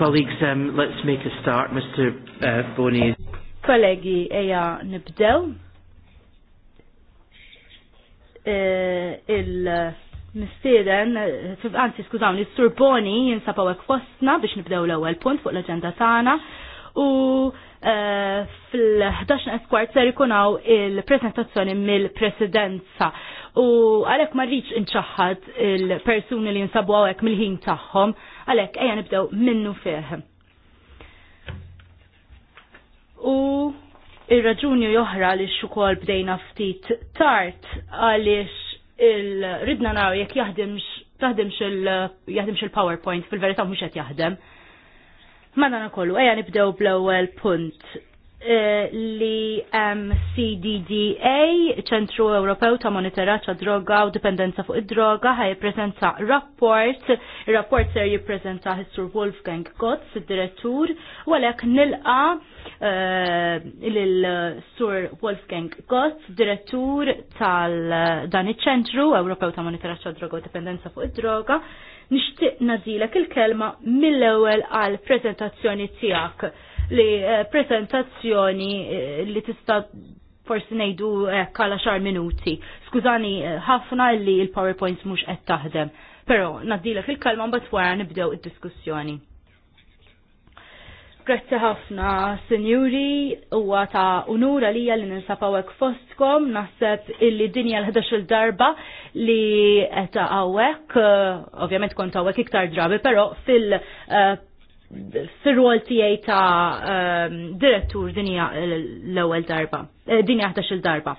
Colleagues, um, let's make a start, Mr. Uh, Boni. Kollegi, eja nibdew. E, eh, Il-mistieden, eh, anzi skużawni, Sur Boni jinsabaw għek fostna biex nibdew l-ewel punt fuq l-agenda tagħna u eh, fil-11 esquart ser ikunaw il-presentazzjoni mill-presidenza u għalek rridx inċaħħad il-persuni li nsabu għawek mill-ħin taħħom, għalek eja nibdew minnu fih. U il-raġuni joħra li xukol bdejna ftit tart għalix il-ridna naraw jek jahdimx il powerpoint fil-verità mhux qed jaħdem. Madana kollu, eja nibdew bl-ewwel punt Eh, li um, CDDA, ċentru Ewropew ta' monitoraċ droga u dipendenza fuq id-droga, ħaj prezenta rapport, rapport ser jipprezenta Hissur Wolfgang Gotz, direttur u għalek nilqa uh, eh, l-Sur Wolfgang Gotz, direttur tal-dan iċ-ċentru Ewropew ta' monitoraċ droga u dipendenza fuq id-droga, nishtiq nazilek il-kelma mill-ewel għal prezentazzjoni tijak li eh, prezentazzjoni eh, li tista' forsi ngħidu eh, kala xar minuti. Skużani ħafna li l powerpoints mhux qed taħdem, però naddilek il-kalma mbagħad wara nibdew id-diskussjoni. Grazzi ħafna, senjuri, huwa ta' unura lija li ninsabaw hekk fostkom, naħseb illi dinja l-11 darba li ta' hawnhekk, ovvjament kont hawnhekk iktar drabi, però fil- fir-rol tiegħi ta' ehm, direttur dinja l-ewwel darba, eh, dinja ħdax il-darba.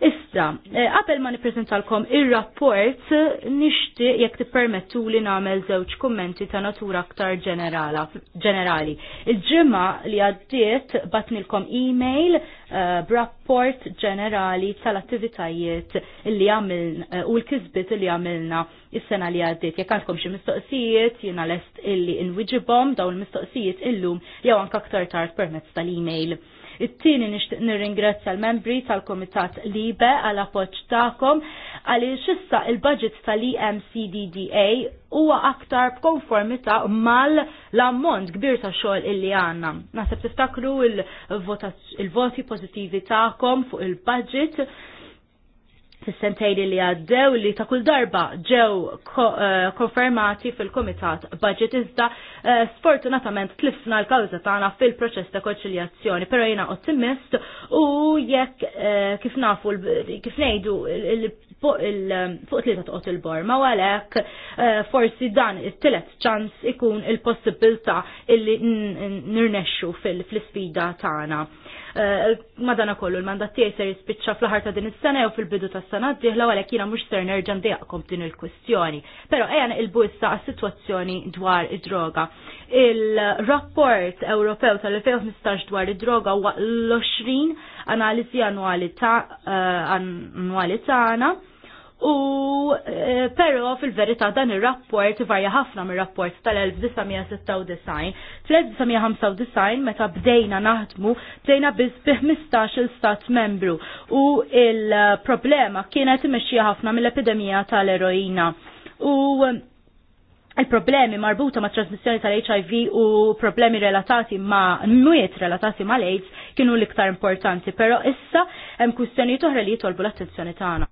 Issa, eh, qabel ma niprezentalkom ir-rapport nixtieq jekk tippermettu li nagħmel żewġ kummenti ta' natura aktar ġenerali. il ġimma li għaddiet batnilkom e-mail eh, b'rapport ġenerali tal-attivitajiet li għamilna eh, u l kizbit li għamilna is-sena li għaddiet. Jekk għandkom xi mistoqsijiet jiena lest illi inwiġibhom dawn il-mistoqsijiet illum jew anke aktar tard permezz tal e mail It-tieni nixtieq nirringrazzja l-membri tal-Kumitat Libe għal appoġġ tagħkom għaliex xissa il-budget tal-EMCDDA huwa aktar b'konformità mal l-ammont kbir ta' xogħol illi għandna. Naħseb tiftakru il-voti pożittivi tagħkom fuq il-budget fis li għaddew li ta' kull darba ġew eh, konfermati fil-Kumitat Budget iżda eh, sfortunatament tlifna l-kawża tagħna fil-proċess ta' konċiljazzjoni, però jiena ottimist u jekk eh, kif nafu kif ngħidu fuq ta toqgħod il-borma u għalhekk forsi dan it-tielet ċans ikun il-possibilità illi nirnexxu fil-sfida tagħna. Eh, madana kollu l-mandat tiegħi ser jispiċċa fl-aħar ta' din is-sena jew fil-bidu tas-sena d-dieħla għalhekk jiena mhux ser nerġa' ndejqkom din il-kwistjoni. Però ejja nilbu issa għas-sitwazzjoni dwar id-droga. Il-rapport Ewropew tal-2015 dwar id-droga huwa l-20 analiżi annwali eh, tagħna U eh, però fil-verità dan ir-rapport varja ħafna mir-rapport tal-1996. Fl-1995 meta bdejna naħdmu bdejna biss bi 15 stat membru u il-problema kienet imexxija ħafna mill-epidemija tal-eroina. U eh, il-problemi marbuta ma' trasmissjoni tal-HIV u problemi relatati ma' mwiet relatati ma' l-AIDS kienu l-iktar importanti, pero issa hemm kustjoni toħra li jitolbu l-attenzjoni tagħna.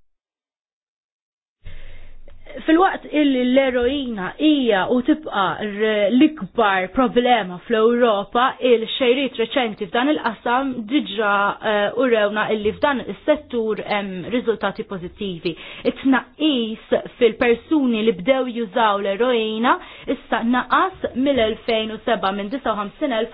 Fil-waqt illi l-eroina hija u tibqa l-ikbar problema fl-Ewropa, il-xejrit reċenti f'dan il-qasam diġa u eh, urewna illi f'dan is-settur hemm riżultati pożittivi. It-tnaqqis fil-persuni li bdew jużaw l-eroina issa naqas mill-2007 minn 59,000 għal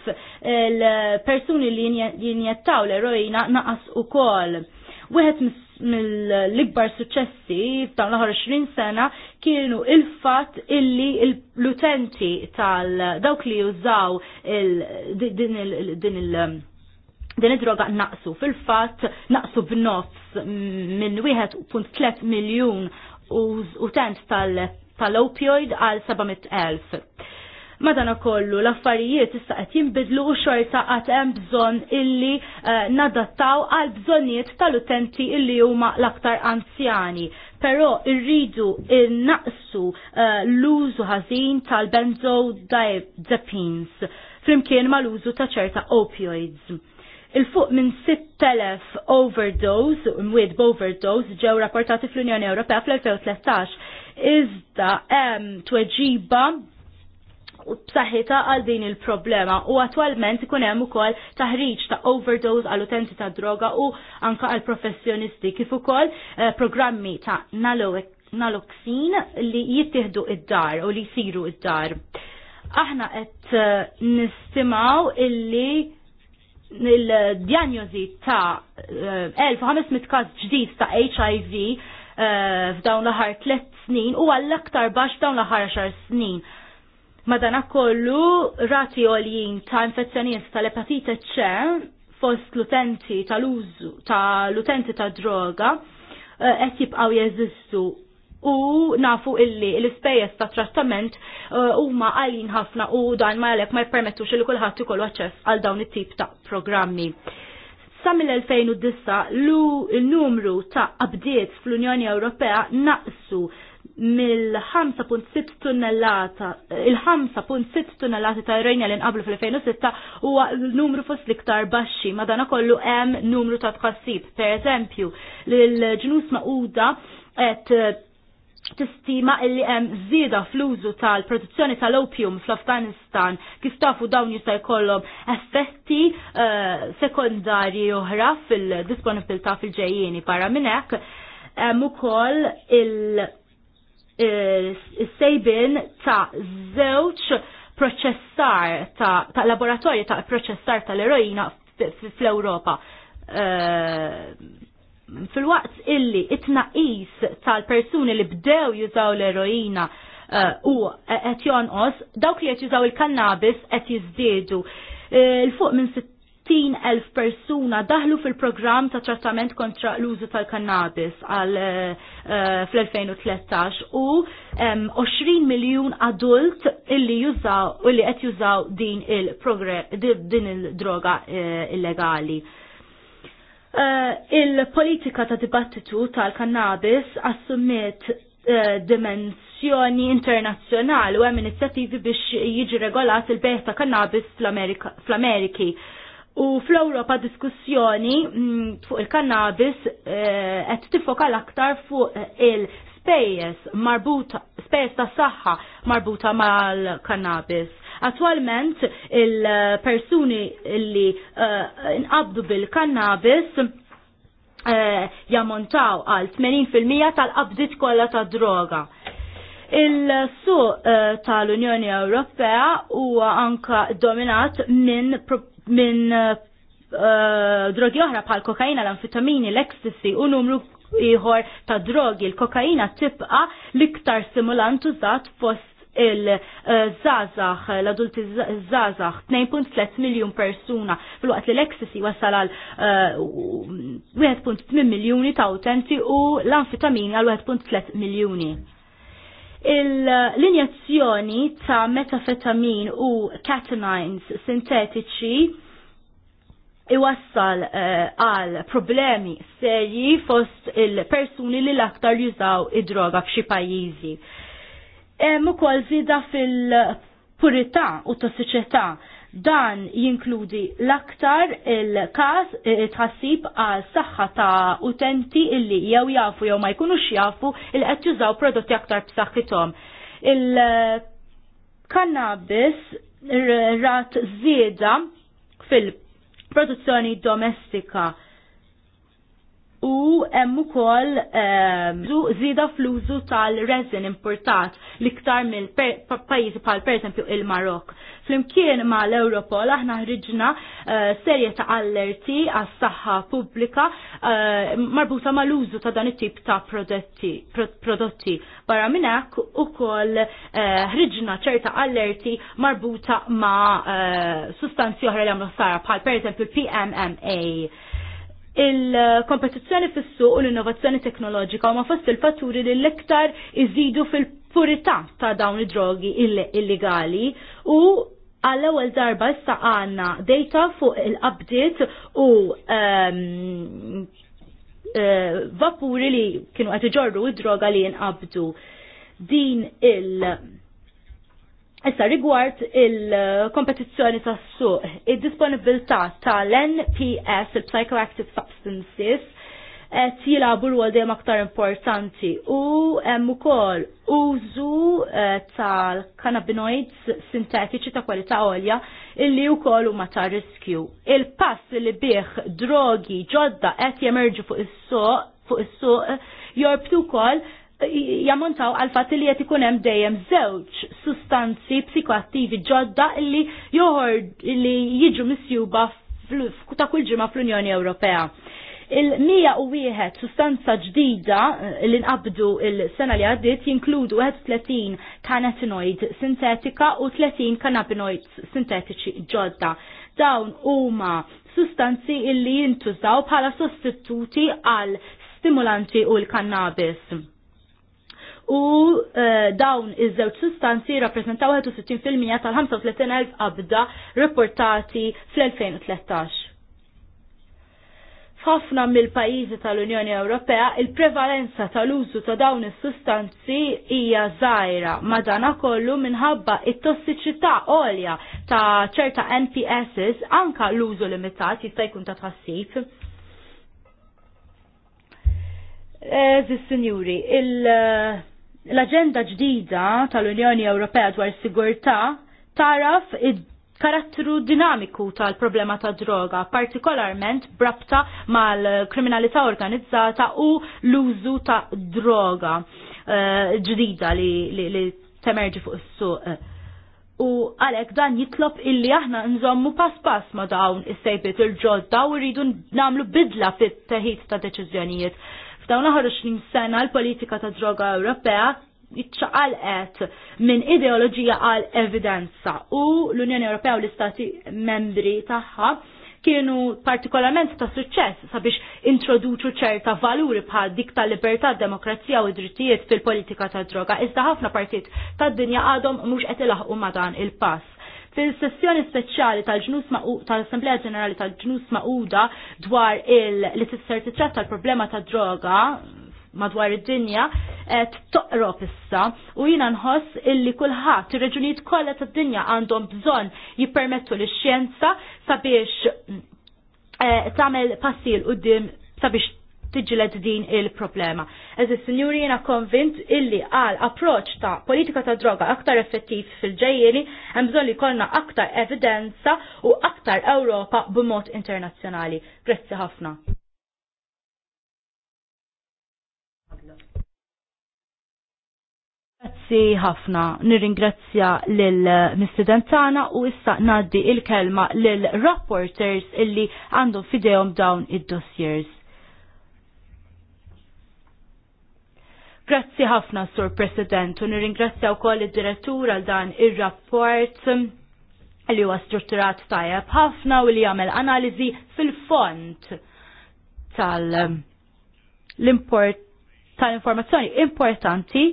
23,000. Il-persuni li jinjettaw l-eroina naqas ukoll Wieħed mill-ikbar suċċessi f'dawn l-aħħar 20 sena kienu il-fatt illi l-utenti tal dawk li jużaw din il- din um, id-droga naqsu fil-fatt naqsu b'nofs minn 1.3 miljun utent tal-opioid għal 700,000. Madana kollu l-affarijiet issa qed jinbidlu u xorta qatt hemm bżonn illi uh, nadattaw għal bżonniet tal-utenti illi huma l-aktar anzjani. Però irridu innaqsu uh, l-użu ħażin tal-benzodiazepines flimkien mal-użu ta' ċerta opioids il-fuq minn 6.000 overdose, mwied b'overdose, ġew rapportati fl-Unjoni Ewropea fl-2013. Iżda hemm tweġiba u b'saħħitha għal din il-problema u attwalment ikun hemm ukoll taħriġ ta' overdose għal utenti ta' droga u anka għal professjonisti kif ukoll eh, programmi ta' naloxin li jittieħdu id-dar u li jsiru id-dar. Aħna qed eh, nistimaw illi il-djanjozi ta' 1500 eh, każ ġdid ta' HIV eh, f'dawn l-ħar 3 snin u għall-aktar bax f'dawn l-ħar 10 snin Madanakollu rati għoljin ta' infezzjonijiet tal-epatite C fost l-utenti tal-użu tal-utenti ta' droga eh, qed jibqgħu jeżistu u nafu illi l-ispejjeż ta' trattament eh, huma għalin ħafna u dan ma għalhekk ma jippermettux li kulħadd ikollu aċċess għal dawn it-tip ta' programmi. Sa mill-2009 l-numru ta' abdiet fl-Unjoni Ewropea naqsu mill-5.6 tunnellata, il-5.6 tunnellata ta' rejna li nqablu fil-2006 huwa l-numru fost liktar baxxi, madana kollu hemm numru ta' tqassib. Per eżempju, l-ġnus maquda qed tistima illi hemm żieda fl-użu tal-produzzjoni tal-opium fl-Afganistan kif tafu dawn jista' jkollhom effetti uh, sekondarji oħra fil-disponibilità fil-ġejjieni para minn hekk hemm ukoll il- sejbin ta' zewċ proċessar ta', laboratorju ta' proċessar tal-eroina fl-Europa. Eh, fil-waqt illi it-naqis tal-persuni li bdew jużaw l-eroina eh, u qed jonqos, dawk li qed jużaw il-kannabis qed jiżdiedu. Il-fuq eh, minn 60,000 persuna daħlu fil-programm ta' trattament kontra l-użu tal-kannabis uh, eh, eh, fl-2013 u 20 miljun adult illi jużaw illi qed jużaw din il-din il-droga eh, illegali. Il-politika ta' dibattitu tal-kannabis assumiet dimensjoni internazzjonali u hemm inizjattivi biex jiġi regolat il-beħ ta' kannabis fl-Ameriki. U fl-Europa diskussjoni mm, fuq il-kannabis eh, qed tifokal aktar fuq il-spejjeż marbuta spejjeż ta' saħħa marbuta mal-kannabis. Attualment il-persuni li eh, inqabdu bil-kannabis eh, jammontaw għal 80% tal-qabdit kollha ta' droga. Il-suq tal-Unjoni Ewropea huwa anka dominat minn minn uh, uh, drogi oħra bħal kokaina, l-amfetamini, l-ecstasy u numru ieħor ta' drogi. l kokaina tibqa l-iktar simulant użat fost il-żazax, l-adulti żazax, 2.3 miljon persuna, fil-waqt li l ekstasi wasal għal 1.8 uh, miljoni ta' utenti u l-amfetamini għal 1.3 miljoni l-injazzjoni ta' metafetamin u catenines sintetiċi iwassal eh, għal uh, problemi serji fost il-persuni li l-aktar jużaw id-droga f'xi pajjiżi. Hemm ukoll żieda fil-purità u tossiċità Dan jinkludi l-aktar il-kas eh, tħassib għal saħħa ta' utenti illi jew jafu jew ma jkunux jafu il qed jużaw prodotti aktar b'saħħithom. Il-kannabis rat zieda fil-produzzjoni domestika u hemm ukoll eh, żieda fl-użu tal-resin importat l-iktar mill-pajjiżi bħal pereżempju il-Marok. Flimkien ma l-Europol aħna ħriġna eh, serje ta' allerti għas saħħa pubblika eh, marbuta ma l-użu ta' dan it-tip ta' prodotti. Barra minnek u koll eh, ħriġna ċerta allerti marbuta ma sustanzi oħra li għamlu sara bħal per eżempju PMMA il-kompetizzjoni fissu u l-innovazzjoni teknoloġika u ma fost il-fatturi li l-iktar iżidu fil-purità ta' dawn id-drogi illegali u għall ewwel darba issa għandna data fuq il-qabdiet u um, uh, vapuri li kienu qed iġorru id-droga li jinqabdu. Din il- Issa rigward il-kompetizzjoni tas suq id-disponibilità tal-NPS, il-Psychoactive Substances, qed jilagħbu rwol dejjem aktar importanti u hemm ukoll użu eh, tal-cannabinoids sintetiċi ta' kwalità għolja illi wkoll huma ta' riskju. Il-pass li bih drogi ġodda qed jemerġu fuq is-suq fuq is-suq jorbtu wkoll eh, jamontaw għal fatt li qed ikun hemm dejjem żewġ sustanzi psikoattivi ġodda li joħor li jiġu misjuba ta' kull ġimgħa fl-Unjoni Ewropea Il-101 sustanza ġdida eh, li nqabdu il-sena li għaddit jinkludu 31 kanetinoid sintetika u 30 kanabinoid sintetiċi ġodda. Dawn huma sustanzi illi jintużaw bħala sostituti għal stimulanti u l-kannabis u eh, dawn iż-żewġ sustanzi rappresentaw 61% tal-35,000 qabda rapportati fl-2013 ħafna mill-pajjiżi tal-Unjoni Ewropea il-prevalenza tal-użu ta' dawn is-sustanzi hija żgħira madanakollu minħabba it-tossiċità għolja ta' ċerta NPSs anka l-użu limitat jista' jkun ta' tħassib. Eżi, sinjuri, l-aġenda ġdida tal-Unjoni Ewropea dwar sigurtà taraf id karattru dinamiku tal-problema ta' droga, partikolarment brabta mal-kriminalità organizzata u l-użu ta' droga eh, ġdida li, li, temerġi fuq is-suq. u għalek dan jitlob illi aħna nżommu pass pass ma dawn is-sejbiet il-ġodda u rridu namlu bidla fit-teħid ta' deċiżjonijiet. F'dawn aħħar 20 sena l-politika ta' droga Ewropea għet minn ideoloġija għal evidenza u l-Unjoni Ewropea u l-Istati membri tagħha kienu partikolarment ta' suċċess sabiex introduċu ċerta valuri bħal dik ta' libertà, demokrazija u drittijiet fil-politika ta' droga. Iżda ħafna partit ta' dinja għadhom mhux qed ilaħqu ma' dan il-pass. Fil-sessjoni speċjali tal-ġnus tal-Assemblea Ġenerali tal-ġnus Mauda dwar il-li tisser titratta l-problema ta' droga madwar id-dinja qed toqrob issa u jiena nħoss illi kulħadd ir-reġunijiet kollha tad-dinja għandhom bżonn jippermettu lix-xjenza sabiex eh, tagħmel passil quddiem sabiex tiġled din il-problema. Eżis, sinjuri jiena konvint illi għal approċ ta' politika ta' droga aktar effettiv fil-ġejjeli, bżonn li konna aktar evidenza u aktar Ewropa b'mod internazzjonali. Grazzi ħafna. Grazzi ħafna, nirringrazzja l-mistident eh, u issa ngħaddi il-kelma lill-rapporters illi għandhom fidejhom dawn id-dossiers. Grazzi ħafna, Sur President, u nirringrazzja wkoll id-direttur għal dan ir-rapport li huwa strutturat tajjeb ħafna u li jagħmel analiżi fil-font tal import tal-informazzjoni importanti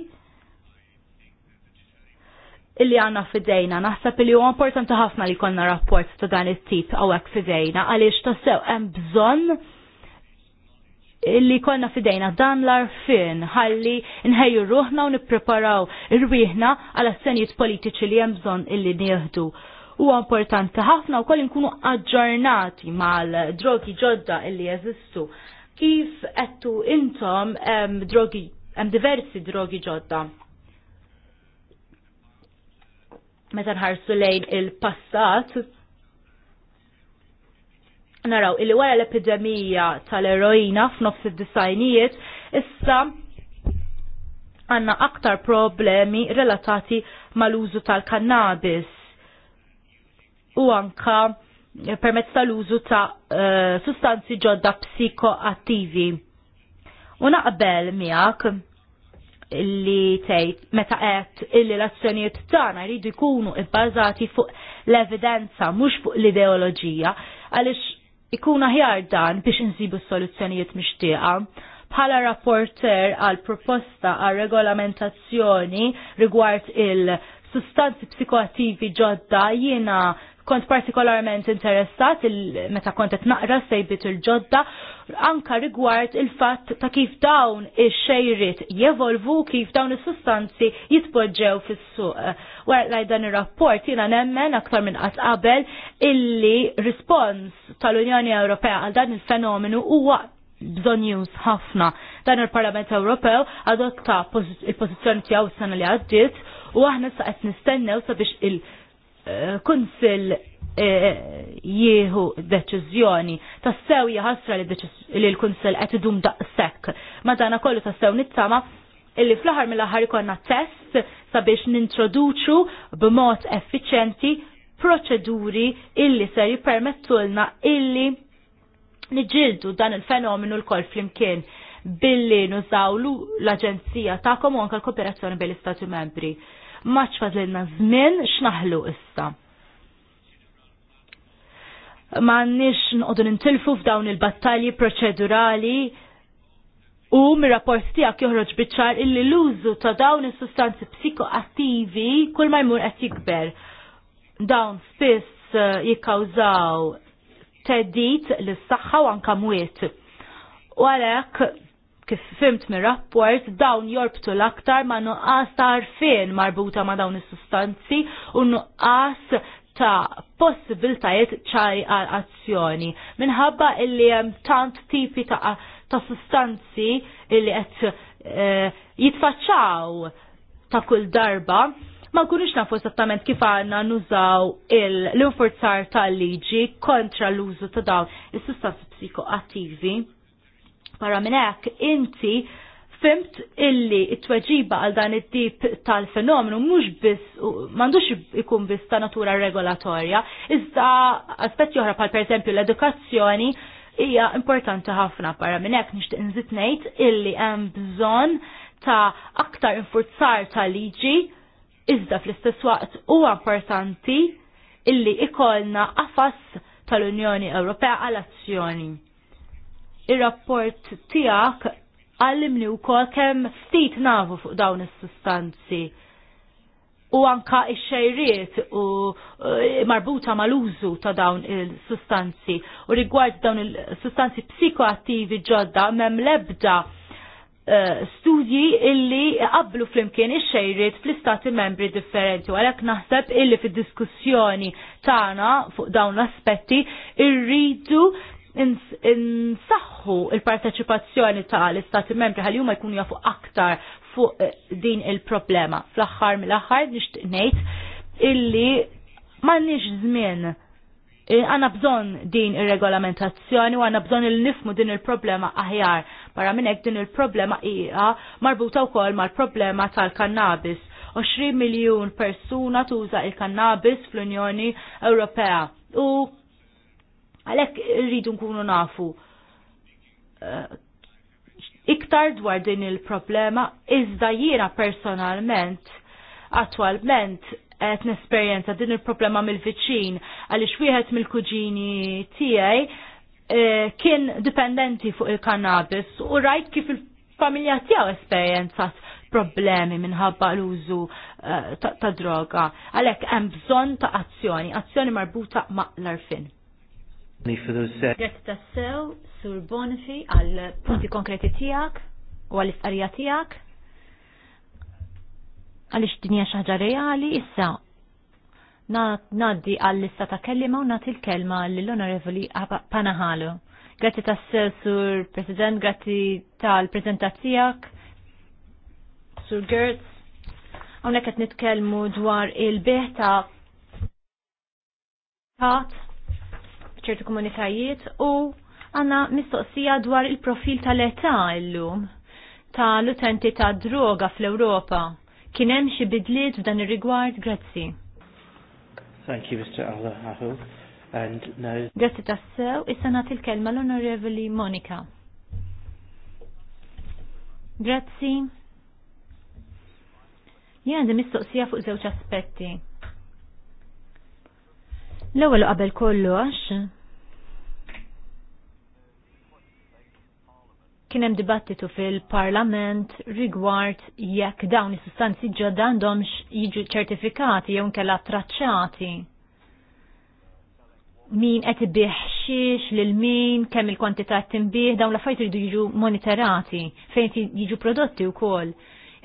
illi għanna fidejna. Naħseb li huwa importanti ħafna li konna rapport ta' dan it-tip għawek fidejna, għaliex tassew hemm bżonn illi konna fidejna dan l-arfin ħalli nħejju ruħna u nippreparaw irwiħna għal assenijiet politiċi li hemm bżonn illi nieħdu. Huwa importanti ħafna wkoll nkunu aġġornati mal-drogi ġodda illi jeżistu. Kif qed intom drogi hemm diversi drogi ġodda meta nħarsu lejn il-passat naraw illi wara l-epidemija tal-eroina f'nofs id-disajnijiet issa għanna aktar problemi relatati mal-użu tal-kannabis u anka permezz tal-użu ta' uh, sustanzi ġodda psikoattivi. U naqbel miegħek li tgħid meta qed illi l-azzjonijiet tagħna jridu jkunu bbażati fuq l-evidenza mhux fuq l-ideoloġija għaliex ikun aħjar dan biex insibu s-soluzzjonijiet mixtieqa. Bħala rapporter għal proposta għal regolamentazzjoni rigward il- sustanzi psikoattivi ġodda jiena kont partikolarment interessat meta kont qed naqra sejbit il-ġodda anka rigward il-fatt ta' kif dawn ix-xejrit jevolvu kif dawn is-sustanzi jitpoġġew fis-suq. Wara laj dan ir-rapport jiena nemmen aktar minn qatt qabel illi rispons tal-Unjoni Ewropea għal dan il-fenomenu huwa bżonjus ħafna. Dan il-Parlament Ewropew adotta il-pożizzjoni tiegħu s-sena li għaddiet u aħna sa qed nistennew sabiex il- kunsil eh, jieħu deċiżjoni tassew jħassra li l-kunsil qed idum daqshekk. Madana kollu tassew nittama illi fl-aħħar mill-aħħar ikonna test sabiex nintroduċu b'mod effiċenti proċeduri illi ser jippermettulna illi niġildu dan il-fenomenu l koll flimkien billi nużawlu l-Aġenzija ta' komunka l-kooperazzjoni bil istati membri maċ l zmin xnaħlu issa. Ma nix nqodu nintilfu f'dawn il-battalji proċedurali u mir-rapport tijak joħroġ bitċar illi l-użu ta' dawn il-sustanzi psikoattivi kull ma jmur qed jikber. Dawn spiss eh, jikkawżaw teddit l-saxħa u anke mwiet. U għalek kif fimt mir rapport dawn jorbtu l-aktar ma nuqqas ta' arfien marbuta ma dawn is-sustanzi u nuqqas ta' possibiltajiet ċaj għal azzjoni. Minħabba illi hemm tant tipi ta', ta sustanzi illi qed eh, jitfaċċaw ta' kull darba, ma nkunux nafu esattament kif għanna nużaw l-infurzar tal-liġi kontra l-użu ta' dawn is-sustanzi psikoattivi Mara minn hekk inti fimt illi it-tweġiba għal dan it-tip tal-fenomenu mhux biss m'għandux ikun biss ta' natura regolatorja, iżda aspetti oħra bħal pereżempju l-edukazzjoni hija importanti ħafna para minn hekk nixtieq inżid ngħid illi hemm bżonn ta' aktar infurzar ta' liġi iżda fl-istess waqt huwa importanti illi ikolna qafas tal-Unjoni Ewropea għal azzjoni ir-rapport tiegħek għallimni wkoll kemm ftit nafu fuq dawn is-sustanzi u anka ix-xejriet u e, marbuta mal-użu ta' dawn il-sustanzi u rigward dawn il-sustanzi psikoattivi ġodda mem lebda e, studji illi qablu flimkien ix-xejriet fl-istati membri differenti u għalhekk naħseb illi fid-diskussjoni tagħna fuq dawn l-aspetti irridu insaħħu il-parteċipazzjoni ta' l-Istati membri għal juma jkunu jafu aktar fuq eh, din il-problema. Fl-axħar mill-axħar nixtieq ngħid illi m'għandniex żmien eh, għanna bżon din ir-regolamentazzjoni u għandna bżon il-nifmu din il-problema aħjar. Barra minnek din il-problema hija marbuta wkoll mal-problema tal-kannabis. 20 miljun persuna tuża il-kannabis fl-Unjoni Ewropea u Għalhekk irridu nkunu nafu eh, iktar dwar din il-problema iżda jiena personalment attwalment qed nesperjenza din il-problema mill-viċin għaliex wieħed mill-kuġini tiegħi eh, kien dipendenti fuq il-kannabis u rajt kif il-familja tiegħu esperjenzat problemi minħabba l-użu eh, ta', ta droga. Għalhekk hemm bżonn ta' azzjoni, azzjoni marbuta ma' l-arfin. Grazzi tassew, sur Bonfi, għal punti konkreti tijak u għal istqarija tijak. għal ixtinja xaħġa reali, issa naddi għal lista ta' kellima u nati l-kelma l-onorevoli Panahalo. Grazzi tassew, sur President, grazzi tal-prezentazzijak, sur Gertz. Għonek għet nitkelmu dwar il-beħta ċertu komunitajiet u għanna mistoqsija dwar il-profil tal-età illum tal-utenti ta' droga fl-Europa. Kien hemm xi bidliet f'dan ir-rigward? Grazzi. Thank you, Mr. Allahahu. And now... Grazzi tassew, issa nagħti l-kelma l-Onorevoli Monika. Grazzi. Jien għandi mistoqsija fuq żewġ aspetti. L-ewwel qabel kollox kien hemm dibattitu fil-Parlament rigward jekk dawn is-sustanzi ġodda għandhomx jiġu ċertifikati jew inkella traċċati. Min qed ibih xiex lil min, kemm il-kwantità tinbih, dawn l-affarijiet iridu jiġu monitorati fejn jiġu prodotti wkoll.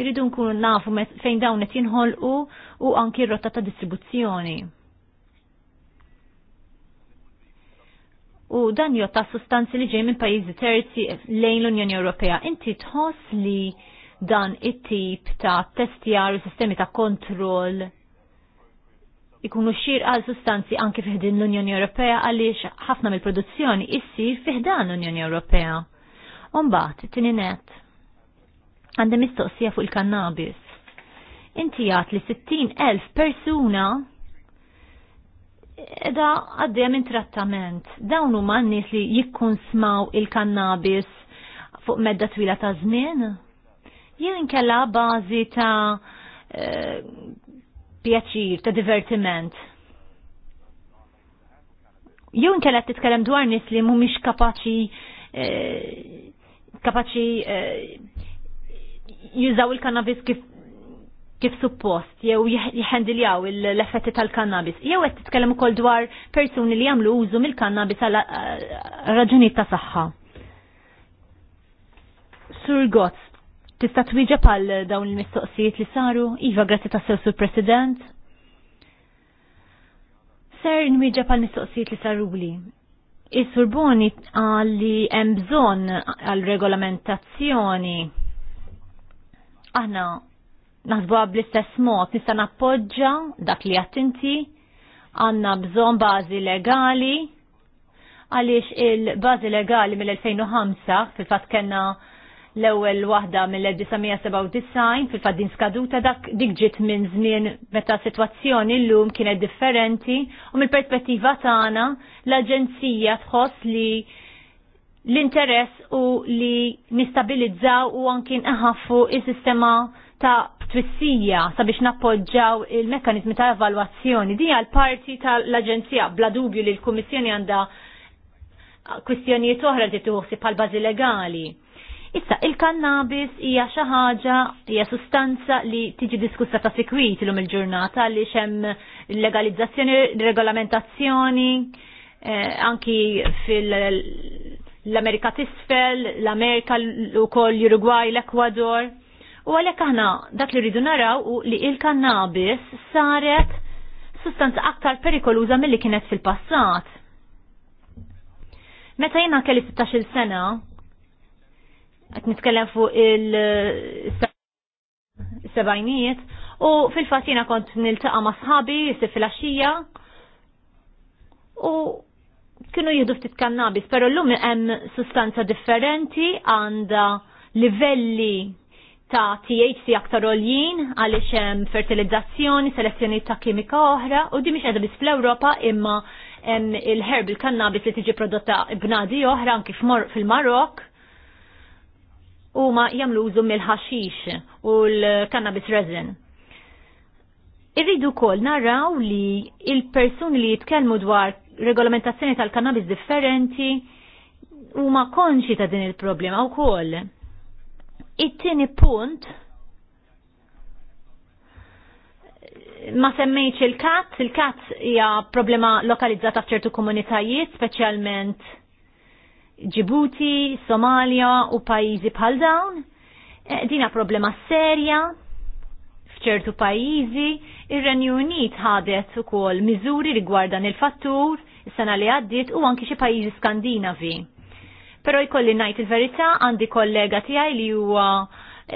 Iridu nkunu nafu fejn dawn qed jinħolqu u anki r-rotta ta' distribuzzjoni u dan jotta sustanzi li ġej minn pajjiżi terzi lejn l-Unjoni Ewropea. Inti tħoss li dan it-tip ta' testjar u sistemi ta' kontroll ikunu xir għal sustanzi anke fiħdin l-Unjoni Ewropea għaliex ħafna mill-produzzjoni issir fiħdan l-Unjoni Ewropea. Umbat, tininet, għandem mistoqsija fuq il-kannabis. Inti għat li 60.000 persuna edha għaddeja minn trattament. Dawn huma n-nies li jikkun smaw il-kannabis fuq medda twila ta' żmien. Jien inkella bażi ta' eh, pjaċir, ta' divertiment. Jew inkella titkellem dwar nies li mhumiex kapaċi eh, kapaċi eh, jużaw il-kannabis kif kif suppost jew jħendiljaw l-effetti tal-kannabis. Jew qed titkellem ukoll dwar persuni li jagħmlu użu mill-kannabis għal eh, raġunijiet ta' saħħa. Sur Gotz, tista' twieġeb għal dawn il-mistoqsijiet li saru? Iva, grazzi ta' sew sur President. Ser nwieġeb għal mistoqsijiet li saru li. Is-Sur Boni għalli hemm bżonn għal regolamentazzjoni aħna naħsbuha bl-istess mod nista' nappoġġa dak li attinti għandna bżonn bażi legali għaliex il-bażi legali mill-2005 fil-fatt kellna l-ewwel waħda mill-1997 fil-fatt din skaduta dak dik ġiet minn żmien meta sitwazzjoni llum kienet differenti u mill-perspettiva tagħna l-aġenzija tħoss li l-interess u li nistabilizzaw u għankin nħaffu il-sistema ta' twissija sabiex nappoġġaw il-mekkanizmi ta' evalwazzjoni. Di għal parti tal-Aġenzija bla dubju li l-Kummissjoni għandha kwistjonijiet oħra li tuħsi bħal bażi legali. Issa, il-kannabis hija xi ħaġa, hija sustanza li tiġi diskussa ta' sikwit lum il-ġurnata li xem legalizzazzjoni, regolamentazzjoni, eh, anki fil l-Amerika tisfel, l-Amerika u koll l-Uruguay, l-Ekwador U għalhekk aħna dak li rridu naraw u li il-kannabis saret sustanza aktar perikoluża milli kienet fil-passat. Meta jiena kelli 16 sena, qed nitkellem fuq il-sebajnijiet, u fil-fatt jiena kont niltaqa' ma' sħabi jisif fil axija u kienu jihdu ftit kannabis, pero l-lum hemm sustanza differenti għandha livelli ta' THC aktar oljien għaliex hemm fertilizzazzjoni, selezzjoni ta' kimika oħra u di mhix qiegħda biss fl-Ewropa imma il-herb il-kannabis li tiġi prodotta b'nadi oħra anki fil-Marok u ma jamlu użu mill-ħaxix u l-kannabis resin. Irridu kol naraw li il-persuni li jitkellmu dwar regolamentazzjoni tal-kannabis differenti u ma konxi ta' din il-problema u kol It-tieni punt ma semmejx il-kat, il-kat hija problema lokalizzata f'ċertu komunitajiet, speċjalment Ġibuti, Somalia u pajjiżi bħal dawn. E, dina problema serja f'ċertu pajjiżi, ir-Renju Unit ħadet ukoll miżuri dan il-fattur, is-sena li għaddiet u anki xi pajjiżi Skandinavi Pero jkolli najt il-verità għandi kollega tiegħi li huwa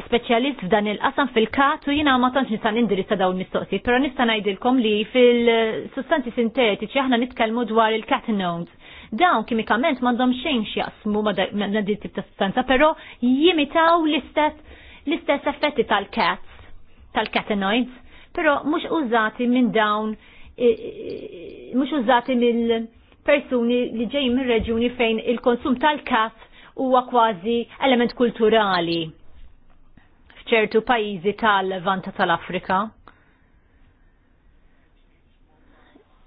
speċjalist f'dan il-qasam fil-kat u jina ma tantx nista' nindirizza dawn mistoqsijiet, però nista' ngħidilkom li fil-sustanzi sintetiċi aħna nitkellmu dwar il-catenones. Dawn kimikament m'għandhom xejn x'jaqsmu ma' din tip ta' sustanza, però jimitaw l-istess l-istess effetti tal-cats, tal-catenoids, però mhux użati minn dawn eh, eh, mhux użati mill- persuni li ġej minn reġuni fejn il-konsum tal-kat huwa kważi element kulturali f'ċertu pajjiżi tal-Levanta tal-Afrika.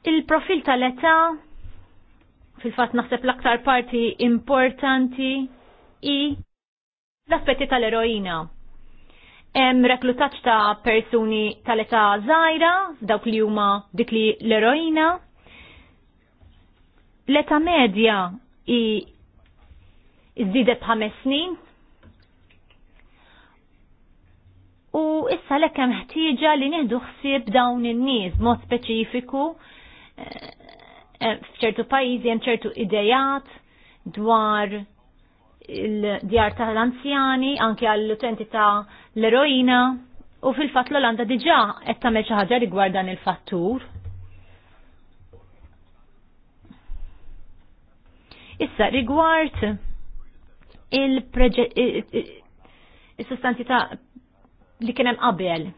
Il-profil tal-età fil-fatt naħseb l-aktar parti importanti i l-aspetti tal-eroina. Hemm reklutaċ ta' persuni tal-età żgħira, dawk li huma dik li l-eroina, l-età medja i ħames snin u issa l hemm ħtieġa li nieħdu ħsieb dawn in-nies mod speċifiku eh, eh, f'ċertu pajjiżi hemm ċertu idejat dwar il-djar tal-anzjani, anke għall-utenti ta' l-eroina, u fil-fat l-Olanda diġa qed tagħmel xi ħaġa rigward dan il-fattur. Issa, rigward il-sustanzi ta' li kienem qabel.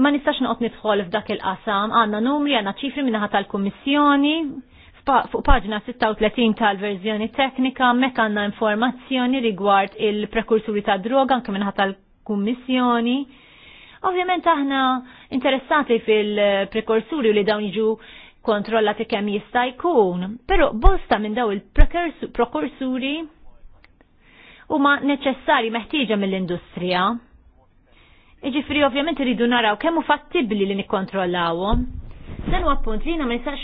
Ma nistax noqot nidħol f'dak il-qasam, għanna numri, għanna ċifri minnaħa tal-Kommissjoni, fuq paġna 36 tal-verżjoni teknika, mek għanna informazzjoni rigward il-prekursuri ta' droga, anke minnaħa tal-Kommissjoni. Ovvjament aħna interessati fil-prekursuri li dawn jiġu Kontrolla ti kemm jista' jkun, però bosta minn daw il u huma neċessari meħtieġa mill-industrija. Iġifri ovvjament iridu naraw kemm hu fattibbli li nikkontrollawhom. Dan huwa appunt li jiena ma nistax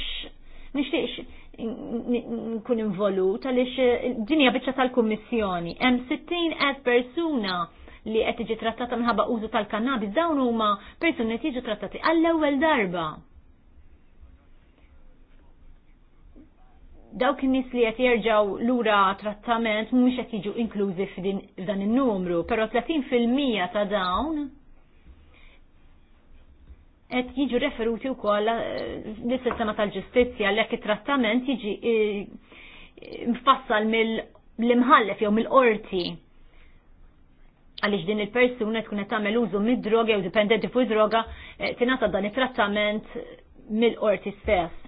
nixtieqx nkun involut għaliex eh, dinja biċċa tal-kummissjoni. Hemm 60 persuna li qed tiġi trattata minħabba użu tal-kannabis dawn huma persuni qed jiġu trattati għall-ewwel darba. dawk in-nies li qed jerġgħu lura trattament mhumiex qed jiġu inklużi f'dan in-numru, però 30% ta' dawn qed jiġu referuti wkoll lis-sistema eh, tal-ġustizzja għal jekk it-trattament jiġi eh, mfassal mill-imħallef jew mill-qorti għaliex din il-persuna tkun qed tagħmel użu mid-droga jew dipendenti fuq droga eh, tingħata dan it-trattament mill-qorti stess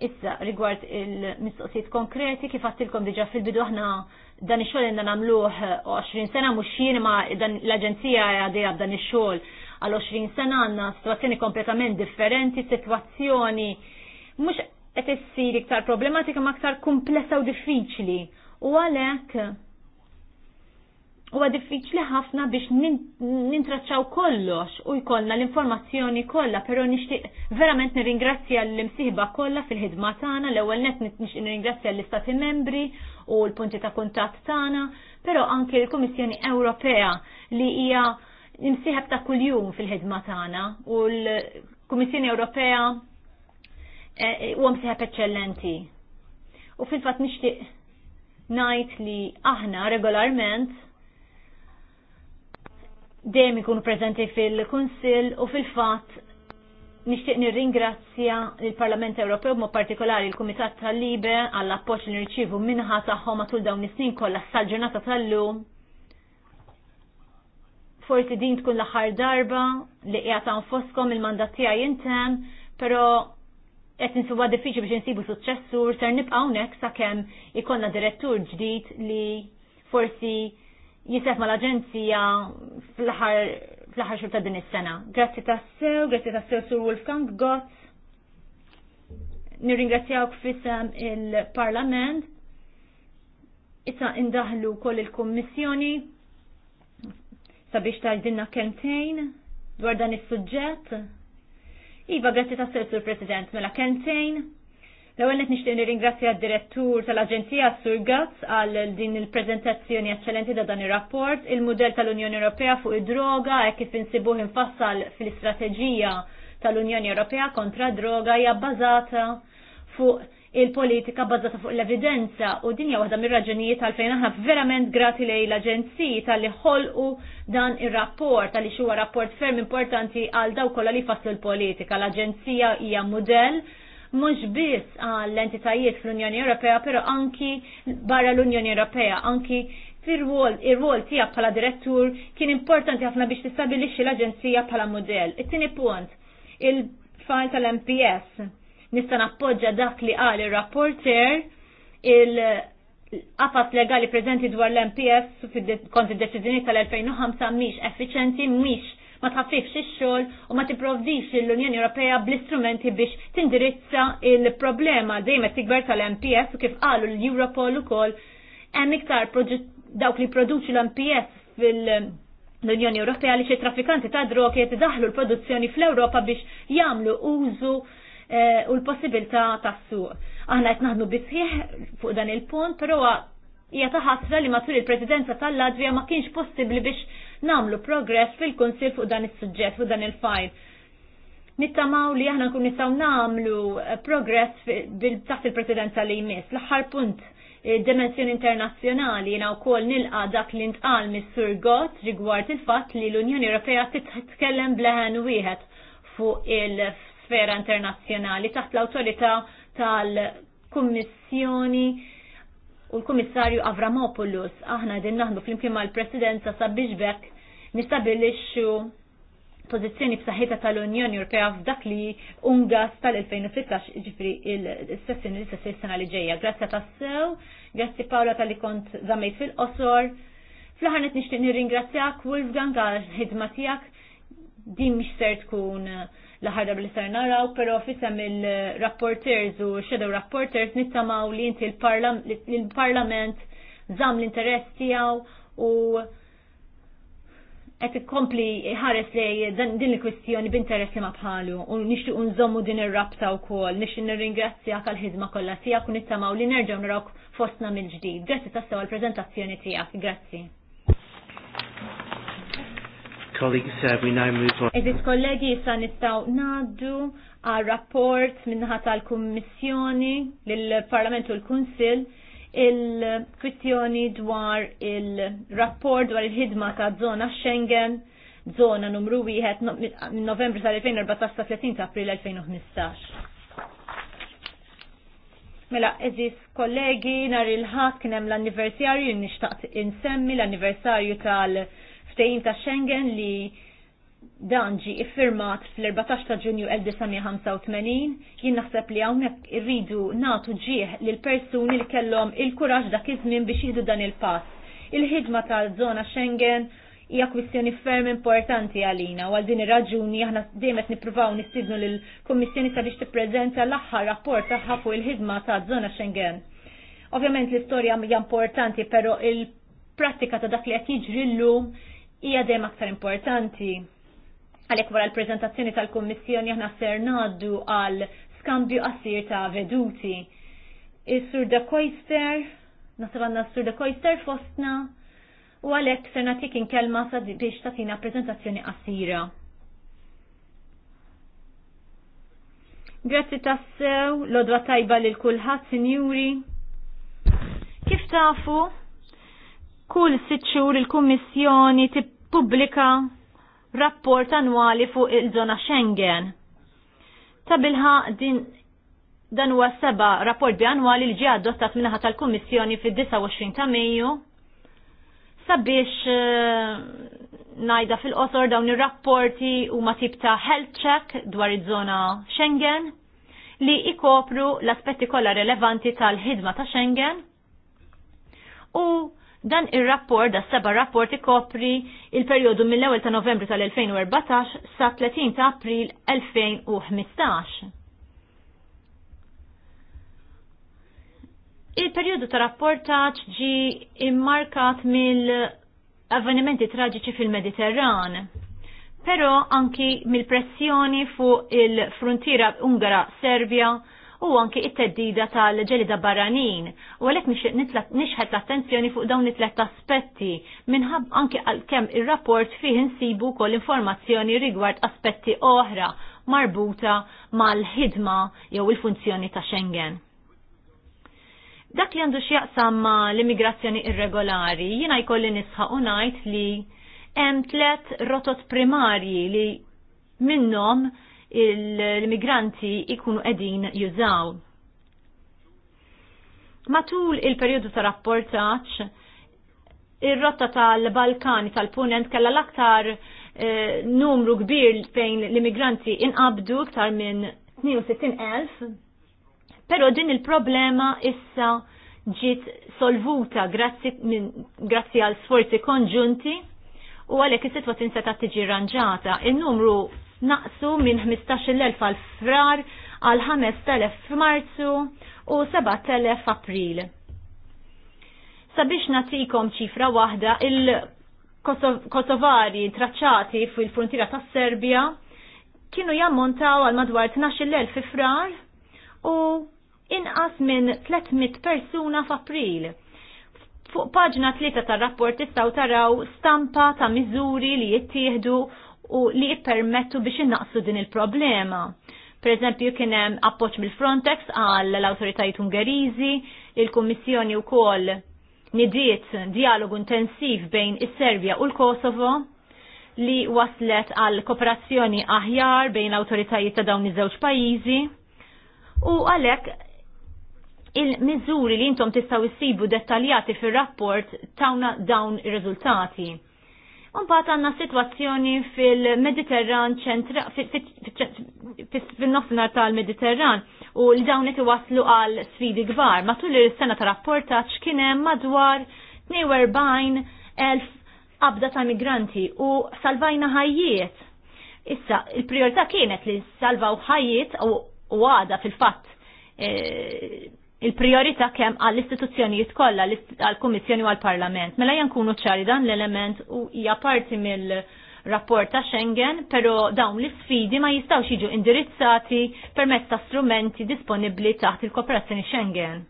Issa, rigward il-mistoqsijiet konkreti, kif għattilkom diġa fil-bidu ħna dan ix-xogħol inna nagħmluh 20 eh, sena mhux jien ma l-aġenzija għadejja b'dan ix-xogħol għal 20 sena għandna situazzjoni kompletament differenti, situazzjoni mhux qed issir iktar problematika ma aktar komplessa u diffiċli. U għalhekk huwa diffiċli ħafna biex nintraċċaw kollox u jkollna l-informazzjoni kollha, però nixtieq verament nirringrazzja l-imsieħba kollha fil-ħidma tagħna, l-ewwel net nirringrazzja l-istati membri u l-punti ta' kuntatt tagħna, però anke l-Kummissjoni Ewropea li hija imsieħab ta' kuljum fil-ħidma tagħna u l-Kummissjoni Ewropea e, e, huwa msieħab eċċellenti. U fil-fatt nixtieq ngħid li aħna regolarment dejjem ikunu preżenti fil-Kunsill u fil-fatt nixtieq nirringrazzja il-Parlament Ewropew mod partikolari l-Kumitat tal-Libe għall appoġġ li nirċievu minħa tagħhom matul dawn is-snin kollha sal-ġurnata tal-lum. Forsi din tkun l-aħħar darba li qiegħed anfoskom il-mandat tiegħi intern, però qed insuwa diffiċli biex insibu suċċessur ser nibqgħu hawnhekk sakemm ikollna direttur ġdid li forsi jisef l aġenzija fl-ħar xurta ta' din is-sena. Grazzi ta' sew, grazzi ta' sew sur Wolfgang Gott. Nirringrazzjawk fissem il-Parlament. Issa indaħlu koll il-Kommissjoni sabiex jdinna kentejn dwar dan is-suġġett. Iva, grazzi ta' sew sur President, mela kentejn. L-ewwel qed nixtieq nirringrazzja d-direttur tal-Aġenzija Sur Gazz għal din il-preżentazzjoni eċċellenti ta' dan ir-rapport, il-mudell tal-Unjoni Ewropea fuq id-droga hekk kif insibuh infassal fil-istrateġija tal-Unjoni Ewropea kontra droga hija bbażata fuq il-politika bbażata fuq l-evidenza u din hija waħda mir-raġunijiet għalfejn aħna verament grati lejn l-Aġenziji tal-li ħolqu dan ir-rapport għaliex huwa rapport ferm importanti għal dawk kollha li fassu l-politika. L-Aġenzija hija mudell mhux biss għall entitajiet fl-Unjoni Ewropea, però anki barra l-Unjoni Ewropea, anki fir-rwol ir-rwol tiegħek bħala direttur kien importanti ħafna biex tistabilixxi l-aġenzija bħala mudell. It-tieni punt, il-fajl tal-MPS. Nista' nappoġġa dak li qal ir-rapporter il Għafas legali preżenti dwar l-MPS kont id-deċiżjoni tal-2005 mhix effiċenti, mhix ma tħaffifx ix-xogħol u ma tipprovdix l-Unjoni Ewropea bl-istrumenti biex tindirizza il-problema dejjem qed tikber tal-MPS u kif qalu l-Europol ukoll hemm iktar dawk li produċu l-MPS fil- l-Unjoni Ewropea li xi traffikanti ta' drogi qed idaħlu l-produzzjoni fl-Ewropa biex jagħmlu użu eh, u l-possibilità tas-suq. Aħna qed naħdmu bisħieħ fuq dan il-punt, però hija ta' ħasra li matul il-Presidenza tal-Latvija ma kienx possibbli biex namlu progress fil-Kunsil fuq dan is-suġġett fuq dan il-fajl. Nittamaw li aħna nkun nistgħu namlu eh, progress taħt il-presidenza li jmiss. L-aħħar punt eh, dimensjoni internazzjonali jina wkoll nilqa dak li ntqal mis-Sur Gott rigward il-fatt li l-Unjoni Ewropea titkellem bleħen wieħed fuq il-sfera internazzjonali taħt l-awtorità tal-Kummissjoni u l-Kummissarju Avramopoulos. Aħna din naħdu flimkien mal-Presidenza sabiex bekk nistabilixxu pożizzjoni b'saħħitha tal-Unjoni Ewropea f'dak li ungas tal-2016 ġifri il-sessjoni li sessjoni sena li ġejja. Grazzi tassew, grazzi Paola tal-li kont zamejt fil-qosor. Fl-aħħar nixtieq nirringrazzjak Wolfgang għal ħidma tiegħek din mhix ser tkun l bil-ser naraw, pero fissem il-rapporters u shadow rapporters nittamaw li inti l-parlament zam l-interess tijaw u għet kompli ħares li din l-kwistjoni b'interess li ma bħalu u nishtu unżommu din ir-rabta u kol, nishtu nir-ringrazzja għal-ħidma kollha tijak u nittamaw li nerġaw narawk fostna mill-ġdid. Grazzi tassaw għal-prezentazzjoni tijak, grazzi colleagues, uh, we now move on. Eżis kollegi issa nistaw naddu għal rapport minnaħa tal-Kummissjoni lill-Parlament u l-Kunsil il-kwistjoni dwar il-rapport dwar il-ħidma ta' zona Schengen, zona numru 1 minn novembru tal-2014 ta' 30 ta' april 2015. Mela, eżis kollegi, nar il-ħat kienem l-anniversarju, nishtaqt insemmi l-anniversarju tal- il ta' Schengen li dan ġi iffirmat fl-14 ta' ġunju 1985, jien naħseb li hawnhekk irridu nagħtu ġieħ lil persuni li kellhom il-kuraġġ dak iż-żmien biex jieħdu dan il-pass. Il-ħidma tal-żona Schengen hija kwistjoni ferm importanti għalina u għal din ir-raġuni aħna dejjem nippruvaw nistidnu lil kommissjoni sabiex tippreżenta l-aħħar rapport tagħha fuq il-ħidma taż-żona Schengen. Ovvjament l-istorja hija importanti, però il-prattika ta' dak li qed jiġri llum hija dejjem aktar importanti. Għalhekk wara l-preżentazzjoni tal-Kummissjoni aħna ser ngħaddu għal skambju qasir ta' veduti. Is-Sur da Koister, nasib għandna s-Sur da Koister fostna, u għalhekk ser nagħtik inkelma biex tagħtina preżentazzjoni qasira. Grazzi tassew, lodwa tajba lil kulħadd, sinjuri. Kif tafu? Kull sitt xhur il-Kummissjoni tippubblika rapport annwali fuq il-żona Schengen. Ta' bilħa din dan huwa seba rapport bianwali li ġie adottat minnaħa tal-Kummissjoni fid-29 ta' Mejju sabiex eh, najda fil-qosor dawn ir-rapporti huma tip ta' health check dwar iż-żona Schengen li ikopru l-aspetti kollha relevanti tal-ħidma ta' Schengen u Dan ir-rapport, da seba rapport ikopri il-perjodu mill-ewwel ta' Novembru tal-2014 sa 30 ta' April 2015. Il-perjodu ta' rapportaġġ ġi immarkat mill-avvenimenti traġiċi fil-Mediterran, però anki mill-pressjoni fuq il frontira Ungara-Serbja u anki it-teddida tal-ġelida barranin. U għalek nixħet l-attenzjoni fuq dawn it-tlet aspetti minħab anki għal-kem il-rapport fih insibu kol informazzjoni rigward aspetti oħra marbuta mal-ħidma jew il-funzjoni ta' Schengen. Dak li għandu xieqsam ma l-immigrazzjoni irregolari, jina jkolli nisħa unajt li hemm tlet rotot primarji li minnom l-immigranti ikunu edin jużaw. Matul il-periodu ta' rapportaċ, ir-rotta tal-Balkani tal-Punent kalla l-aktar eh, numru kbir fejn l-immigranti inqabdu ktar minn 62,000, pero din il-problema issa ġiet solvuta grazzi għal sforzi konġunti u għalhekk il-situazzjoni seta' tiġi ranġata. Il-numru naqsu minn 15.000 għal frar għal 5.000 f'Marzu u 7.000 f'April. Sabiex natikom ċifra waħda, il-Kosovari traċċati fil frontira tas Serbia kienu jammontaw għal madwar 12.000 fi frar u inqas minn 300 persuna f'April. Fuq paġna 3 tar-rapport tistgħu taraw stampa ta' miżuri li jittieħdu u li jippermettu biex innaqsu din il-problema. Per eżempju, kien hemm appoġġ mill-Frontex għal l-awtoritajiet Ungeriżi, il-Kummissjoni wkoll nidiet dialogu intensiv bejn is-Serbja u l-Kosovo li waslet għal kooperazzjoni aħjar bejn l-awtoritajiet ta' dawn iż-żewġ pajjiżi. U għalhekk il-miżuri li intom tistgħu issibu dettaljati fir-rapport tawna dawn ir-riżultati Unbat għanna situazzjoni fil-Mediterran ċentra, fil-nofsinar tal-Mediterran u l-dawnet waslu għal sfidi gbar. Matul il-sena ta' rapportaċ kienem madwar 42.000 abda ta' migranti u salvajna ħajjiet. Issa, il-priorità kienet li salvaw ħajjiet u għada fil-fat eh, il-priorità kemm għall-istituzzjonijiet kollha għall-Kummissjoni u għall-Parlament. Mela jankunu ċari dan l-element u hija parti mill-rapport ta' Schengen, però dawn l-isfidi ma jistgħux jiġu indirizzati permezz ta' strumenti disponibbli taħt il-kooperazzjoni Schengen.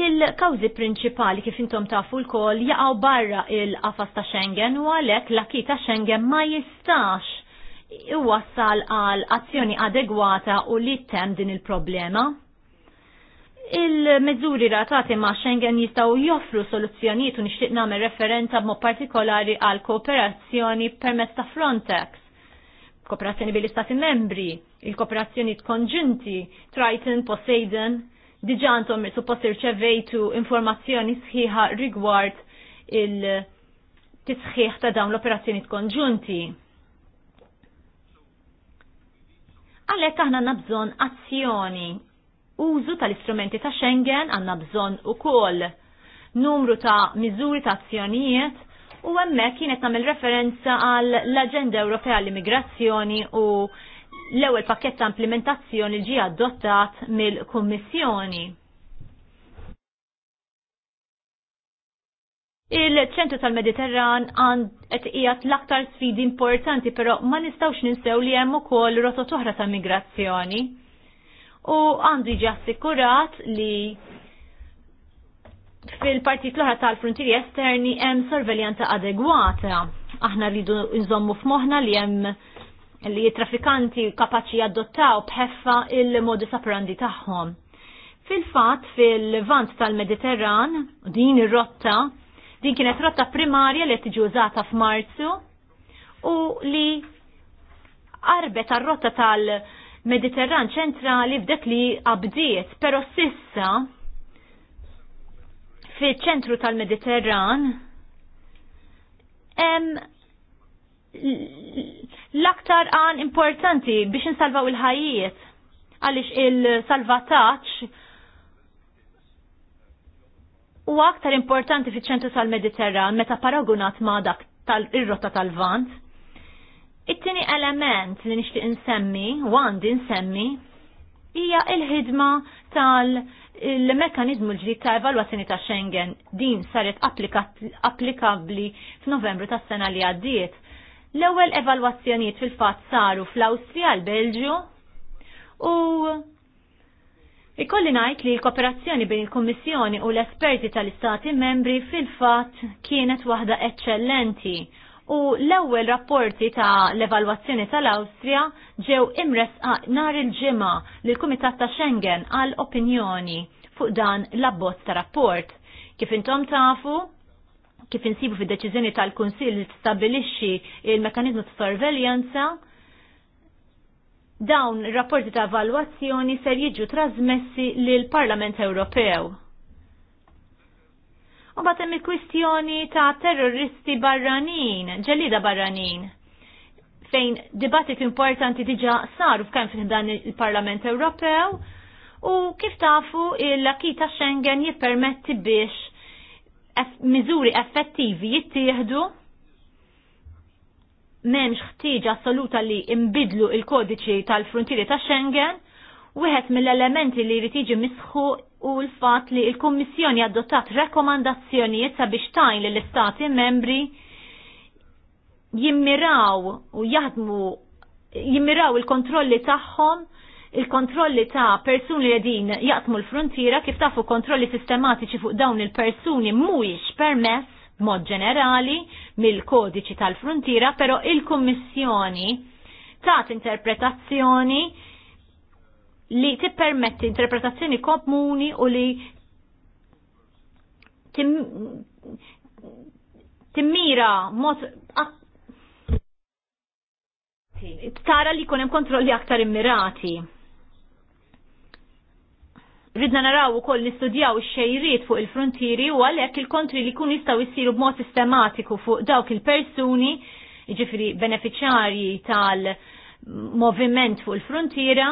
Il-kawzi prinċipali kif intom tafu l-kol jaqaw barra il-qafas ta' Schengen u għalek l akita Schengen ma jistax iwassal għal azzjoni adegwata u li tem din il-problema. Il-mezzuri ratati ma' Schengen jistaw joffru soluzzjonijiet u nixtieq nagħmel referenza b'mod partikolari għal kooperazzjoni permezz ta' Frontex, kooperazzjoni bil istati membri, il-kooperazzjoni konġunti, Triton, Poseidon, diġa għandhom suppost irċevejtu informazzjoni sħiħa rigward il- tisħiħ ta' dawn l-operazzjoni konġunti. Għalhekk aħna għandna bżonn azzjoni. Użu tal-istrumenti ta' Schengen għandna bżonn ukoll numru ta' miżuri ta' azzjonijiet u hemmhekk kienet namil referenza għal l-Aġenda Ewropea l-Immigrazzjoni u l-ewwel pakketta ta' implementazzjoni ġie adottat mill-Kummissjoni. Il-ċentru tal-Mediterran għand qed qiegħed l-aktar sfidi importanti, però ma nistgħux ninsew li hemm ukoll rotot oħra ta' migrazzjoni. U għandu jiġi assikurat li fil-partit l-oħra tal-frontieri esterni hemm sorveljanza adegwata. Aħna rridu nżommu f'moħħna li hemm li traffikanti kapaċi jaddottaw bħeffa il-modus operandi tagħhom. Fil-fatt fil-vant tal-Mediterran din ir-rotta Din kienet rotta primarja li tiġi użata f'Marzu u li arbet ar-rotta tal-Mediterran ċentrali f'dek li abdiet, pero sissa fil-ċentru tal-Mediterran l-aktar għan importanti biex nsalvaw il-ħajiet għalix il-salvataċ u aktar importanti fiċ-ċentru tal-Mediterran meta paragunat ma' dak tal-irrota tal-Vant. It-tieni element li nixtieq insemmi, u għandi nsemmi, hija il-ħidma tal-mekanizmu l-ġdid ta' evalwazzjoni ta' Schengen. Din saret applikabli f'Novembru tas-sena li għaddiet. L-ewwel evalwazzjonijiet fil-fatt saru fl-Awstrija, l-Belġju u Ikolli najt li l-kooperazzjoni bejn il-Kommissjoni u l-esperti tal-Istati membri fil-fat kienet waħda eccellenti u l-ewwel rapporti ta' l-evalwazzjoni tal-Awstrija ġew imres nar il-ġimgħa lil Kumitat ta' Schengen għal opinjoni fuq dan l-abbozz ta' rapport. Kif intom tafu, kif insibu fid-deċiżjoni tal-Kunsill stabilixxi il-mekanizmu ta' sorveljanza, dawn rapporti ta' evalwazzjoni ser jiġu trasmessi lil Parlament Ewropew. U batem il-kwistjoni ta' terroristi barranin, ġelida barranin, fejn dibattit importanti diġa saru f'kem fih dan il-Parlament Ewropew u kif tafu l-akita Schengen jippermetti biex miżuri effettivi jittieħdu memx ħtieġa assoluta li imbidlu il-kodiċi tal-frontieri ta' Schengen, wieħed mill-elementi li jrid jiġi misħu u l-fatt li l-Kummissjoni adottat rekomandazzjonijiet sabiex tajn l istati membri jimmiraw u jaħdmu jimmiraw il-kontrolli tagħhom il-kontrolli ta' persuni li din jaqtmu l-frontiera kif tafu kontrolli sistematiċi fuq dawn il-persuni mhuwiex permess mod ġenerali mill-kodiċi tal-frontiera, però il-Kummissjoni taħt interpretazzjoni li tippermetti interpretazzjoni komuni u li timmira mod tara li kunem kontrolli aktar immirati ridna naraw u koll nistudjaw xejriet fuq il-frontieri u għalhekk il-kontri li kun jistaw jissiru b'mod sistematiku fuq dawk il-persuni, ġifri beneficjari tal-moviment fuq il-frontiera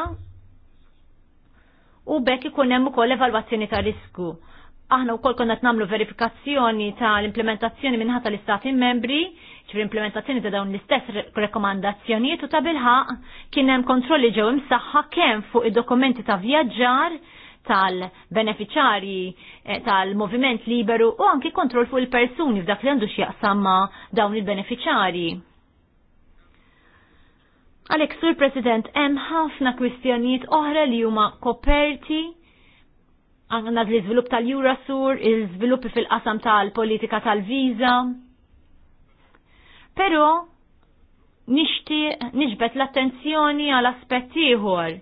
u bekk ikun hemm ukoll evalwazzjoni ta' risku. Aħna wkoll konna nagħmlu verifikazzjoni tal-implementazzjoni minħata tal-istati membri, ċivri implementazzjoni ta' dawn l-istess rekomandazzjonijiet u ta' bilħaq kien hemm kontrolli ġew imsaħħa kemm fuq id-dokumenti ta' vjaġġar tal-beneficjarji eh, tal-moviment liberu u anki kontroll fuq il-persuni f'dak li għandu x'jaqsam ma' dawn il-beneficjarji. Għalhekk sur President hemm ħafna kwistjonijiet oħra li huma koperti għandna l-iżvilupp tal-Jurasur, l żviluppi fil-qasam tal-politika tal-viża. Però nixti nixbet l-attenzjoni għal aspett ieħor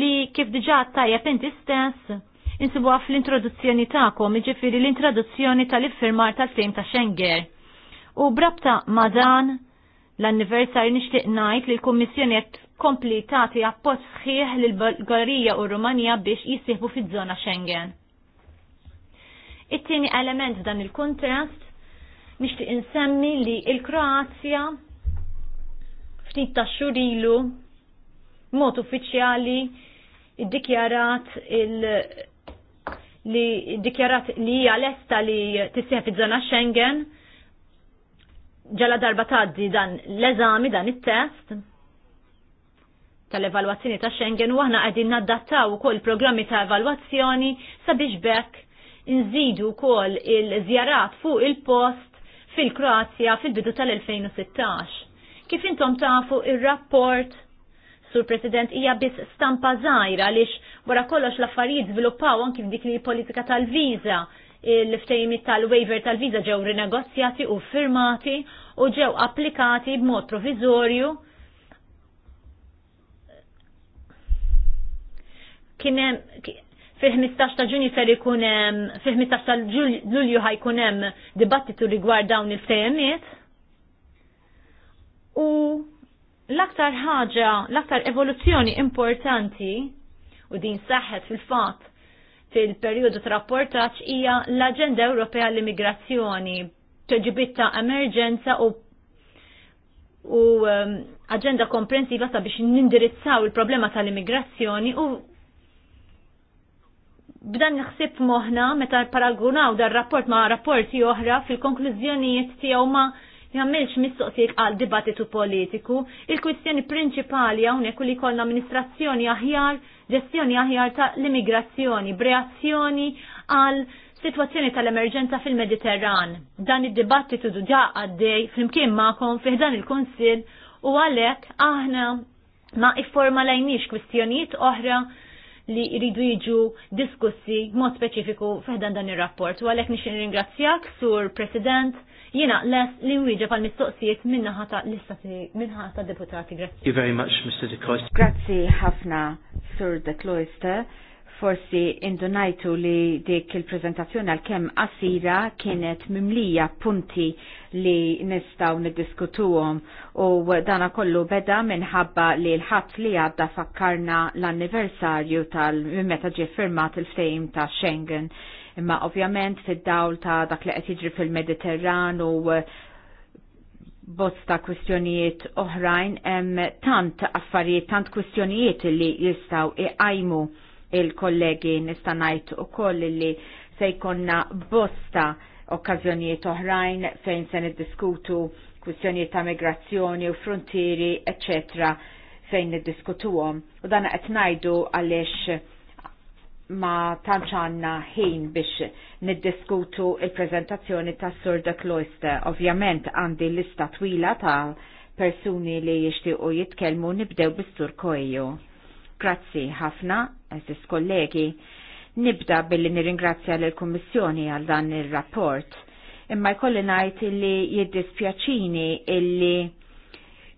li kif diġa tajjeb inti stess insibuha fl-introduzzjoni tagħkom, jiġifieri l-introduzzjoni tal-iffirmar tal fim ta' Schengen. U brabta ma' dan l-anniversari nixtieq ngħid li l-Kummissjoni għet komplitati tagħti sħiħ l Bulgarija u Rumanija biex jissieħbu fiż-żona Schengen. It-tieni element dan il-kontrast nixtieq insemmi li l-Kroazja ftit ta' xurilu mod uffiċjali dikjarat il li dikjarat li hija lesta li tisseħ fi zona Schengen ġala darba tgħaddi dan l-eżami dan it-test tal-evalwazzjoni ta' Schengen u aħna qegħdin naddattaw ukoll programmi ta' evalwazzjoni sabiex bekk nżidu wkoll il-żjarat fuq il-post fil-Kroazja fil-bidu tal-2016. Kif intom tafu ir-rapport Sur President, hija biss stampa żgħira għaliex wara kollox l-affarijiet żviluppaw anki f'dik li politika tal-viża l ftejmi tal-waiver tal-viża ġew rinegozjati u firmati u ġew applikati b'mod provizorju kienem fil-15 ta' ġunju ser ikun fil-15 ta' lulju ħajkun hemm dibattitu rigward dawn il ftejmiet u L-aktar ħaġa, l-aktar evoluzzjoni importanti, u din saħħet fil-fat fil-periodu trapportaċ hija l-Aġenda Ewropea l-Immigrazzjoni, teġibit ta' emerġenza u u um, aġenda komprensiva ta' biex nindirizzaw il-problema tal-immigrazzjoni u b'dan nħsib moħna meta paragunaw dar rapport ma' rapporti oħra fil-konklużjonijiet tiegħu ma' jammilx mistoqsijiet għal dibattitu politiku. Il-kwistjoni prinċipali hawnhekk kulli jkollna amministrazzjoni aħjar, ġestjoni aħjar ta' l-immigrazzjoni, breazzjoni għal situazzjoni tal-emerġenza fil-Mediterran. Dan id-dibattitu duġa għaddej flimkien ma'kom fih dan il-Kunsill u għalhekk aħna ma ifformalajniex kwistjonijiet oħra li jridu jiġu diskussi mod speċifiku f'ħdan dan ir-rapport. U għalhekk nixin ringrazzjak sur President Jiena les li wieġeb għal mistoqsijiet minna ħata l-istati minna ta' deputati. Grazie. you very much, Mr. De Costa. Grazie ħafna, Sir De Cloister. Forsi indunajtu li dik il-prezentazzjoni għal kem asira kienet mimlija punti li nistaw niddiskutuhom u dana kollu beda minħabba li l ħat li għadda fakkarna l-anniversarju tal-meta ġie firmat il-fejm ta' Schengen Imma ovvjament fid-dawl ta' dak li qed jiġri fil-Mediterran u uh, bosta kwistjonijiet oħrajn hemm tant affarijiet, tant kwistjonijiet li jistgħu iqajmu il-kollegi nista' ngħid ukoll li se jkollna bosta okkażjonijiet oħrajn fejn se niddiskutu kwistjonijiet ta' migrazzjoni u frontieri, eccetera, fejn niddiskutuhom. U dan qed ngħidu għaliex ma tanċanna ħin biex niddiskutu il-prezentazzjoni ta' Sur de Ovjament Ovvjament għandi lista twila ta' persuni li jishtiqu jitkelmu nibdew bis-Sur kojju. Grazzi ħafna, eżis kollegi. Nibda billi nirringrazzja l-Kommissjoni għal dan il-rapport. Imma jkolli najt li jiddispjaċini illi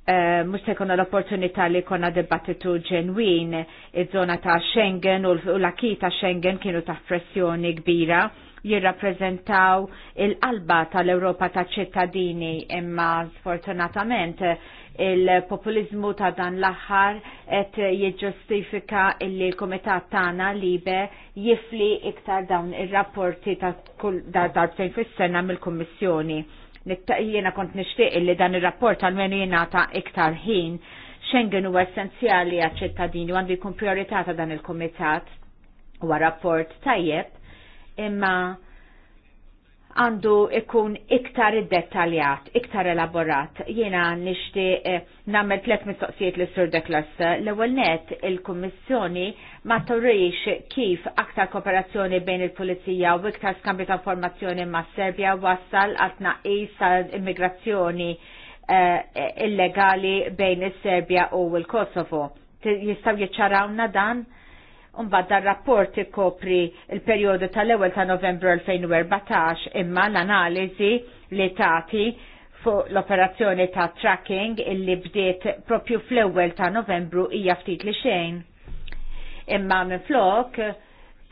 Eh, mux se jkun l-opportunità li jkollna dibattitu ġenwin iż-żona ta' Schengen u l-aki ta' Schengen kienu ta' pressjoni kbira jirrappreżentaw il-qalba tal-Ewropa ta' ċittadini imma sfortunatament il-populizmu ta' dan l-aħħar qed jiġġustifika li l-Kumitat tagħna libe jifli iktar dawn ir-rapporti ta' kull darbtejn fis-sena mill-Kummissjoni jiena kont nixtieq li dan ir-rapport għalmenu jingħata iktar ħin Schengen huwa essenzjali għal ċittadini għandu jkun priorità ta' dan il-kumitat huwa rapport tajjeb imma għandu ikun iktar id-detaljat, iktar elaborat. Jiena nishti eh, namel tlet mistoqsijiet li sur deklas. L-ewel net il-Kommissjoni ma torrix kif aktar kooperazzjoni bejn il-Pulizija u iktar skambju ta' informazzjoni ma' Serbia wassal għatna isa immigrazzjoni eh, illegali bejn il-Serbia u il-Kosovo. Jistaw jitċarawna dan? Unbad dar rapport ikopri il-periodu tal-ewel ta' novembru 2014 imma l-analizi li tati fuq l-operazzjoni ta' tracking illi bdiet propju fl-ewel ta' novembru hija ftit li xejn. Imma minn flok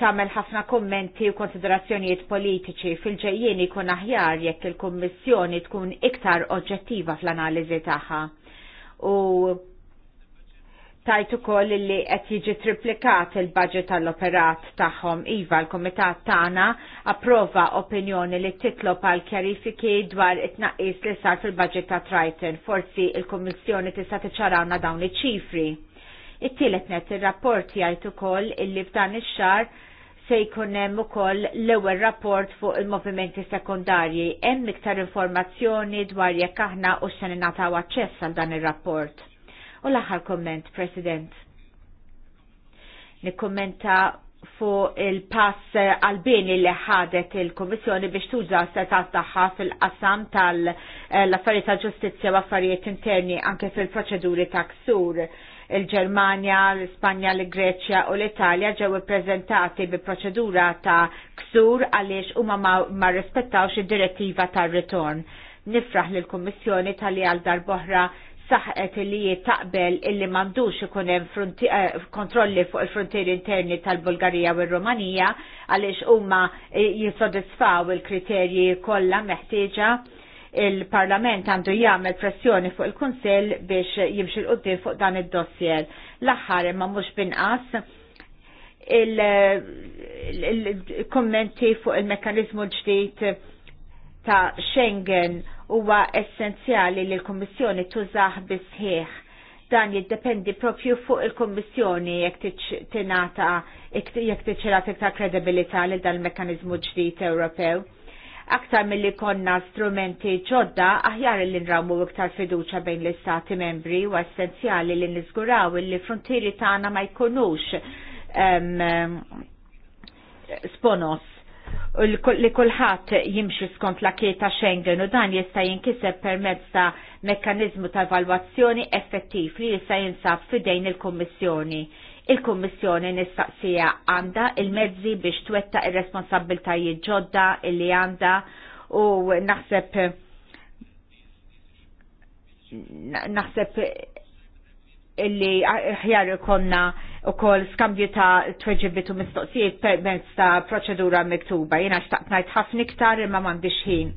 tamel ħafna kommenti u konsiderazzjonijiet politiċi fil-ġejjien ikun aħjar jekk il-Kummissjoni tkun iktar oġġettiva fl-analiżi tagħha. U tajt ukoll li qed jiġi triplikat il-budget tal-operat tagħhom. Iva l-Kumitat tagħna approva opinjoni li titlob għal kjarifiki dwar it-tnaqqis li sar fil-budget ta' Triton. Forsi il-Kummissjoni tista' tiċċarawna dawn iċ-ċifri. It-tielet net ir-rapport jgħid ukoll illi f'dan ix-xahar se jkun hemm ukoll l-ewwel rapport fuq il-movimenti sekundarji hemm iktar informazzjoni dwar jekk aħna u x'se ningħataw aċċess għal dan ir-rapport. U l-aħħar komment, President. Nikkommenta fuq il-pass għall-bini li ħadet il-Komissjoni biex tuża setat tagħha fil-qasam tal-affarijiet tal ġustizja u affarijiet interni anke fil-proċeduri ta' ksur. Il-Ġermanja, l-Ispanja, l-Greċja u l-Italja ġew ippreżentati bi proċedura ta' ksur għaliex huma ma rrispettawx id-direttiva tar-ritorn. Nifraħ lill kummissjoni tal-li għal darboħra saħqet li taqbel illi mandux ikun hemm kontrolli fuq il-frontieri interni tal-Bulgarija u r-Rumanija għaliex huma jissodisfaw il-kriterji kollha meħtieġa il-Parlament għandu jagħmel pressjoni fuq il-Kunsill biex jimxi l fuq dan id-dossier. L-aħħar imma mhux binqas il-kommenti fuq il-mekkanizmu ġdid ta' Schengen huwa essenzjali li l-Kummissjoni tużaħ bisħieħ dan jiddependi propju fuq il-Kommissjoni jekk tingħata jekk tiċċerat iktar kredibilità li dan il ġdid Ewropew. Aktar milli konna strumenti ġodda aħjar li nrawmu iktar fiduċa bejn l-istati membri u essenzjali li niżguraw li frontieri tagħna ma jkunux um, sponos li kullħat jimxi skont la kieta Schengen u dan jista' jinkiseb permezz ta' mekkanizmu ta' evalwazzjoni effettiv li jista' jinsab fidejn il-Kummissjoni. Il-Kummissjoni nistaqsija għandha il-mezzi biex twetta ir-responsabiltajiet ġodda li għandha u naħseb naħseb illi ħjar ikonna u kol skambju ta' tweġibitu mistoqsijiet permezz ta' proċedura miktuba. Jena xtaqt najt ħafna iktar imma m'għandix ħin.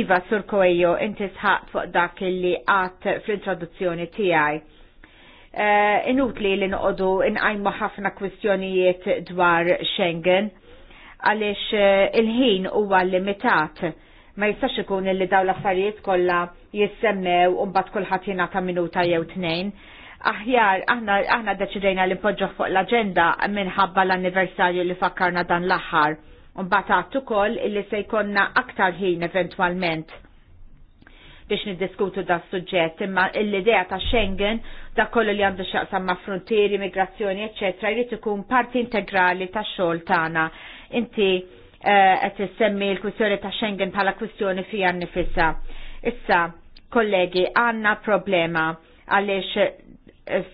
Iva, Sur Koejo, inti sħaq fuq dak illi għat fl-introduzzjoni tiegħi. Eh, inutli li noqogħdu inqajmu ħafna kwistjonijiet dwar Schengen għaliex eh, il-ħin huwa limitat ma jistax ikun illi daw l-affarijiet kollha jissemmew u mbagħad kulħadd jingħata minuta jew tnejn aħjar, aħna, aħna deċidejna li npoġġo fuq l-agenda minħabba l-anniversarju li fakkarna dan l-aħħar. Unbatat ukoll illi se jkonna aktar ħin eventwalment biex niddiskutu da suġġett imma l-idea ta' Schengen da kollu li għandu xaqsam ma' frontieri, migrazzjoni, eccetera, jrid ikun parti integrali ta' xogħol tagħna. Inti eh, qed issemmi l-kwistjoni ta' Schengen bħala kwistjoni fija nifisa. Issa, kollegi, għandna problema għaliex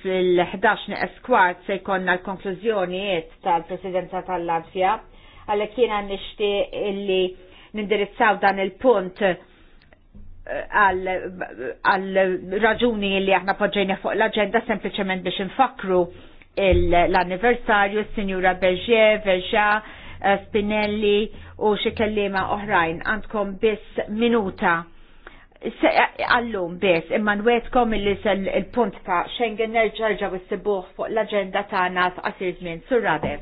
fil-11 neqes se jkonna l-konklużjonijiet tal-presidenza tal latvija għalhekk jiena nishti illi nindirizzaw dan il-punt eh, għal raġuni li aħna poġġejna fuq l-agenda sempliciment biex nfakru l-anniversarju, s-Sinjura Berger, Verja, eh, Spinelli u xi kelliema oħrajn. Għandkom biss minuta għallum bes, imma nwetkom il il-punt ta' Schengen nerġarġa s-sibuħ fuq l-agenda tagħna f'qasir żmien. Surradev.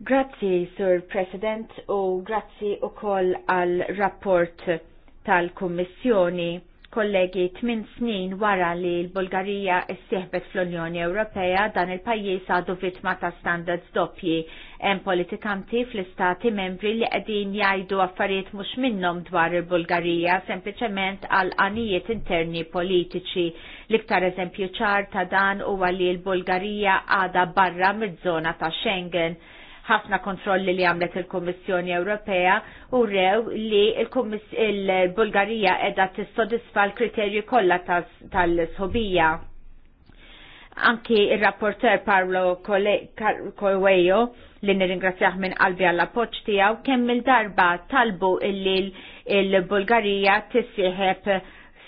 Grazzi, Sur President, u grazzi u koll għal rapport tal-Kommissjoni. Kollegi, 8 snin wara li l-Bulgarija s-sihbet fl-Unjoni Ewropea dan il-pajjiż għadu vittma ta' standards doppji Hemm politikanti fl-istati membri li qegħdin jgħidu affarijiet mhux minnhom dwar il-Bulgarija sempliċement għal qanijiet interni politiċi. L-iktar eżempju ċar ta' dan huwa li l-Bulgarija għada barra mid-żona ta' Schengen ħafna kontrolli li għamlet il-Kommissjoni Ewropea u rew li il-Bulgarija edha tissodisfa l-kriterju kollha tal-sħobija. Anki il-rapporter Parlo Coelho li nirringrazzjah minn qalbi għall appoġġ tiegħu kemm il-darba talbu illi l-Bulgarija tissieħeb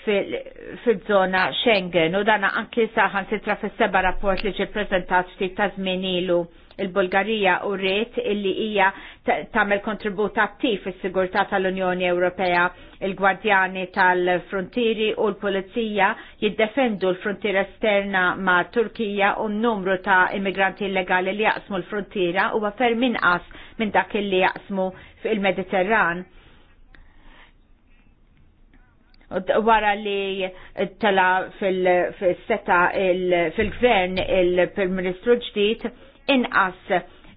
fil-żona Schengen u dana anki saħan sitra fis-seba rapport li ġi prezentat ftit ta' żmien ilu il-Bulgarija u rrit illi hija tagħmel kontribut attiv fis-sigurtà tal-Unjoni Ewropea. Il-Gwardjani tal-Frontieri u l-Pulizija jiddefendu l-frontiera esterna ma' Turkija u n-numru ta' immigranti illegali li jaqsmu l-frontiera huwa ferm inqas minn dak illi jaqsmu fil-Mediterran wara li tala fil-seta fil-gvern il-Prim-Ministru ġdijt, inqas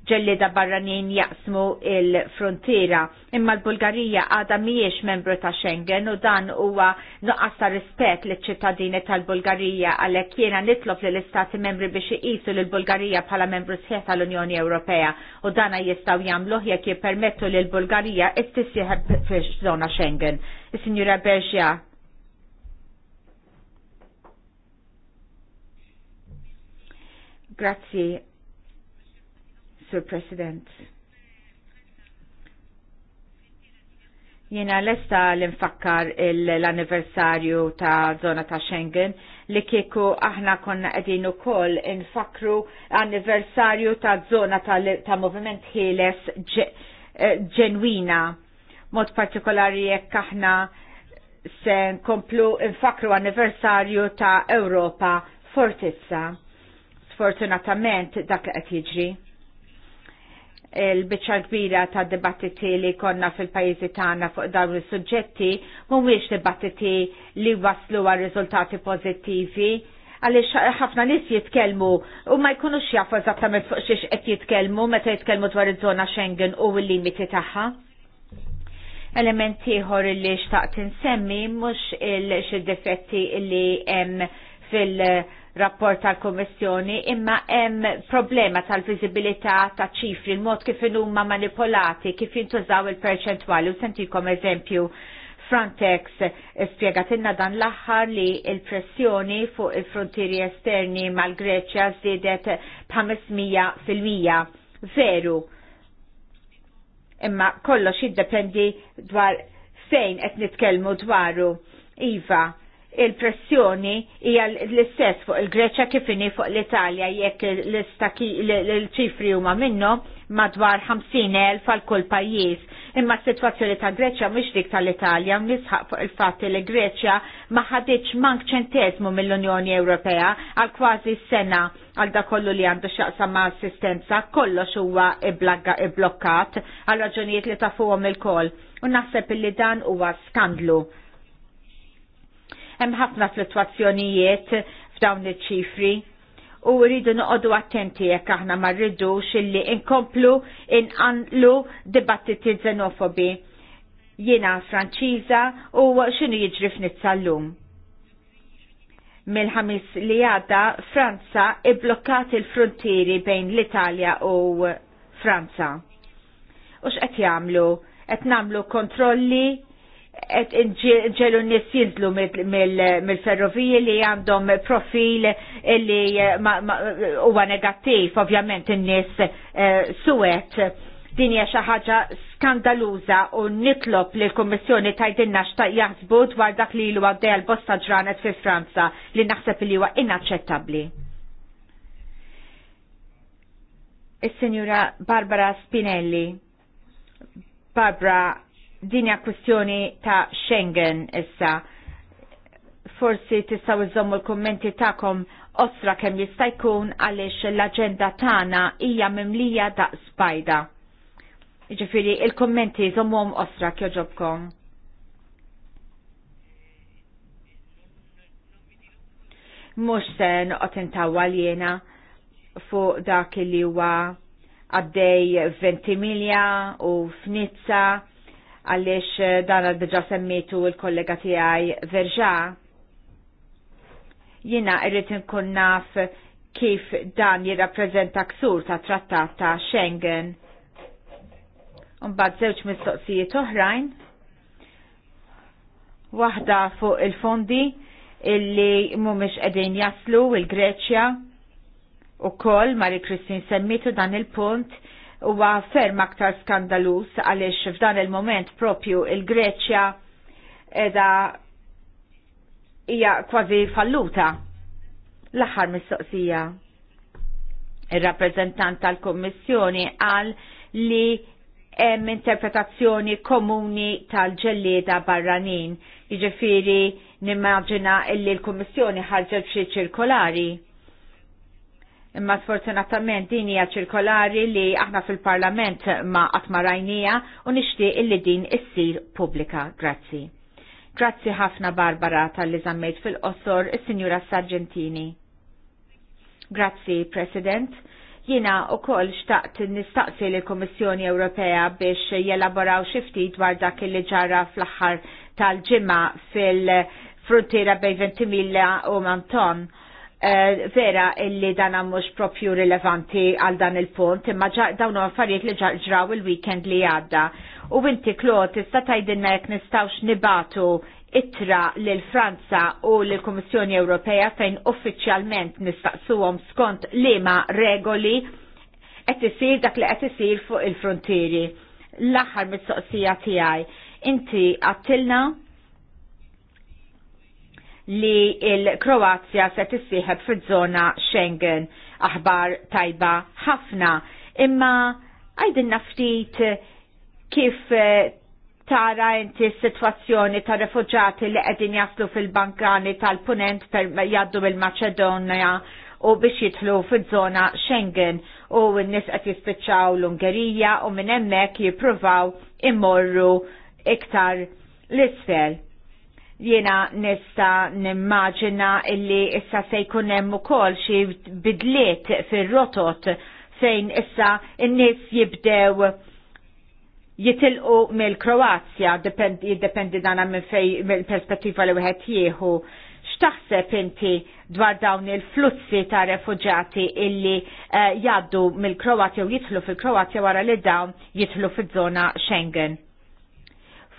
ġellida barranin jaqsmu il-frontiera. Imma l-Bulgarija għada miex membru ta' Schengen u dan huwa nuqqas ta' rispett l ċittadini tal-Bulgarija għalhekk jiena nitlob li l-istati membri biex iqisu l bulgarija bħala membru sħiħ tal-Unjoni Ewropea u dan jistgħu jagħmluh jekk jippermettu li l-Bulgarija fiex zona Schengen. Is-Sinjura Grazie. Grazzi, Sur President. Jena lesta l-infakkar l-anniversarju ta' zona ta' Schengen li kieku aħna konna edinu kol infakru anniversarju ta' zona ta', ta moviment ħieles eh, ġenwina. Mod partikolari jekk aħna se nkomplu infakru anniversarju ta' Europa Fortizza. Sfortunatament dak li qed jiġri il-bicċa kbira ta' dibattiti li konna fil-pajizi tagħna fuq dawn is-suġġetti mhumiex dibattiti li waslu għal riżultati pożittivi għaliex ħafna nies jitkellmu u ma jkunux jafu eżattament fuq xiex qed jitkellmu meta jitkellmu dwar iż-żona Schengen u l-limiti tagħha. Element ieħor li xtaqt insemmi mhux il-xi difetti li hemm fil- rapport tal-Kommissjoni imma hemm problema tal-viżibilità ta' ċifri, il-mod kif huma manipolati, kif jintużaw il-perċentwali u sentikom eżempju Frontex spiegatilna dan l-aħħar li il-pressjoni fuq il-frontieri esterni mal-Greċja żiedet b'500 Veru. Imma kollox jiddependi dwar fejn qed nitkellmu dwaru. Iva, il-pressjoni hija l-istess fuq il-Greċja kif inhi fuq l-Italja jekk l-ċifri huma minnhom madwar 50,000 għal kull pajjiż. Imma s-sitwazzjoni ta' Greċja mhix dik tal-Italja nisħaq fuq il-fatt li Greċja ma ħadiċ mank ċentesmu mill-Unjoni Ewropea għal kważi sena għal da kollu li għandu xaqsa ma' assistenza kollox huwa iblokkat għal raġunijiet li tafuhom il-koll. U naħseb li dan huwa skandlu hemm ħafna fluttwazzjonijiet f'dawn iċ-ċifri u rridu noqogħdu attenti jekk aħna ma rridux illi inkomplu inqanlu dibattiti xenofobi. Jiena Franċiża u x'inhu jiġri f'Nizza llum mill-ħamis li għadda Franza iblokkat il-frontieri bejn l-Italja u Franza. U x'qed jagħmlu? Qed nagħmlu kontrolli ġelu nis jindlu mill ferrovije li għandhom profil li eh, huwa negattiv, ovvjament in-nies eh, suwet din hija xi ħaġa skandaluża u nitlob li l-Kummissjoni tajdinna x'taq jaħsbu dwar dak li ilu għaddej l-bosta ġranet fi Franza li naħseb li huwa inaċċettabbli. Is-Sinjura Barbara Spinelli. Barbara dinja kwestjoni ta' Schengen issa. Forsi tistaw iżommu l-kommenti ta'kom osra kem jista' jkun għaliex l-agenda tagħna hija mimlija da' spajda. Ġifiri, il-kommenti żommhom osra kjoġobkom. Mux se noqgħod intawwal jiena fuq dak li huwa għaddej ventimilja u f'Nizza għaliex eh, dan għaddeġa semmitu il-kollega tijaj verġa. Jina irrit nkun naf kif dan jirrapprezenta ksur ta' trattat ta' Schengen. Unbad zewċ mistoqsijiet oħrajn. Waħda fuq il-fondi illi mumiex qegħdin jaslu il-Greċja u kol Mari Kristin semmitu dan il-punt huwa ferm aktar skandalus għaliex f'dan il-moment propju il-Greċja edha hija kważi falluta. L-aħħar mistoqsija. Ir-rappreżentant tal-Kummissjoni qal li hemm interpretazzjoni komuni tal-ġellieda barranin. Jiġifieri nimmaġina illi l-Kummissjoni ħarġet xi ċirkolari imma sfortunatament din hija ċirkolari li aħna fil-Parlament ma qatt ma rajnija u nixtieq illi din issir pubblika. Grazzi. Grazzi ħafna Barbara tal-li żammejt fil-qosor is-Sinjura Sargentini. Grazzi, President. Jina u koll xtaqt nistaqsi li Komissjoni Ewropea biex jelaboraw xifti dwar dak li ġara fl aħħar tal-ġimma fil-frontiera bej 20.000 u Manton Eh, vera illi dan mhux propju rilevanti għal dan il-punt, imma dawn affarijiet li ġraw il-weekend li għadda. U inti Klot, tista' tgħidilna jekk nistgħux nibatu ittra lil Franza u l kummissjoni Ewropea fejn uffiċjalment nistaqsuhom skont liema regoli qed isir dak li qed isir fuq il-frontieri. L-aħħar mistoqsija tiegħi. Inti għattilna li il-Kroazja se tissieħeb fiż-żona Schengen. Aħbar tajba ħafna. Imma għajdin naftit kif eh, tara inti s-situazzjoni ta' refugġati li qegħdin jaslu fil-Bankani tal-Punent per jaddu bil-Maċedonja u biex jitlu fiż-żona Schengen u n-nis qed jispiċċaw l-Ungerija u minn hemmhekk jippruvaw immorru iktar l-isfel Jiena nista nimmaġina illi issa se jkun hemm ukoll xi bidliet fir-rotot fejn issa n-nies jibdew jitilqu mill-Kroazja jiddependi dana minn fej mill-perspettiva li wieħed jieħu. X'taħseb inti dwar dawn il-flussi ta' refuġati illi uh, eh, jaddu mill-Kroazja u jitlu fil-Kroazja wara li dawn jitlu fiż-żona Schengen?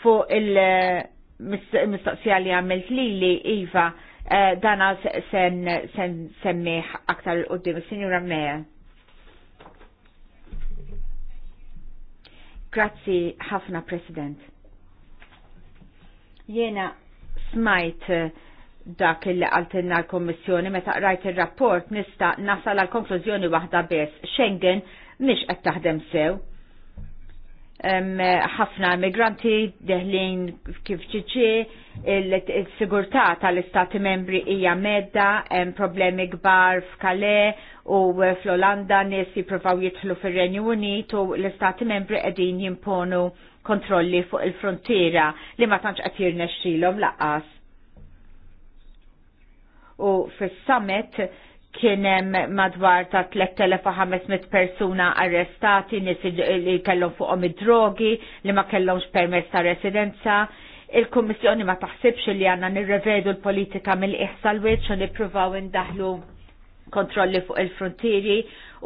Fuq il- uh, mistoqsija li għamilt li li Iva eh, dana sen semmiħ aktar l-qoddim. Signora Meja. Grazzi ħafna, President. Jena smajt eh, dak il għaltinna l-Kommissjoni meta rajt il-rapport nista nasal għal konklużjoni waħda biss Schengen mhix qed taħdem sew ħafna immigranti deħlin kif ċiċi, il-sigurtà tal-istati membri hija medda, hemm problemi kbar f'Kale u fl-Olanda nies jippruvaw jidħlu fir-Renju Unit u l-istati membri qegħdin jimponu kontrolli fuq il-frontiera li ma tantx qed jirnexxilhom laqas. U fis-summit kienem madwar ta' 3500 persuna arrestati nis li kellhom fuqhom id-drogi li ma kellhomx permess ta' residenza. Il-Kummissjoni ma taħsibx li għanna nirrevedu l-politika mill iħsal l-wiċċ u nippruvaw indaħlu kontrolli fuq il-frontieri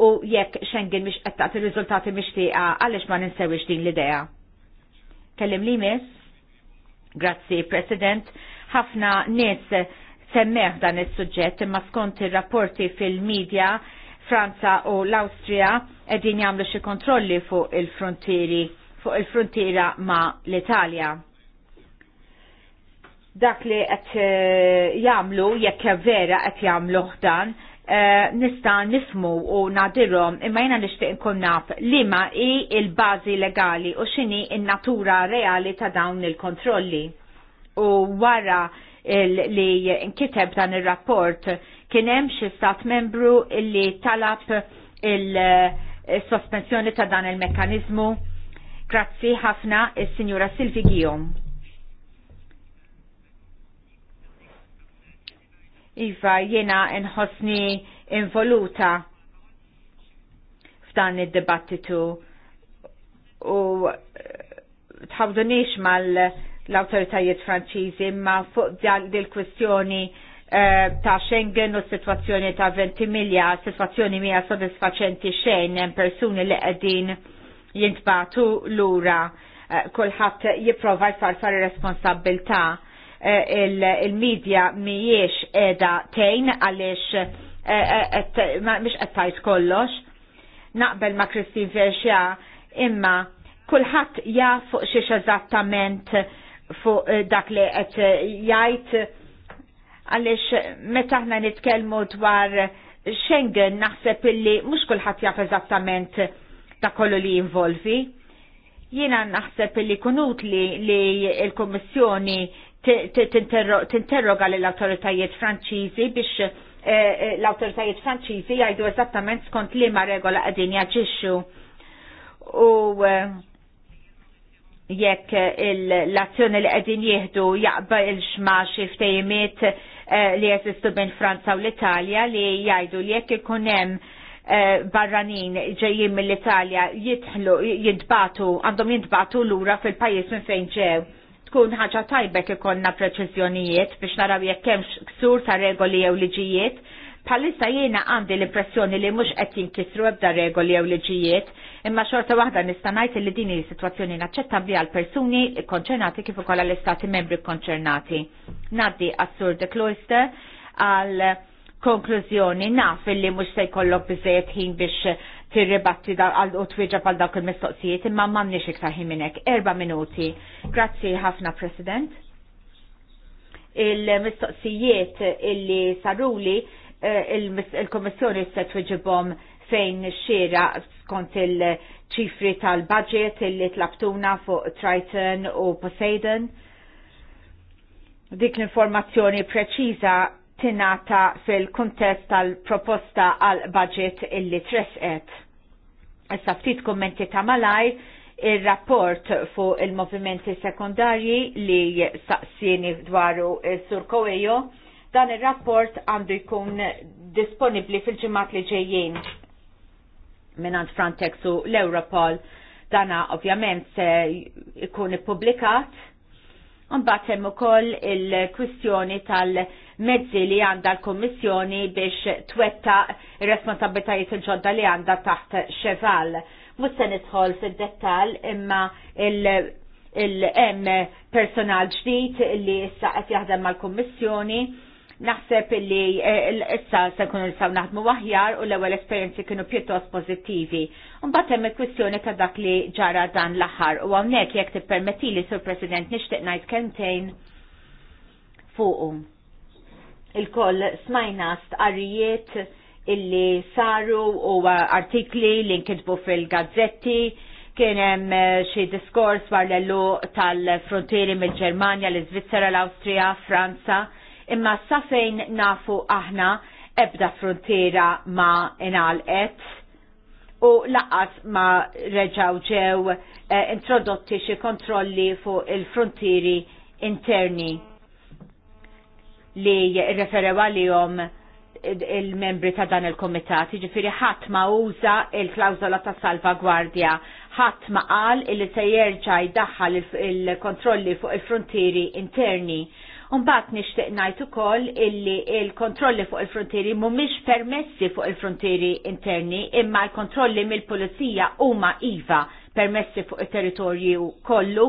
u jekk Schengen mhix qed tagħti riżultati mixtieqa għaliex ma ninsewix din l-idea. Kellim li miss? Grazzi, President. Ħafna nies semmeħ dan is-suġġett imma skont ir-rapporti fil-medja Franza u l-Awstrija qegħdin jagħmlu xi kontrolli fuq il-frontieri fuq il-frontiera ma' l-Italja dak li qed eh, jagħmlu jekk vera qed jagħmlu dan eh, nista' nifmu u nadirhom imma jiena nixtieq inkun naf liema hi l-bażi legali u x'inhi n-natura reali ta' dawn il-kontrolli. U wara li nkiteb dan il-rapport kien hemm xi stat membru li talab il-sospensjoni ta' dan il mekkaniżmu Grazzi ħafna is-Sinjura Silvi Gijom. Iva, jena nħosni involuta f'dan id-dibattitu u tħawdunix mal- l-autoritajiet franċiżi ma fuq dil-kwestjoni eh, ta' Schengen u situazzjoni ta' 20 milja, situazzjoni mija sodisfaċenti xejn hemm persuni li qegħdin jintbatu lura eh, kulħadd jipprova jfar ir responsabilità eh, il-medja mhijiex qiegħda tejn għaliex mhix qed tajt kollox. Naqbel ma' Christine Verxia imma kulħadd jaf fuq xiex eżattament fuq eh, dak li qed eh, jgħid għaliex meta aħna nitkellmu dwar Schengen naħseb illi mhux kulħadd jaf eżattament ta' kollu li jinvolvi. Jiena naħseb illi kunut li li l-Kummissjoni tinterroga lill awtoritajiet Franċiżi biex eh, l-awtoritajiet Franċiżi jgħidu eżattament skont liema regola qegħdin jaġixxu. U jekk l-azzjoni li qegħdin jieħdu jaqba xma xi ftejimiet eh, li jeżistu bejn Franza u l-Italja li jgħidu li jekk ikun hemm eh, barranin ġejjin mill-Italja jitħlu jintbatu għandhom jintbatu lura fil-pajjiż minn fejn ġew. Tkun ħaġa tajbek ikonna preċiżjonijiet biex naraw jekk hemmx ksur ta' regoli jew liġijiet. Palissa jiena għandi l-impressjoni li mhux qed kisru ebda regoli jew liġijiet, imma xorta waħda nista' ngħid li din hi sitwazzjoni inaċċettabbli għal persuni konċernati kif ukoll għall-istati membri konċernati. Naddi assur de Cloister għal konklużjoni naf li mhux se jkollok biżejjed ħin biex tirribatti għal u twieġa għal dawk il-mistoqsijiet imma m'għandniex iktar ħin minnek. Erba' minuti. Grazzi ħafna President. Il-mistoqsijiet illi saruli eh, il komissjoni se twieġibhom fejn ix-xiera skont il-ċifri tal-budget illi tlabtuna fuq Triton u Poseidon. Dik l-informazzjoni preċiża tinata fil kuntest tal-proposta għal-budget illi tresqet. Issa ftit kommenti ta' malaj il-rapport fuq il-movimenti sekundarji li saqsieni dwaru sur Kowejo, dan il-rapport għandu jkun disponibli fil-ġimat li ġejjien minant Frontex u l-Europol dana ovvjament se ikun ippubblikat. Mbagħad hemm ukoll il-kwistjoni tal-mezzi li għandha l-Kummissjoni biex twetta ir il-ġodda li għandha taħt xeval. Mhux se nidħol fid-dettall imma il em personal ġdid li issa qed jaħdem mal-Kummissjoni Naħseb li eh, issa se nkunu nistgħu naħdmu aħjar u l-ewwel esperjenzi kienu pjuttost pożittivi. Mbagħad hemm il-kwistjoni ta' dak li ġara dan l-aħħar u hawnhekk jekk tippermettili sur President nixtieq ngħid kemmtejn fuqu. Il-koll smajna stqarrijiet illi saru u artikli li nkitbu fil-gazzetti kien hemm eh, xi diskors war l tal-frontieri mill-Ġermanja, l-Iżvizzera, l-Awstrija, Franza imma sa fejn nafu aħna ebda frontiera ma inalqet u laqas ma reġaw ġew eh, introdotti xi kontrolli fuq il-frontieri interni li referew għalihom il-membri ta' dan il-komitat, ġifiri ħadd ma uża il-klawzola ta' salvagwardja, ħadd ma qal li se jerġa' jdaħħal il-kontrolli fuq il-frontieri interni Unbat nixtieq ngħid ukoll illi il-kontrolli fuq il-frontieri mhumiex permessi fuq il-frontieri interni imma l-kontrolli mill-pulizija huma iva permessi fuq il-territorju kollu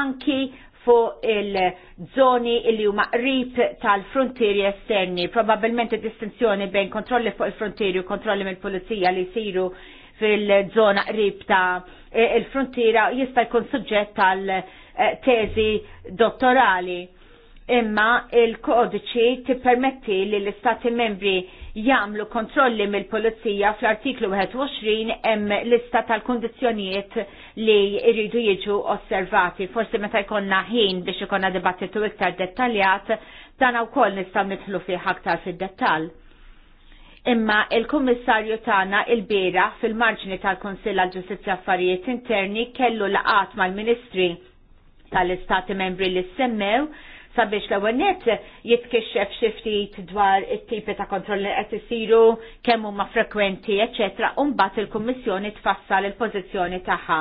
anki fuq il-żoni li huma qrib tal-frontieri esterni. Probabilment distinzjoni bejn kontrolli fuq il-frontieri u kontrolli mill-pulizija li jsiru fil-żona qrib ta' il-frontiera jista' jkun suġġett tal-teżi eh, dottorali imma il-kodiċi tippermetti li l-istati membri jamlu kontrolli mill-polizija fl-artiklu 21 hemm lista tal-kondizjonijiet li jridu jiġu osservati. Forsi meta jkollna ħin biex ikonna dibattitu iktar dettaljat, dan wkoll nistgħu nidħlu fih aktar fid-dettall. Imma il-Kummissarju tagħna il-bira fil-marġni tal-Kunsill għall-Ġustizzja Affarijiet Interni kellu laqat mal-Ministri tal-Istati Membri li semmew sabiex l-ewwel nett jitkixxef xi ftit dwar it-tipi ta' kontrolli qed isiru kemm huma frekwenti, eċetera, u mbagħad il-Kummissjoni tfassal il-pożizzjoni tagħha.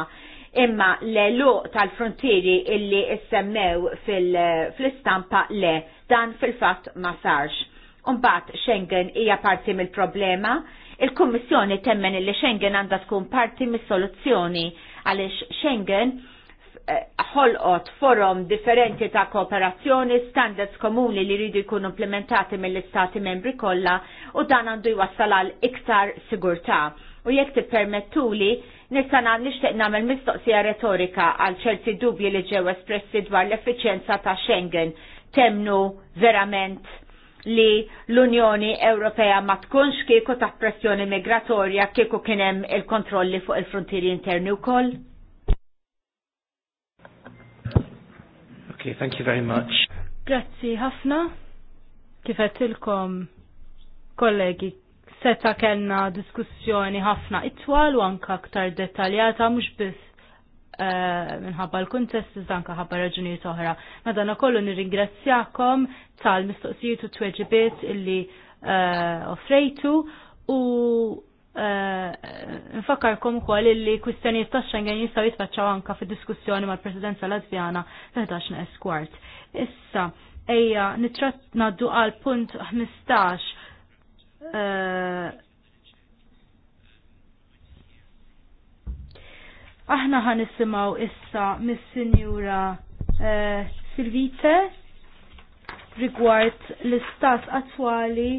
Imma l elu tal-frontieri illi issemmew fil-istampa le dan fil-fatt ma sarx. Umbat Schengen hija parti mill-problema, il-Kummissjoni temmen li Schengen għandha tkun parti mis-soluzzjoni għaliex Schengen Eh, ħolqot forum differenti ta' kooperazzjoni, standards komuni li rridu jkunu implementati mill-istati membri kollha u dan għandu jwassal għal iktar sigurtà. U jekk tippermettuli, nista' nixtieq nagħmel mistoqsija retorika għal ċerti dubji li ġew espressi dwar l-effiċjenza ta' Schengen temnu verament li l-Unjoni Ewropea ma tkunx kieku ta' pressjoni migratorja kieku kien hemm il-kontrolli fuq il-frontieri interni wkoll? Okay, thank you very much. Grazzi ħafna. Kifet ilkom kollegi seta kellna diskussjoni ħafna itwal u anka aktar dettaljata mhux biss eh, minħabba l-kuntest iżda ħabba raġunijiet oħra. Madana kollu nirringrazzjakom tal-mistoqsijiet u t-tweġibiet illi eh, offrejtu u Eh, nfakkarkom ukoll illi kwistjonijiet ta' Schengen jistgħu jitfaċċaw anka fid-diskussjoni mal-Presidenza Latvjana l 11 esquart. Issa, ejja nitrat naddu għal punt 15 eh, Aħna ħan nisimaw issa mis-Sinjura eh, Silvite rigward l-istat attwali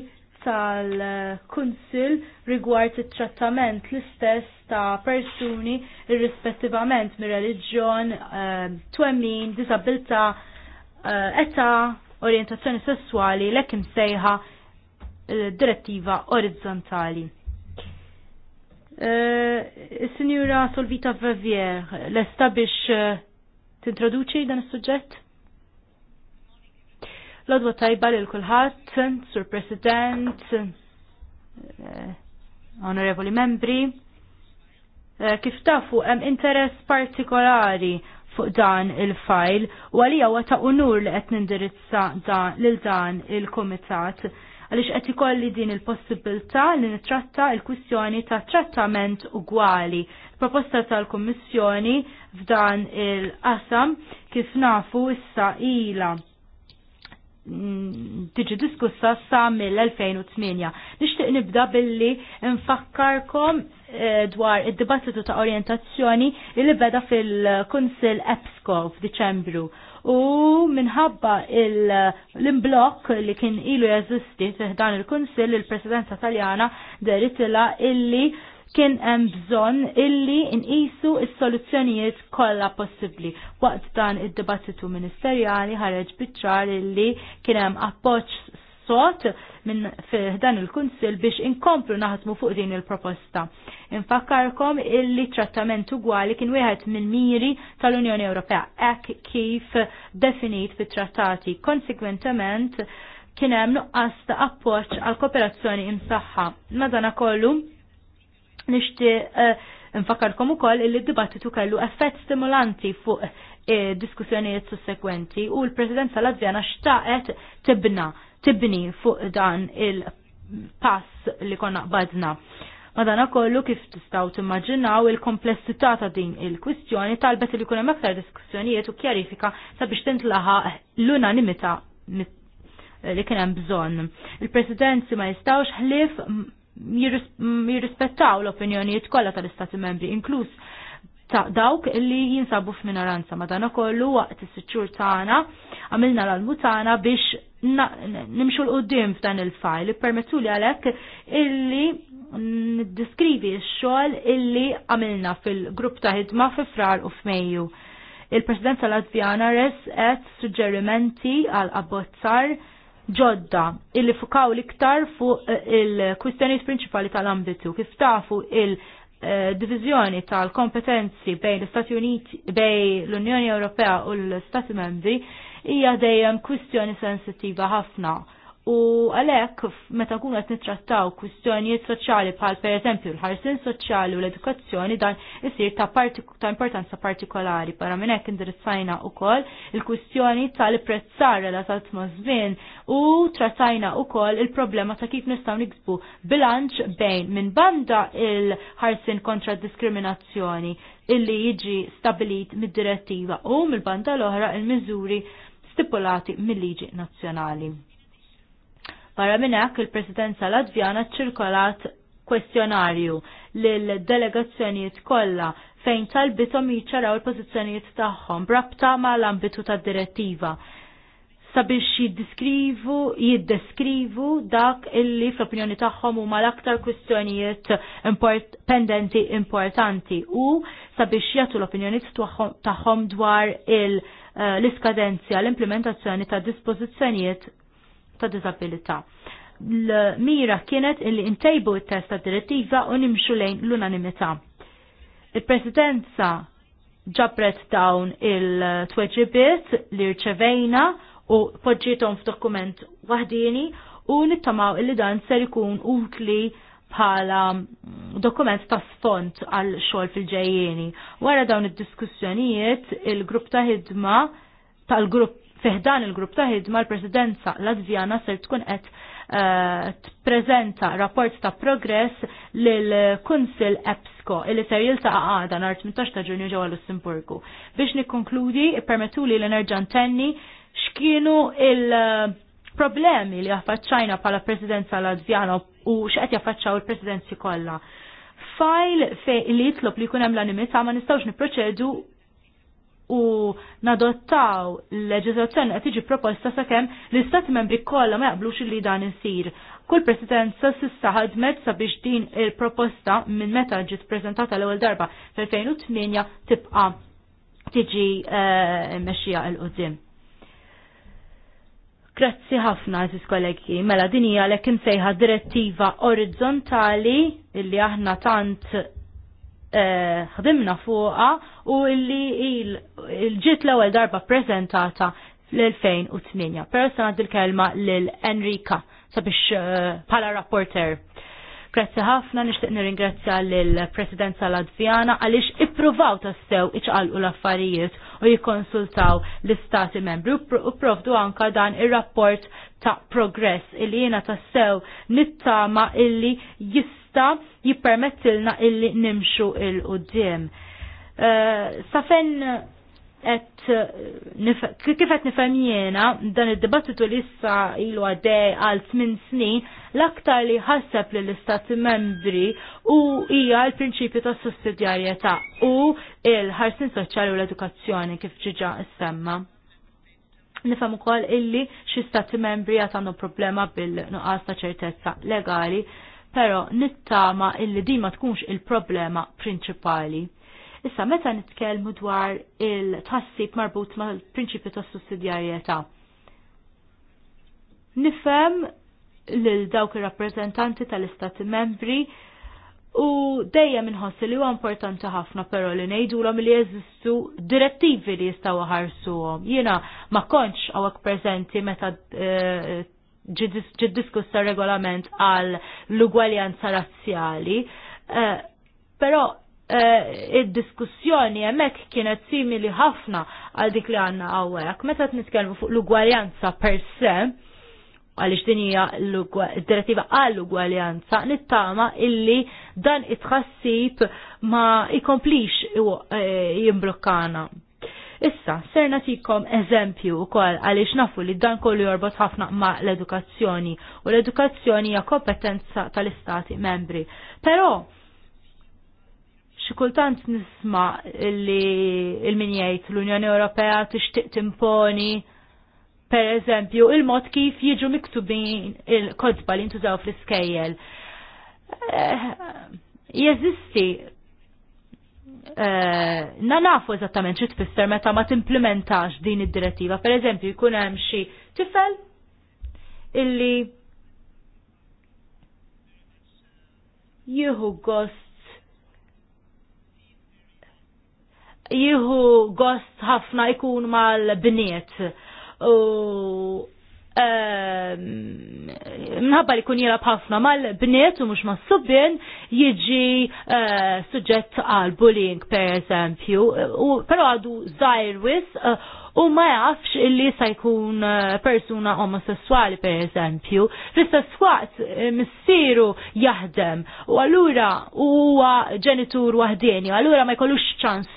tal-Kunsil rigward it-trattament l-istess ta' persuni irrispettivament mir reliġjon eh, twemmin, disabilità, eh, età, orientazzjoni sessuali, l-ekim sejħa eh, direttiva orizzontali. Signora Solvita Vavier, lesta biex tintroduċi dan is-suġġett? L-odwa tajba li l-kulħat, Sur President, eh, Onorevoli Membri, eh, kif tafu hemm interess partikolari fuq dan il-fajl u għalija huwa ta' unur li qed nindirizza lil dan il-Kumitat għaliex qed ikolli din il-possibilità li nitratta l-kwistjoni ta' trattament ugwali. Proposta tal-Kummissjoni f'dan il-qasam kif nafu issa ila Mm, tiġi diskussa sa mill-2008. Nixtieq nibda billi nfakkarkom eh, dwar id-dibattitu ta' orientazzjoni li beda fil-Kunsil EPSCO f'Diċembru. U minħabba l-imblok li kien ilu jeżisti dan il-Kunsil il-Presidenza Taljana deritila illi kien hemm bżonn illi nqisu s-soluzzjonijiet kollha possibbli. Waqt dan id-dibattitu ministerjali ħareġ biċ-ċar illi kien hemm appoġġ sot minn dan il-Kunsil biex inkomplu naħdmu fuq din il-proposta. Infakkarkom illi trattament ugwali kien wieħed minn miri tal-Unjoni Ewropea hekk kif definit fit-trattati. Konsekwentement kien hemm nuqqas ta' appoġġ għal kooperazzjoni imsaħħa. Madana kollu nishti uh, nfakarkom ukoll li d-dibattitu kellu effett stimulanti fuq eh, diskussjonijiet sussekwenti u l-Presidenza Latvjana xtaqet tibna, tibni fuq dan il-pass li konna qbadna. Madana kollu kif tistaw timmaġinaw il-komplessità ta' din il-kwistjoni talbet li kunem aktar diskussjonijiet u kjarifika sabiex tintlaħa l-unanimità li kienem bżonn. Il-Presidenzi ma jistawx ħlif Mm, jirrispettaw l-opinjonijiet kollha tal-Istati membri, inkluż ta' dawk li jinsabu f'minoranza. Madana kollu waqt is-sitxur tagħna għamilna l tagħna biex nimxu l qudiem f'dan il-fajl. Permettu li għalhekk illi diskrivi x-xogħol illi għamilna fil-grupp ta' ħidma fi frar u f'Mejju. Il-Presidenza Latvjana res qed suġġerimenti għal abbozzar ġodda illi fukaw l-iktar fuq eh, il-kwistjonijiet prinċipali tal-ambitu. Kif tafu il-divizjoni tal-kompetenzi bejn l-Stati Uniti, bejn l-Unjoni Ewropea u l-Stati Membri hija dejjem kwistjoni sensittiva ħafna U għalek, meta nkunu qed nittrattaw kwistjonijiet soċjali bħal pereżempju l-ħarsin soċjali u l-edukazzjoni dan jisir ta', partik ta importanza partikolari. Para minn hekk indirizzajna wkoll il-kwistjoni tal-prezzar relatat ma' żmien u trattajna wkoll il-problema ta' kif nistgħu niksbu bilanċ bejn minn banda il-ħarsin kontra diskriminazzjoni illi jiġi stabilit mid-direttiva u mill-banda l-oħra il-miżuri stipulati mill-liġi nazzjonali Barra minn hekk il-Presidenza Latvjana ċirkolat kwestjonarju l delegazzjonijiet kollha fejn talbitom jiċċaraw il-pożizzjonijiet tagħhom brabta mal-ambitu tad-direttiva sabiex jiddiskrivu, jiddeskrivu dak illi fl-opinjoni tagħhom huma l-aktar kwistjonijiet import, pendenti importanti u sabiex jagħtu l-opinjoni tagħhom dwar eh, l-iskadenzja l-implementazzjoni ta' dispożizzjonijiet ta' disabilita. L-mira kienet illi intejbu il test direttiva u nimxu lejn l-unanimità. Il-presidenza ġabret dawn il-tweġibiet li rċevejna u poġġietom f'dokument waħdini u nittamaw illi dan ser ikun utli bħala mm, dokument ta' sfont għal xogħol fil-ġejjieni. Wara dawn id-diskussjonijiet, il-grupp ta' hidma tal-grupp Fiħdan il-grupp ta' ħidma l-Presidenza Latvijana ser tkun qed eh, tpreżenta rapport ta' progress lil kunsil EPSCO illi ser jiltaqa' għada nhar 18 ta' Ġunju ġewwa Lussemburgu. Biex nikkonkludi, ippermettuli li nerġa' ntenni x'kienu il-problemi li affaċċajna bħala Presidenza Latvjana u x'qed jaffaċċaw il-Presidenzi kollha. Fajl fej li jitlob li jkun hemm l animita ma nistgħux nipproċedu u nadottaw l-leġislazzjoni qed tiġi proposta sakemm l-istati membri kollha ma jaqblux li dan isir. Kull presidenza s'issa ħadmet sabiex din il-proposta minn meta ġiet preżentata l-ewwel darba fl-2008 tibqa' tiġi eh, mexxija l qudiem Grazzi ħafna, għaziz kollegi. Mela din hija l-ekim sejħa direttiva orizzontali illi aħna tant Eh, ħdimna fuqa u illi il-ġit l-ewwel darba prezentata fl-2008. Però sanad il kelma l Enrika sabiex eh, bħala rapporter. Grazzi ħafna nixtieq nirringrazzja lill-Presidenza Latvjana għaliex ippruvaw tassew iċqalqu l-affarijiet u jikkonsultaw l-Istati membri u provdu anka dan ir-rapport ta' progress illi jiena tassew nittama illi jista' jippermettilna illi nimxu il qoddim Uh, eh, safen Eh, kif qed nifhem jiena dan id-dibattitu li issa ilu għaddej għal tmien snin l-aktar li ħasseb li l-istati membri u hija l-prinċipju ta' sussidjarjetà u il-ħarsin soċjali u l-edukazzjoni kif ġiġa semma. Nifhem ukoll illi xi stati membri għad għandhom problema bil-nuqqas ta' ċertezza legali, però nittama illi din ma tkunx il-problema prinċipali Issa meta nitkellmu dwar il-tassib marbut mal-prinċipju tas sussidjarjetà. Nifhem lil dawk ir-rappreżentanti tal-istati membri U dejjem inħossi li huwa importanti ħafna però li ngħidulhom li jeżistu direttivi li jistgħu ħarsuhom. Jiena ma kontx hawnhekk preżenti meta eh, ġiddiskust regolament għal l-ugwaljanza razzjali, eh, però Eh, id-diskussjoni hemmhekk kienet simili ħafna għal dik li għandna hawnhekk. Meta nitkellmu fuq l-ugwaljanza per se, għaliex din hija d-direttiva għall ugwaljanza nittama illi dan it-tħassib ma jkomplix eh, jimblokkana. Issa, ser natikom eżempju u koll għalix nafu li dan kollu jorbot ħafna ma l-edukazzjoni u l-edukazzjoni hija kompetenza tal-istati membri. Pero, xikultant nisma li il-min jgħid l-Unjoni Ewropea tixtieq timponi per eżempju il-mod kif jiġu miktubin il-kodba li ntużaw fl-iskejjel. Eh, jeżisti eh, na nafu eżattament xi tfisser meta ma timplementax din id-direttiva. Per eżempju jkun hemm xi tifel illi jieħu gost jieħu gost ħafna ikun mal-bniet. U ehm, minħabba li kun jilab ħafna mal-bniet u mux mas-subbin jiġi eh, suġġett għal bullying per eżempju. Pero għadu zaħir wis eh, u ma jafx illi sa jkun eh, persuna omosessuali per eżempju. Fl-istess waqt eh, missieru jaħdem u allura huwa ġenitur wahdieni, u allura ma jkollux ċans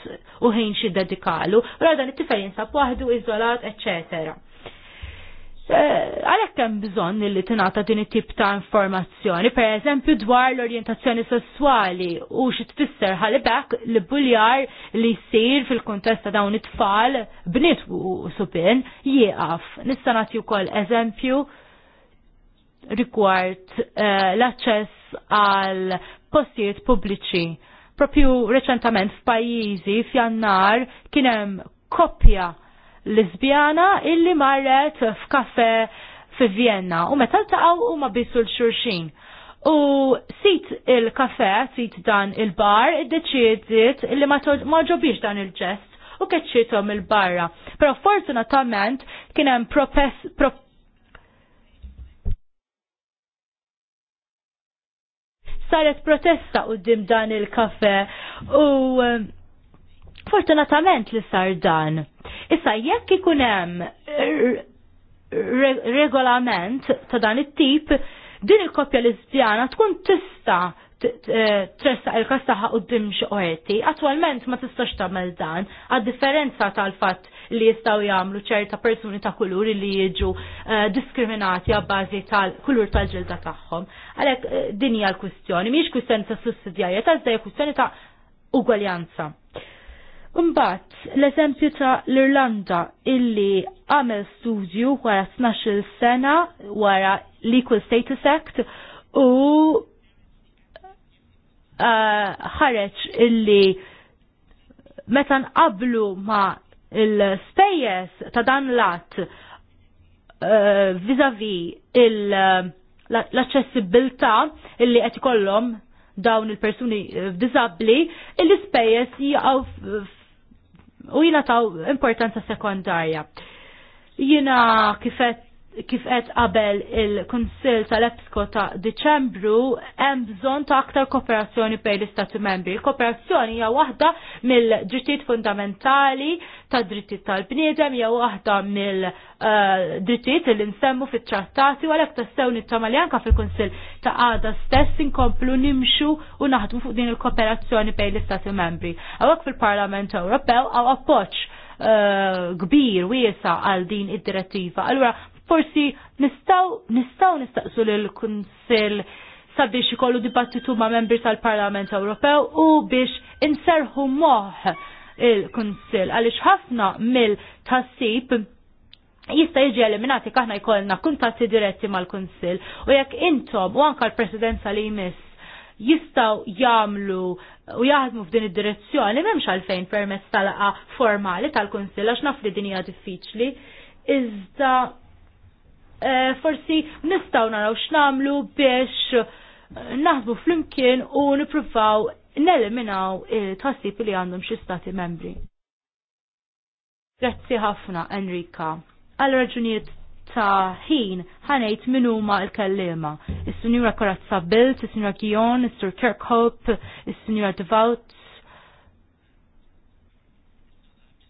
u ħin xi dedikalu, u dan it-tifel jinsab waħdu iżolat, eccetera. Eh, għalhekk hemm bżonn li tingħata din it-tip ta' informazzjoni, pereżempju dwar l orientazzjoni sessuali u xi tfisser ħalibek li buljar li jsir fil kontesta ta' dawn it-tfal bnit u subin jieqaf. Nista' nagħti wkoll eżempju rigward eh, l-aċċess għal postijiet pubbliċi. Propju reċentament f'pajjiżi f'jannar kien hemm koppja Lisbjana illi marret f'kaffe fi Vienna u meta ltaqgħu huma bisu l-xurxin. U sit il-kafe, sit dan il-bar, id-deċidiet li ma ġobiex dan il-ġest u keċċitom il-barra. Pero fortunatament kien hemm propess pro saret protesta dim dan il-kafe u eh, Fortunatament li sar dan. Issa jekk ikun hemm regolament ta' dan it-tip, din il-kopja lesbjana tkun tista' eh, tressa il-kas taħħa u dimx oħeti. Attualment ma tistax tagħmel dan, għad differenza tal-fatt li jistaw jagħmlu ċerta persuni ta' kulur li jiġu eh, diskriminati għabbażi tal-kulur tal-ġilda tagħhom. Għalhekk eh, din hija l kustjoni mhijiex kustjoni ta' sussidjarjetà, għazda hija kwistjoni ta' ugwaljanza. Umbat, l-eżempju ta' l-Irlanda illi għamel studju wara 12 sena wara l-Equal Status Act u ħareċ uh, illi meta qablu ma' il-spejjes ta' dan lat uh, vis-a-vis uh, l-accessibilta illi qed ikollhom dawn il-persuni uh, disabli, l-ispejjeż jgħaw u jina taw importanza sekundarja. Jina kifet kif qed qabel il-Kunsill tal epsko ta' Diċembru hemm bżonn ta' aktar kooperazzjoni bejn l-Istati Membri. Il-kooperazzjoni hija waħda mill-drittijiet fundamentali ta' drittijiet tal-bniedem hija waħda mill-drittijiet eh, li nsemmu fit-trattati u għalhekk tassew nittama li anke fil-Kunsill ta' għada stess inkomplu nimxu u naħdmu fuq din il-kooperazzjoni bejn l-Istati Membri. Hawnhekk fil-Parlament Ewropew għaw appoġġ eh, kbir wiesa għal din id-direttiva. Allura forsi nistaw nistaw nistaqsu l kunsill sabiex ikollu dibattitu ma' membri tal-Parlament Ewropew u biex inserħu moħ il-Kunsill għaliex ħafna mill-tassib jista' jiġi eliminati kaħna jkollna kuntatti diretti mal-Kunsill u jekk intom u anka l-Presidenza li jmiss jistaw jamlu u jaħdmu f'din id-direzzjoni m'hemmx għalfejn permezz tal-laqa formali tal-Kunsill għax naf li din hija diffiċli. Iżda Eh, forsi nistaw naraw x'namlu biex eh, naħdmu flimkien u nippruvaw neliminaw il tħassib li għandhom xi stati membri. Grazzi ħafna, Enrika. Għal raġunijiet ta' ħin ħanejt minuma il-kellima. Is-Sinjura Korazza Bilt, is-Sinjura Gion, is-Sur Kirkhope, is-Sinjura Devout,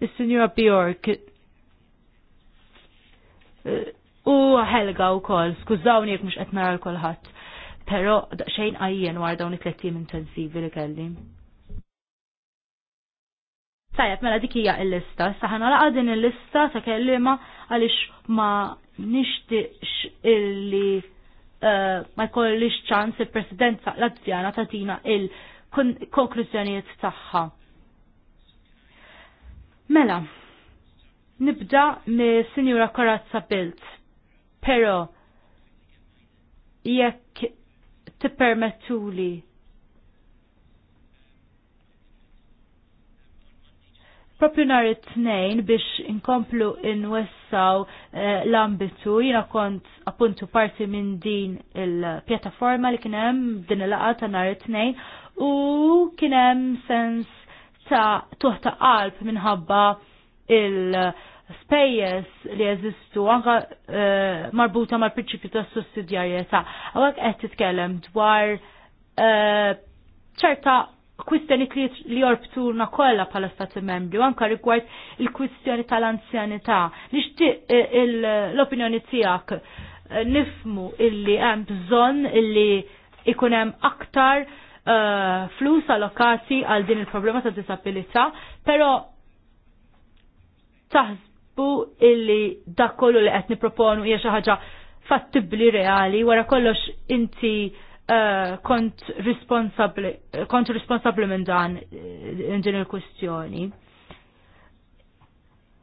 is-Sinjura Bjork, eh, u Helga u kol, skużawni jek mux etnara l-kolħat. Pero xejn għajjen għar dawn it intensivi li kelli. Tajab, mela dik hija l-lista, saħna laqa din il-lista ta' kellima għaliex ma nixtieqx illi eh, ma jkollix ċans il-presidenza Latvjana tatina il-konklużjonijiet tagħha. Mela, nibda mis sinjura Korazza Bilt pero jekk tippermettuli Propju nar it-tnejn biex inkomplu inwessaw eh, l-ambitu, jina kont appuntu parti minn din il-pjattaforma li kienem din il-laqa ta' nar it-tnejn u kienem sens ta' tuħta qalb minħabba il- spejjes li jeżistu anka eh, marbuta mal prinċipju ta' sussidjarjetà. Għawek qed titkellem dwar eh, ċerta kwistjoni li jorbtuna kollha bħala stati membri, u anka rigward il-kwistjoni tal-anzjanità. Nixtieq eh, l-opinjoni tiegħek nifmu illi hemm bżonn illi ikun hemm aktar flus allokati għal din il-problema ta' disabilità, però taħsb naħsbu illi da kollu li qed proponu hija xi ħaġa fattibbli reali wara kollox inti uh, kont responsabbli kont responsabli minn dan eh, din il-kwistjoni.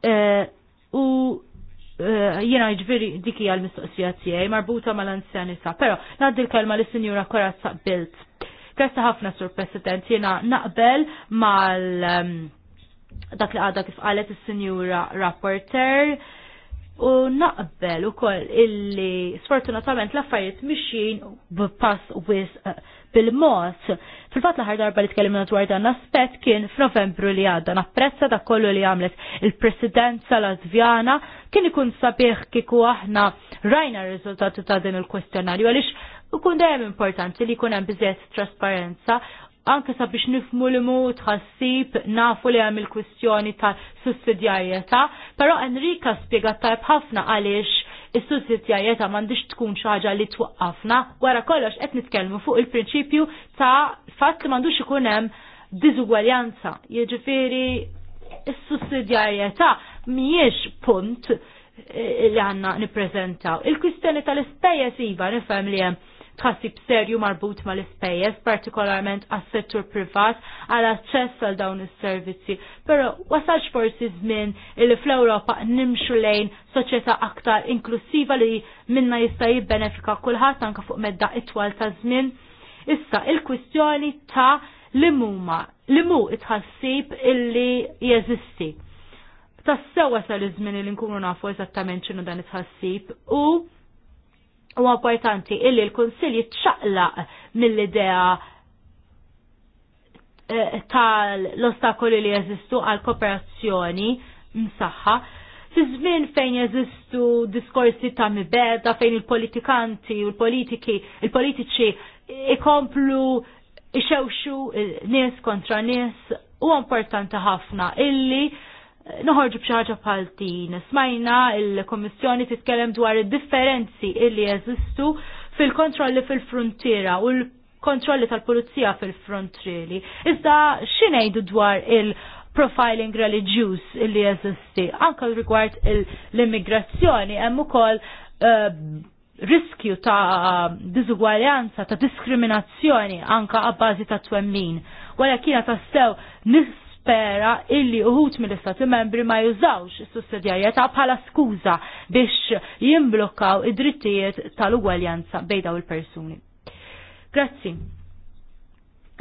Uh, u uh, jiena ġviri jiġifieri diki għal-mistoqsija tiegħi marbuta mal-anzjanità, però ngħaddi l-kelma lis-Sinjura Korazza Bilt. Grazzi ħafna, Sur President, jiena naqbel mal- um, dak li għada kif qalet is senjura rapporter u naqbel ukoll illi sfortunatament l-affarijiet mixin b'pass wis eh, bil-mod. Fil-fatt l-aħħar darba li tkellimna dwar dan aspett kien f'Novembru li għadda napprezza dak kollu li għamlet il-Presidenza Lazvjana. kien ikun sabiħ kieku aħna rajna r-riżultati ta' din il-kwestjonarju għaliex kun dajem importanti li jkun hemm biżejjed trasparenza anke sabiex nifmu li mu tħassib nafu li għam il-kwistjoni ta' sussidjarjeta, pero Enrika spiega tajb ħafna għaliex is-sussidjarjeta m'għandix tkun xaġa li twaqqafna, wara kollox qed nitkellmu fuq il-prinċipju ta' fatt li m'għandux ikun hemm jieġifiri Jiġifieri is-sussidjarjetà mhijiex punt eh, li għanna nippreżentaw. Il-kwistjoni tal-ispejjeż siva nifhem li hemm tħassib serju marbut mal-ispejjeż, partikolarment għas-settur privat, għal aċċess għal dawn is-servizzi. Però wasalx forsi żmien li fl-Ewropa nimxu lejn soċjetà aktar inklusiva li minna jista' jibbenefika kulħadd anke fuq medda itwal ta' żmien. Issa il-kwistjoni ta' li muma, li mu itħassib illi jeżisti. Tassewa sal-izmin li nkunu nafu eżattament x'inhu dan it-ħassib u U importanti illi l konsil jitxaqlaq mill-idea eh, tal-ostakoli li jeżistu għal kooperazzjoni msaħħa. Fi żmien fejn jeżistu diskorsi ta' mibeda fejn il-politikanti u l-politiki, il-politiċi ikomplu ixewxu eh, nies kontra nies u importanti ħafna illi noħorġu bxarġa bħal din. Smajna il-Komissjoni titkellem dwar il-differenzi illi jeżistu fil-kontrolli fil-frontiera u l-kontrolli tal-pulizija fil-frontieri. Iżda xinejdu dwar il-profiling religjus illi jeżisti, anka rigward l-immigrazzjoni, hemm ukoll eh, riskju ta' diżugwaljanza, ta' diskriminazzjoni anka għabbażi ta' twemmin. Wara kiena ta' sew nis Spera illi uħut mill-istati membri ma jużawx is-sussidjarjetà bħala skuża biex jimblokkaw id-drittijiet tal-ugwaljanza bejn daw il-persuni. Grazzi.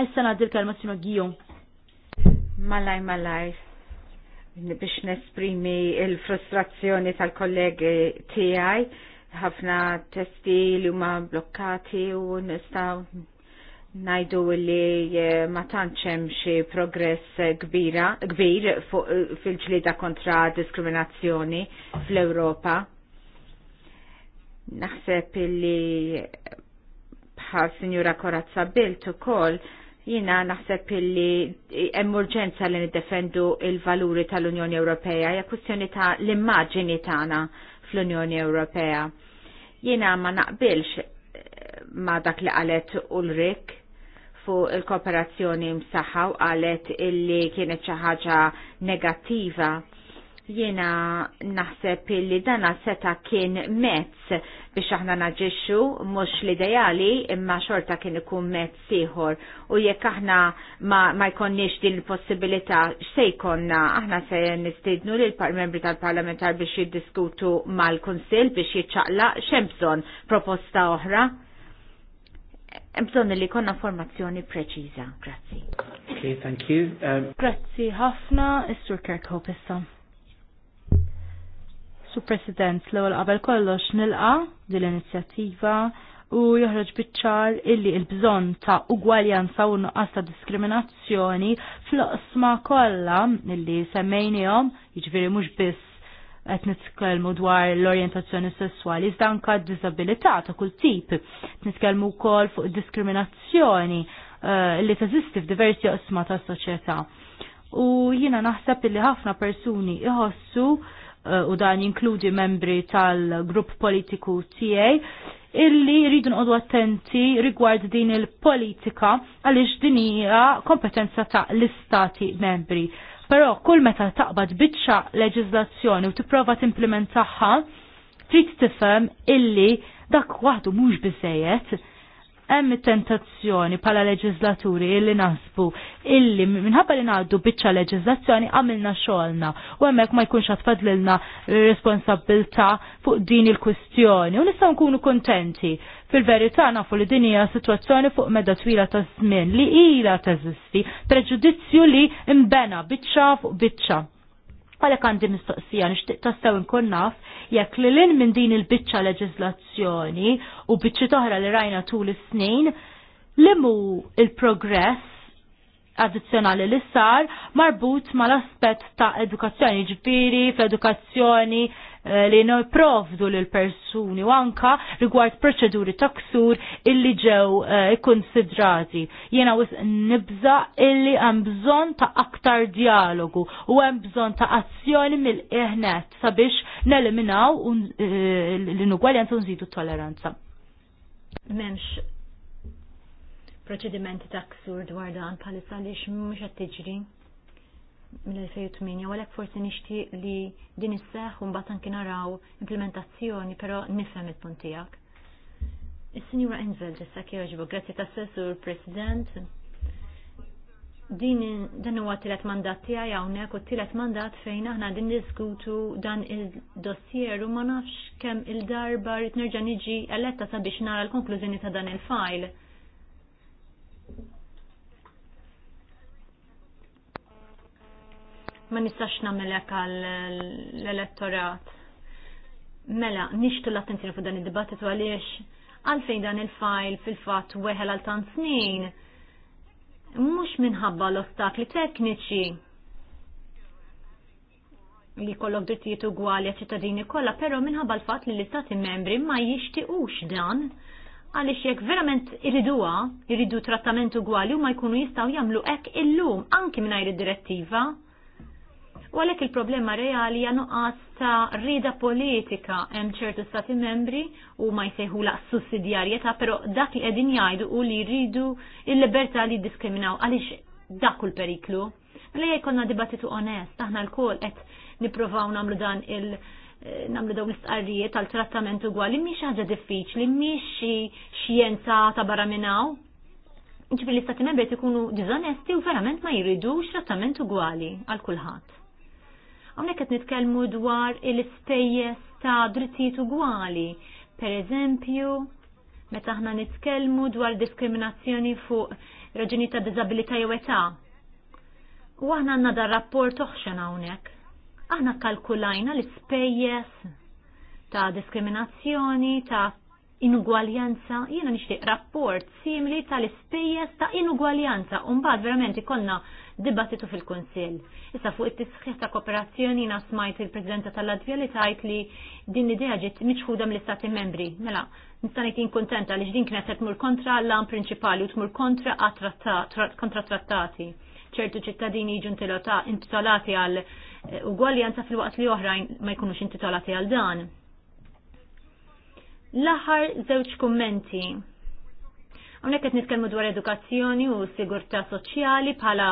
Issa ngħaddi l-kelma sinu Gijom. Malaj, malaj, biex nesprimi il-frustrazzjoni tal-kollegi tiegħi ħafna testi li huma blokkati u nistgħu najdu li eh, ma tantxem xi progress kbira, kbir eh, fil-ġlida kontra diskriminazzjoni fl-Ewropa. Naħseb li bħal Sinjura Korazza Bilt ukoll jina naħseb li hemm urġenza li niddefendu il-valuri tal-Unjoni Ewropea hija kwistjoni ta' l-immaġini tagħna fl-Unjoni Ewropea. Jina ma naqbilx eh, ma dak li qalet Ulrik fuq il-kooperazzjoni msaħħa u qalet illi kienet xi ħaġa negattiva jiena naħseb illi dana seta kien mezz biex aħna naġixxu mhux l-ideali imma xorta kien ikun mezz ieħor u jekk aħna ma, ma jkonniex din il-possibilità x'se jkollna aħna se nistiednu lil membri tal-parlamentar biex jiddiskutu mal-Kunsill biex jiċċaqlaq x'hemm bżonn proposta oħra bżonn li konna formazzjoni preċiża. Grazzi. Okay, thank you. Um... Grazzi ħafna, Is-Sur Kirkhope Su President, l-ewwel qabel kollox nilqa' din l-inizjattiva u joħroġ bitċar illi il-bżon ta' ugwaljanza u nuqqas ta' diskriminazzjoni fl osma kollha illi semmejnihom, jiġifieri mhux biss qed nitkellmu dwar l-orjentazzjoni sessuali, iżda anka d-diżabilità ta' kull tip. Nitkellmu wkoll fuq diskriminazzjoni uh, li teżisti f'diversi osma ta' soċjetà. U jiena naħseb li ħafna persuni iħossu uh, u dan jinkludi membri tal-grupp politiku tiegħi illi rridu nqodu attenti rigward din il-politika għaliex din hija kompetenza ta' l-istati membri Però kull meta taqbad bitxa leġizlazzjoni u tipprova timplementaħħa, trid tifhem illi dak waħdu mhux biżejjed hemm tentazzjoni pala leġislaturi illi nasbu illi minħabba li ngħaddu biċċa leġislazzjoni għamilna xogħolna u hemmhekk ma jkunx għatfadlilna responsabilità fuq din il-kwistjoni u nistgħu nkunu kontenti Fil-verità nafu li din hija sitwazzjoni fuq medda twila ta' żmien li ilha teżisti, preġudizzju li imbena biċċa fuq biċċa. Għalhekk għandi mistoqsija nixtieq tassew inkun naf jekk li lin minn din il-biċċa leġislazzjoni u biċċi toħra li rajna tul is-snin limu il-progress addizzjonali li sar marbut mal-aspett ta' edukazzjoni ġifiri, fl-edukazzjoni Eh, li niprovdu l persuni u anka rigward proċeduri ta' ksur illi ġew eh, ikkonsidrati. Jiena wis nibża illi hemm bżonn ta' aktar dialogu u hemm bżonn ta' azzjoni mill eħnet sabiex neliminaw eh, l-inugwaljanza u nżidu t-toleranza. Memx proċedimenti ta' ksur dwar dan palissa li x'mhux qed tiġri mill-2008 u għalek forsi nishti li din is-seħ un batan naraw implementazzjoni, pero nifhem il-puntijak. is signora Enzel, issa kieġbu, grazie ta' sessur President. Din dan huwa tielet mandat tiegħi hawnhekk u t-tilet mandat fejn aħna din diskutu dan il-dossier u ma nafx kemm il-darba rrid nerġa' niġi eletta sabiex nara l-konklużjoni ta' dan il-file ma nistax namelek għal l-elettorat. Mela, nixtu l-attenzjoni fuq dan id-dibattitu għaliex għalfejn dan il-fajl fil-fat weħel għal tant snin. Mux minħabba l-ostakli tekniċi li kollok drittijiet ugwali għal ċittadini kollha, però minħabba l-fatt li l-istati membri ma jixtiequx dan għaliex jekk verament iriduha, jridu trattament ugwali u ma jkunu jistgħu jagħmlu hekk illum anki mingħajr id-direttiva. U għalhekk il-problema reali hija nuqqas ta' rida politika hemm ċertu stati membri u ma jsejħu laq sussidjarjetà, però dak li qegħdin jgħidu u li jridu il-libertà li jiddiskriminaw għaliex dak l periklu. Għalhekk mela jekonna dibattitu onest, aħna l-kol qed nippruvaw nagħmlu dan il- eh, namlu dawn l-istqarrijiet tal-trattament ugwali mhix ħaġa diffiċli, mhix xi xjenza ta' barra minnaw, ġifiri l-istati membri ikunu dizonesti u verament ma jridux trattament ugwali għal kulħadd. Hawnhekk qed nitkellmu dwar il-ispejjeż ta' drittijiet ugwali. Per eżempju, meta aħna nitkellmu dwar diskriminazzjoni fuq raġuni ta' disabilità jew età. U aħna għandna dar rapport oħxan hawnhekk. Aħna kalkulajna l-ispejjeż ta' diskriminazzjoni, ta' inugwaljanza, jiena nixtieq rapport simili tal-ispejjeż ta' inugwaljanza, u mbagħad verament ikollna dibattitu fil-Kunsill. Issa fuq it-tisħiħ ta' kooperazzjoni na smajt il-Presidenta tal-Latvija li tajt li din l-idea ġiet miċħuda mill-Istati membri. Mela, nista' ngħid kontenta li din kienet tmur kontra l-lan prinċipali u tmur kontra kontra trattati. ċertu ċittadini jiġu intitolati għal eh, ugwaljanza fil-waqt li oħrajn ma jkunux intitolati għal dan. L-aħħar żewġ kummenti Għamnek qed nitkellmu dwar edukazzjoni u sigurtà soċjali bħala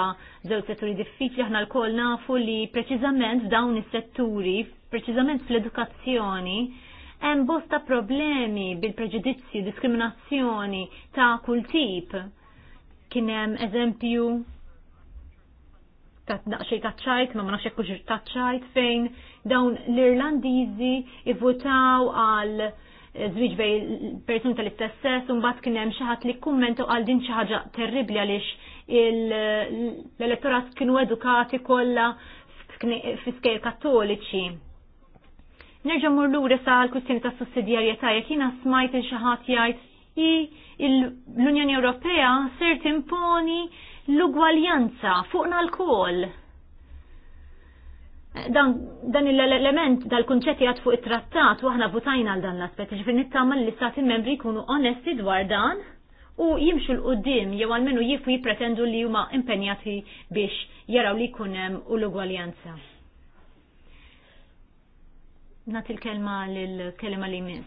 żewġ setturi diffiċli aħna lkoll nafu li preċiżament dawn is-setturi, preċizament fl-edukazzjoni, hemm bosta problemi bil-preġudizzju, diskriminazzjoni ta' kull tip. Kien hemm eżempju ta' daqxej ta' ċajt, ma' ma' nafx hekk ta' ċajt fejn dawn l-Irlandiżi ivvutaw għal zwiġ bej persun tal-istess sess u mbagħad kien hemm xi ħadd li kummenta għal din xi ħaġa terribbli għaliex l-elettorat kienu edukati kollha fi skejl kattoliċi. Nerġa' mur lura sa l-kwistjoni tas sussidjarjetà jekk jiena smajt xi ħadd jgħid l-Unjoni Ewropea ser timponi l-ugwaljanza fuqna l-kol dan, dan l-element dal-kunċetti għad fuq it-trattat u aħna votajna għal dan l-aspet, ġifir nittama li stati membri kunu onesti dwar dan u jimxu l-qoddim jew għalmenu jifu jipretendu li huma impenjati biex jaraw li kunem u l-ugwaljanza. Nat il-kelma l-kelma li mis.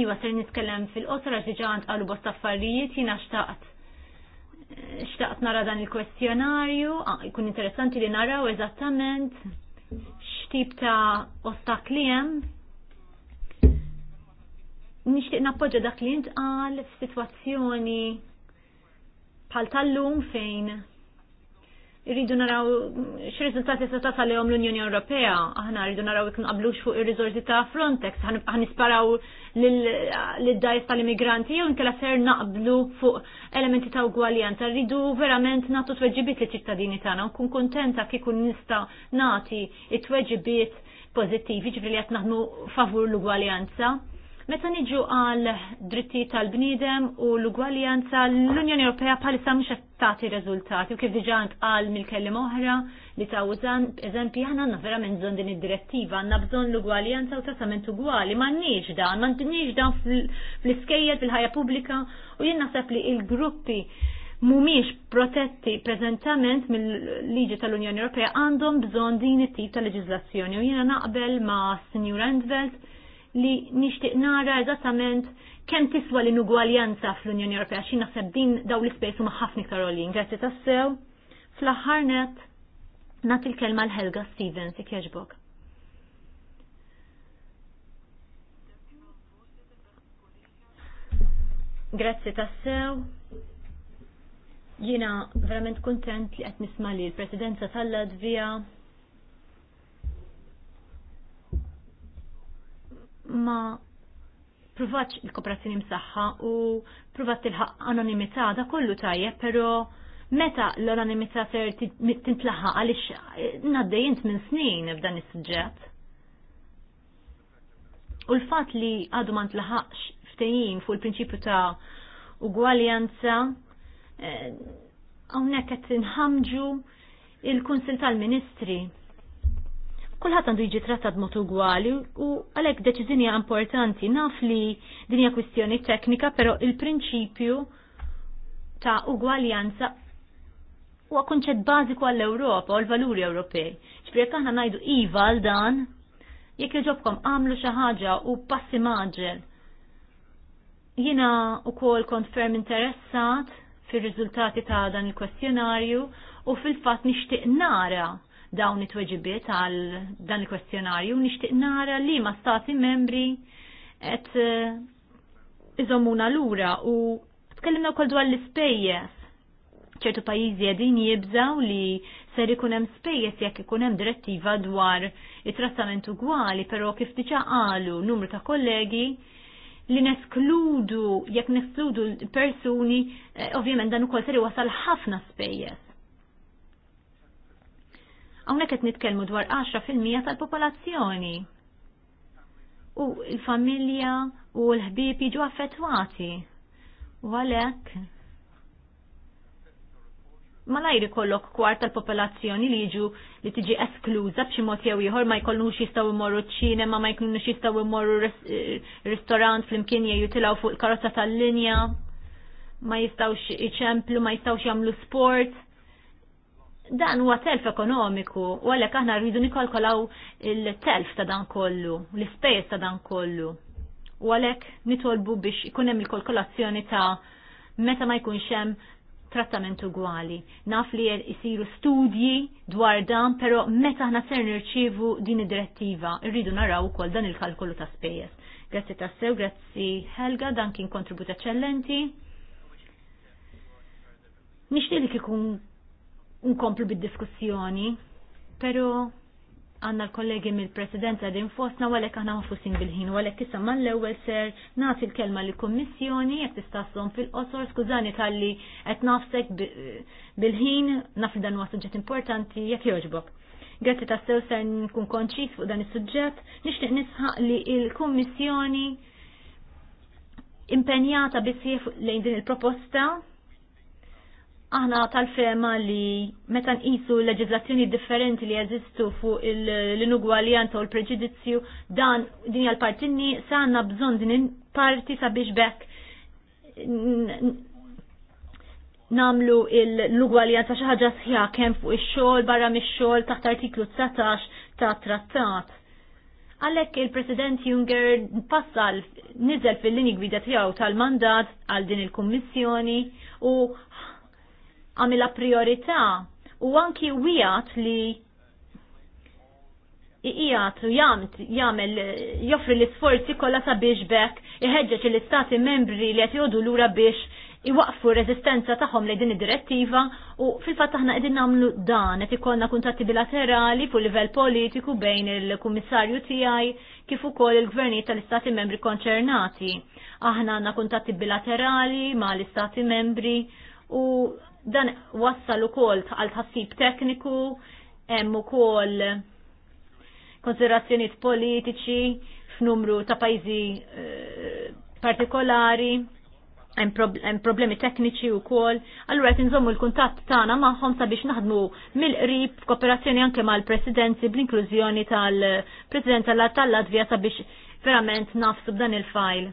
Iwa ser nitkellem fil-qosra ġiġant għalu bosta affarijiet jina xtaqt xtaqt nara dan il-kwestjonarju, ah, jkun interessanti li naraw eżattament x'tip ta' ostakli hemm. Nixtieq nappoġġa dak li intqal f'sitwazzjoni bħal tal-lum fejn irridu naraw x-rizultati se tasal l-Unjoni Ewropea, aħna rridu naraw jekk nqablux fuq ir-riżorsi ta' Frontex, ħanisparaw lil dajf tal-immigranti jew inkella ser naqblu fuq elementi ta' ugwaljanza. Rridu verament nagħtu tweġibiet li ċittadini tagħna u kun kontenta kieku nista' nagħti it-tweġibiet pożittivi ġifri li qed naħdmu favur l-ugwaljanza. Meta niġu għal dritti tal-bniedem u l-ugwaljanza l-Unjoni Ewropea palissa mux qed tagħti riżultati u kif diġà għal mill-kellim oħra li ta' użan eżempji aħna għandna verament bżonn din id-direttiva għandna bżonn l-ugwaljanza u trattament ugwali nix dan, m'għandniex dan fl-iskejjel fil-ħajja pubblika u jien naħseb li il-gruppi mumiex protetti prezentament mill-liġi tal-Unjoni Ewropea għandhom bżon din it-tip ta' leġizlazzjoni u jiena naqbel ma' Sinjur Endveld li nixtieq nara eżattament kemm tiswa l-inugwaljanza fl-Unjoni Ewropea xi naħseb din dawn l-ispejs huma ħafna iktar għolin. Grazzi tassew. Fl-aħħar net nagħti l-kelma l-Helga Stevens jekk jogħġbok. Grazzi tassew. Jiena verament kuntent li qed nisma' li l-Presidenza tal-Latvija ma provaċ il-kooperazzjoni msaħħa u provat tilħaq anonimità da kollu tajjeb, pero meta l-anonimità ser tintlaħħa għaliex eh, naddejjint minn snin f'dan is-suġġett. U l-fatt li għadu ma ntlaħaqx ftejjim fuq il-prinċipju ta' ugwaljanza eh, hawnhekk qed nħamġu il-Kunsil tal-Ministri kulħadd għandu jiġi trattat mod ugwali u għalhekk deċiżjoni importanti naf li din hija kwistjoni teknika, però il-prinċipju ta' ugwaljanza huwa kunċett bażiku għall-Ewropa u l-valuri Ewropej. Ġifieri jekk aħna ngħidu iva għal dan, jekk iġobkom għamlu xi ħaġa u passi maġel. Jiena wkoll kont ferm interessat fir-riżultati ta' dan il-kwestjonarju u fil-fatt nixtieq nara dawn it-tweġibiet għal dan il-kwestjonarju nixtieq nara li ma stati membri qed eh, iżommuna lura u tkellimna wkoll dwar l-ispejjeż. ċertu pajjiżi qegħdin jibżaw li ser ikun hemm spejjeż jekk ikun hemm direttiva dwar it-trattament ugwali, però kif diġà qalu numru ta' kollegi li neskludu, jekk neskludu persuni, eh, ovvjament dan ukoll ser wasal ħafna spejjeż. Hawnhekk qed nitkellmu dwar 10% tal-popolazzjoni. U l-familja u l-ħbieb jiġu affettwati. U għalhekk ma lajri kollok kwart tal-popolazzjoni li jiġu li tiġi eskluża b'xi mod jew ieħor ma jkollux jistgħu jmorru ċinema, ma jkollux jistgħu jmorru eh, ristorant flimkien jew tilgħu fuq il-karozza tal-linja, ma jistgħux iċemplu, ma jistgħux jagħmlu sport dan huwa telf ekonomiku u għalhekk aħna rridu nikolkolaw il-telf ta' dan kollu, l-ispejjeż ta' dan kollu. U għalhekk nitolbu biex ikun hemm il-kolkolazzjoni ta' meta ma jkunx hemm trattament ugwali. Naf li jisiru studji dwar dan, pero meta ħna ser nirċivu din id-direttiva, rridu naraw ukoll dan il-kalkolu ta' spejjeż. Grazzi tassew, grazzi Helga, dan kien kontribut eccellenti. Nixtieq li kikun unkomplu bid-diskussjoni, pero għanna l-kollegi mill-presidenza din fosna għalek għana għafusin bil-ħin, għalek issa man l-ewel ser nati l-kelma li kommissjoni, jek tistasson fil-qosor, skużani tal-li għet nafsek bil-ħin, naf dan għu suġġet importanti, jek joġbok. Grazzi ta' sew ser nkun konċis fuq dan is-suġġett, nixtieq nisħaq li l-Kummissjoni impenjata bisħif lejn din il-proposta aħna tal-fema li meta nqisu leġizlazzjoni differenti li jeżistu fuq l-inugwaljanza u l-preġudizzju dan din hija partinni sa bżon bżonn din parti sabiex bekk namlu l-ugwaljanza xi ħaġa sħiħa kemm fuq ix-xogħol barra mix-xogħol taħt artiklu 19 ta' trattat. Għalhekk il-President Juncker passal niżel fil-lini gwida tiegħu tal-mandat għal din il-Kummissjoni u għamila priorità u anki wijat li iqijat u jagħmel joffri l-isforzi kollha biex bekk iħeġġeġ l-istati membri li qed l lura biex iwaqfu r-reżistenza tagħhom lejn din id-direttiva u fil-fatt aħna qegħdin nagħmlu dan qed ikollna kuntatti bilaterali fuq livell politiku bejn il-kummissarju tiegħi kif ukoll il-gvernijiet tal-istati membri konċernati. Aħna għandna kuntatti bilaterali mal istati membri u Dan wassal ukoll għal tħassib tekniku, hemm ukoll konsiderazzjonijiet politiċi f'numru ta' pajjiżi eh, partikolari hemm problemi tekniċi wkoll, allura qed inżommu l-kuntatt tagħna magħhom sabiex naħdmu mill-qrib kooperazzjoni anke mal-presidenzi bl-inklużjoni tal-Presidenza tal latvija sabiex verament nafsu b'dan il-fajl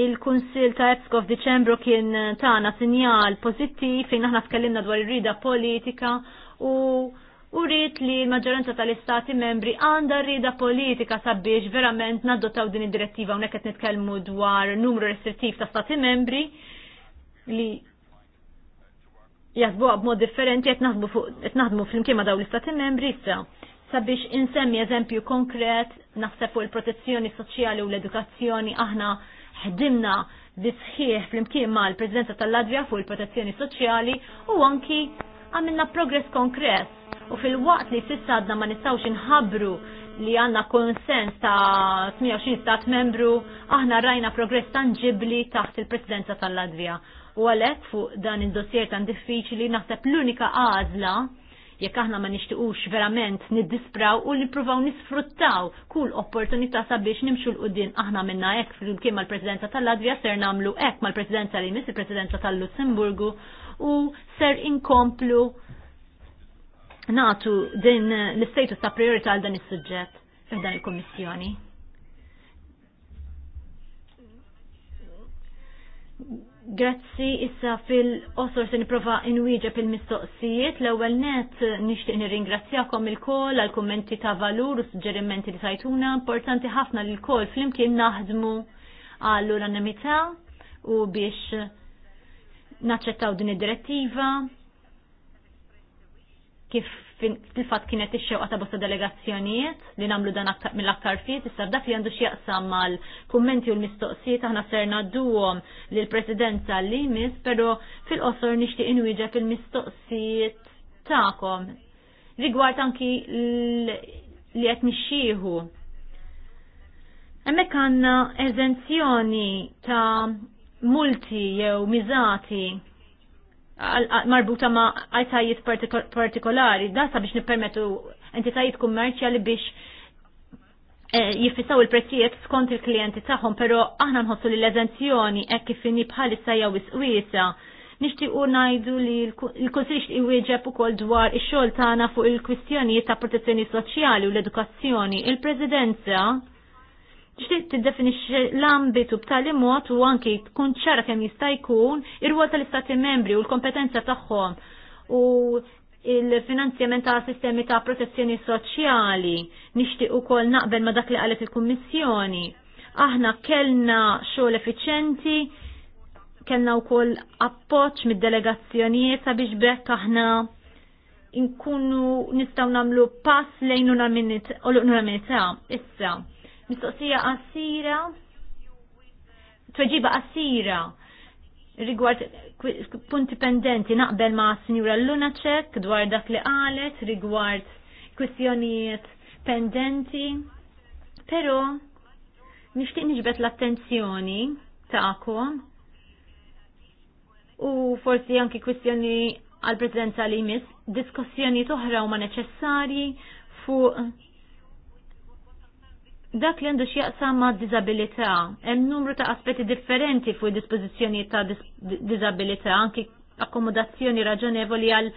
il-Kunsil ta' EPSCO f'Diċembru kien eh, tana sinjal pozittiv fejn aħna tkellimna dwar ir-rida politika u urrit li l-maġġoranza tal-istati membri għandha rida politika sabiex verament naddottaw din id-direttiva unek qed nitkellmu dwar numru restrittiv ta' stati membri li jasbuha b'mod differenti qed naħdmu flimkien ma' dawn l-istati membri issa sabiex insemmi eżempju konkret naħseb fuq il-protezzjoni soċjali u l-edukazzjoni aħna ħdimna disħieħ fl-imkien ma' l-Presidenza tal ladvija fuq il-protezzjoni soċjali u anki għamilna progress konkret. U fil-waqt li sissa għadna ma nistawx inħabru li għanna konsens ta' 28 stat membru, aħna rajna progress tangibli taħt il-presidenza tal ladvija U għalek fuq dan il-dossier tan diffiċli naħseb l-unika għazla jekk aħna ma nixtiqux verament niddispraw u nippruvaw nisfruttaw kull opportunità sabiex nimxu l-qudin aħna minna hekk flimkien mal-Presidenza tal latvja ser nagħmlu hekk mal-Presidenza li jmiss il-Presidenza tal-Lussemburgu u ser inkomplu natu din l-istatus ta' priorità għal dan is-suġġett f'dan il-Kommissjoni. Grazzi issa fil-qosor se niprofa inwieġeb il-mistoqsijiet. L-ewwel net nixtieq nirringrazzjakom il-kol għal kummenti ta' valur u suġġerimenti li sajtuna. Importanti ħafna li l-kol flimkien naħdmu għall unanimità u biex naċċettaw din id-direttiva kif fil-fat kienet ix-xewqa ta' bosta delegazzjonijiet li namlu dan mill-aktar fit, issa dak li għandu x'jaqsam mal-kummenti u l-mistoqsijiet aħna ser nadduhom lil presidenza li mis, però fil-qosor nixtieq inwieġeb il-mistoqsijiet tagħkom rigward anki li qed nixxieħu. Hemmhekk għandna eżenzjoni ta' multi jew miżati marbuta ma' għajtajiet partikolari, da sabiex nippermetu entitajiet kummerċjali biex eh, jiffissaw il-prezzijiet skont il-klienti tagħhom, pero aħna nħossu li l-eżenzjoni hekk kif inni bħalissa jew isqwiesa. Nixtiequ ngħidu li l-Kunsilix iwieġeb ukoll dwar ix-xogħol tagħna fuq il-kwistjonijiet ta' protezzjoni soċjali u l-edukazzjoni. Il-Presidenza t-definisġi l-ambitu b'tali mod u anki tkun ċara kemm jista' jkun ir-rwol tal-istati membri u l-kompetenza tagħhom u il-finanzjament ta' sistemi ta' protezzjoni soċjali u kol naqbel ma' dak li qalet il-Kummissjoni. Aħna kellna xogħol effiċenti, kellna wkoll appoġġ mid-delegazzjonijiet sabiex bekk aħna inkunu nistaw namlu pass lejn unanimità issa. Mistoqsija qassira, tweġiba qassira rigward punti pendenti naqbel ma' Sinjura Lunacek dwar dak li qalet rigward kwistjonijiet pendenti. Pero nixtieq niġbet l-attenzjoni ta'kom u forsi anki kwistjoni għal-prezidenza li jmiss, diskussjoni toħra u ma neċessarji fuq dak li għandu xieqsam ma' disabilità, hemm numru ta' aspetti differenti fuq dispożizzjoni ta' dis anki akkomodazzjoni raġonevoli għal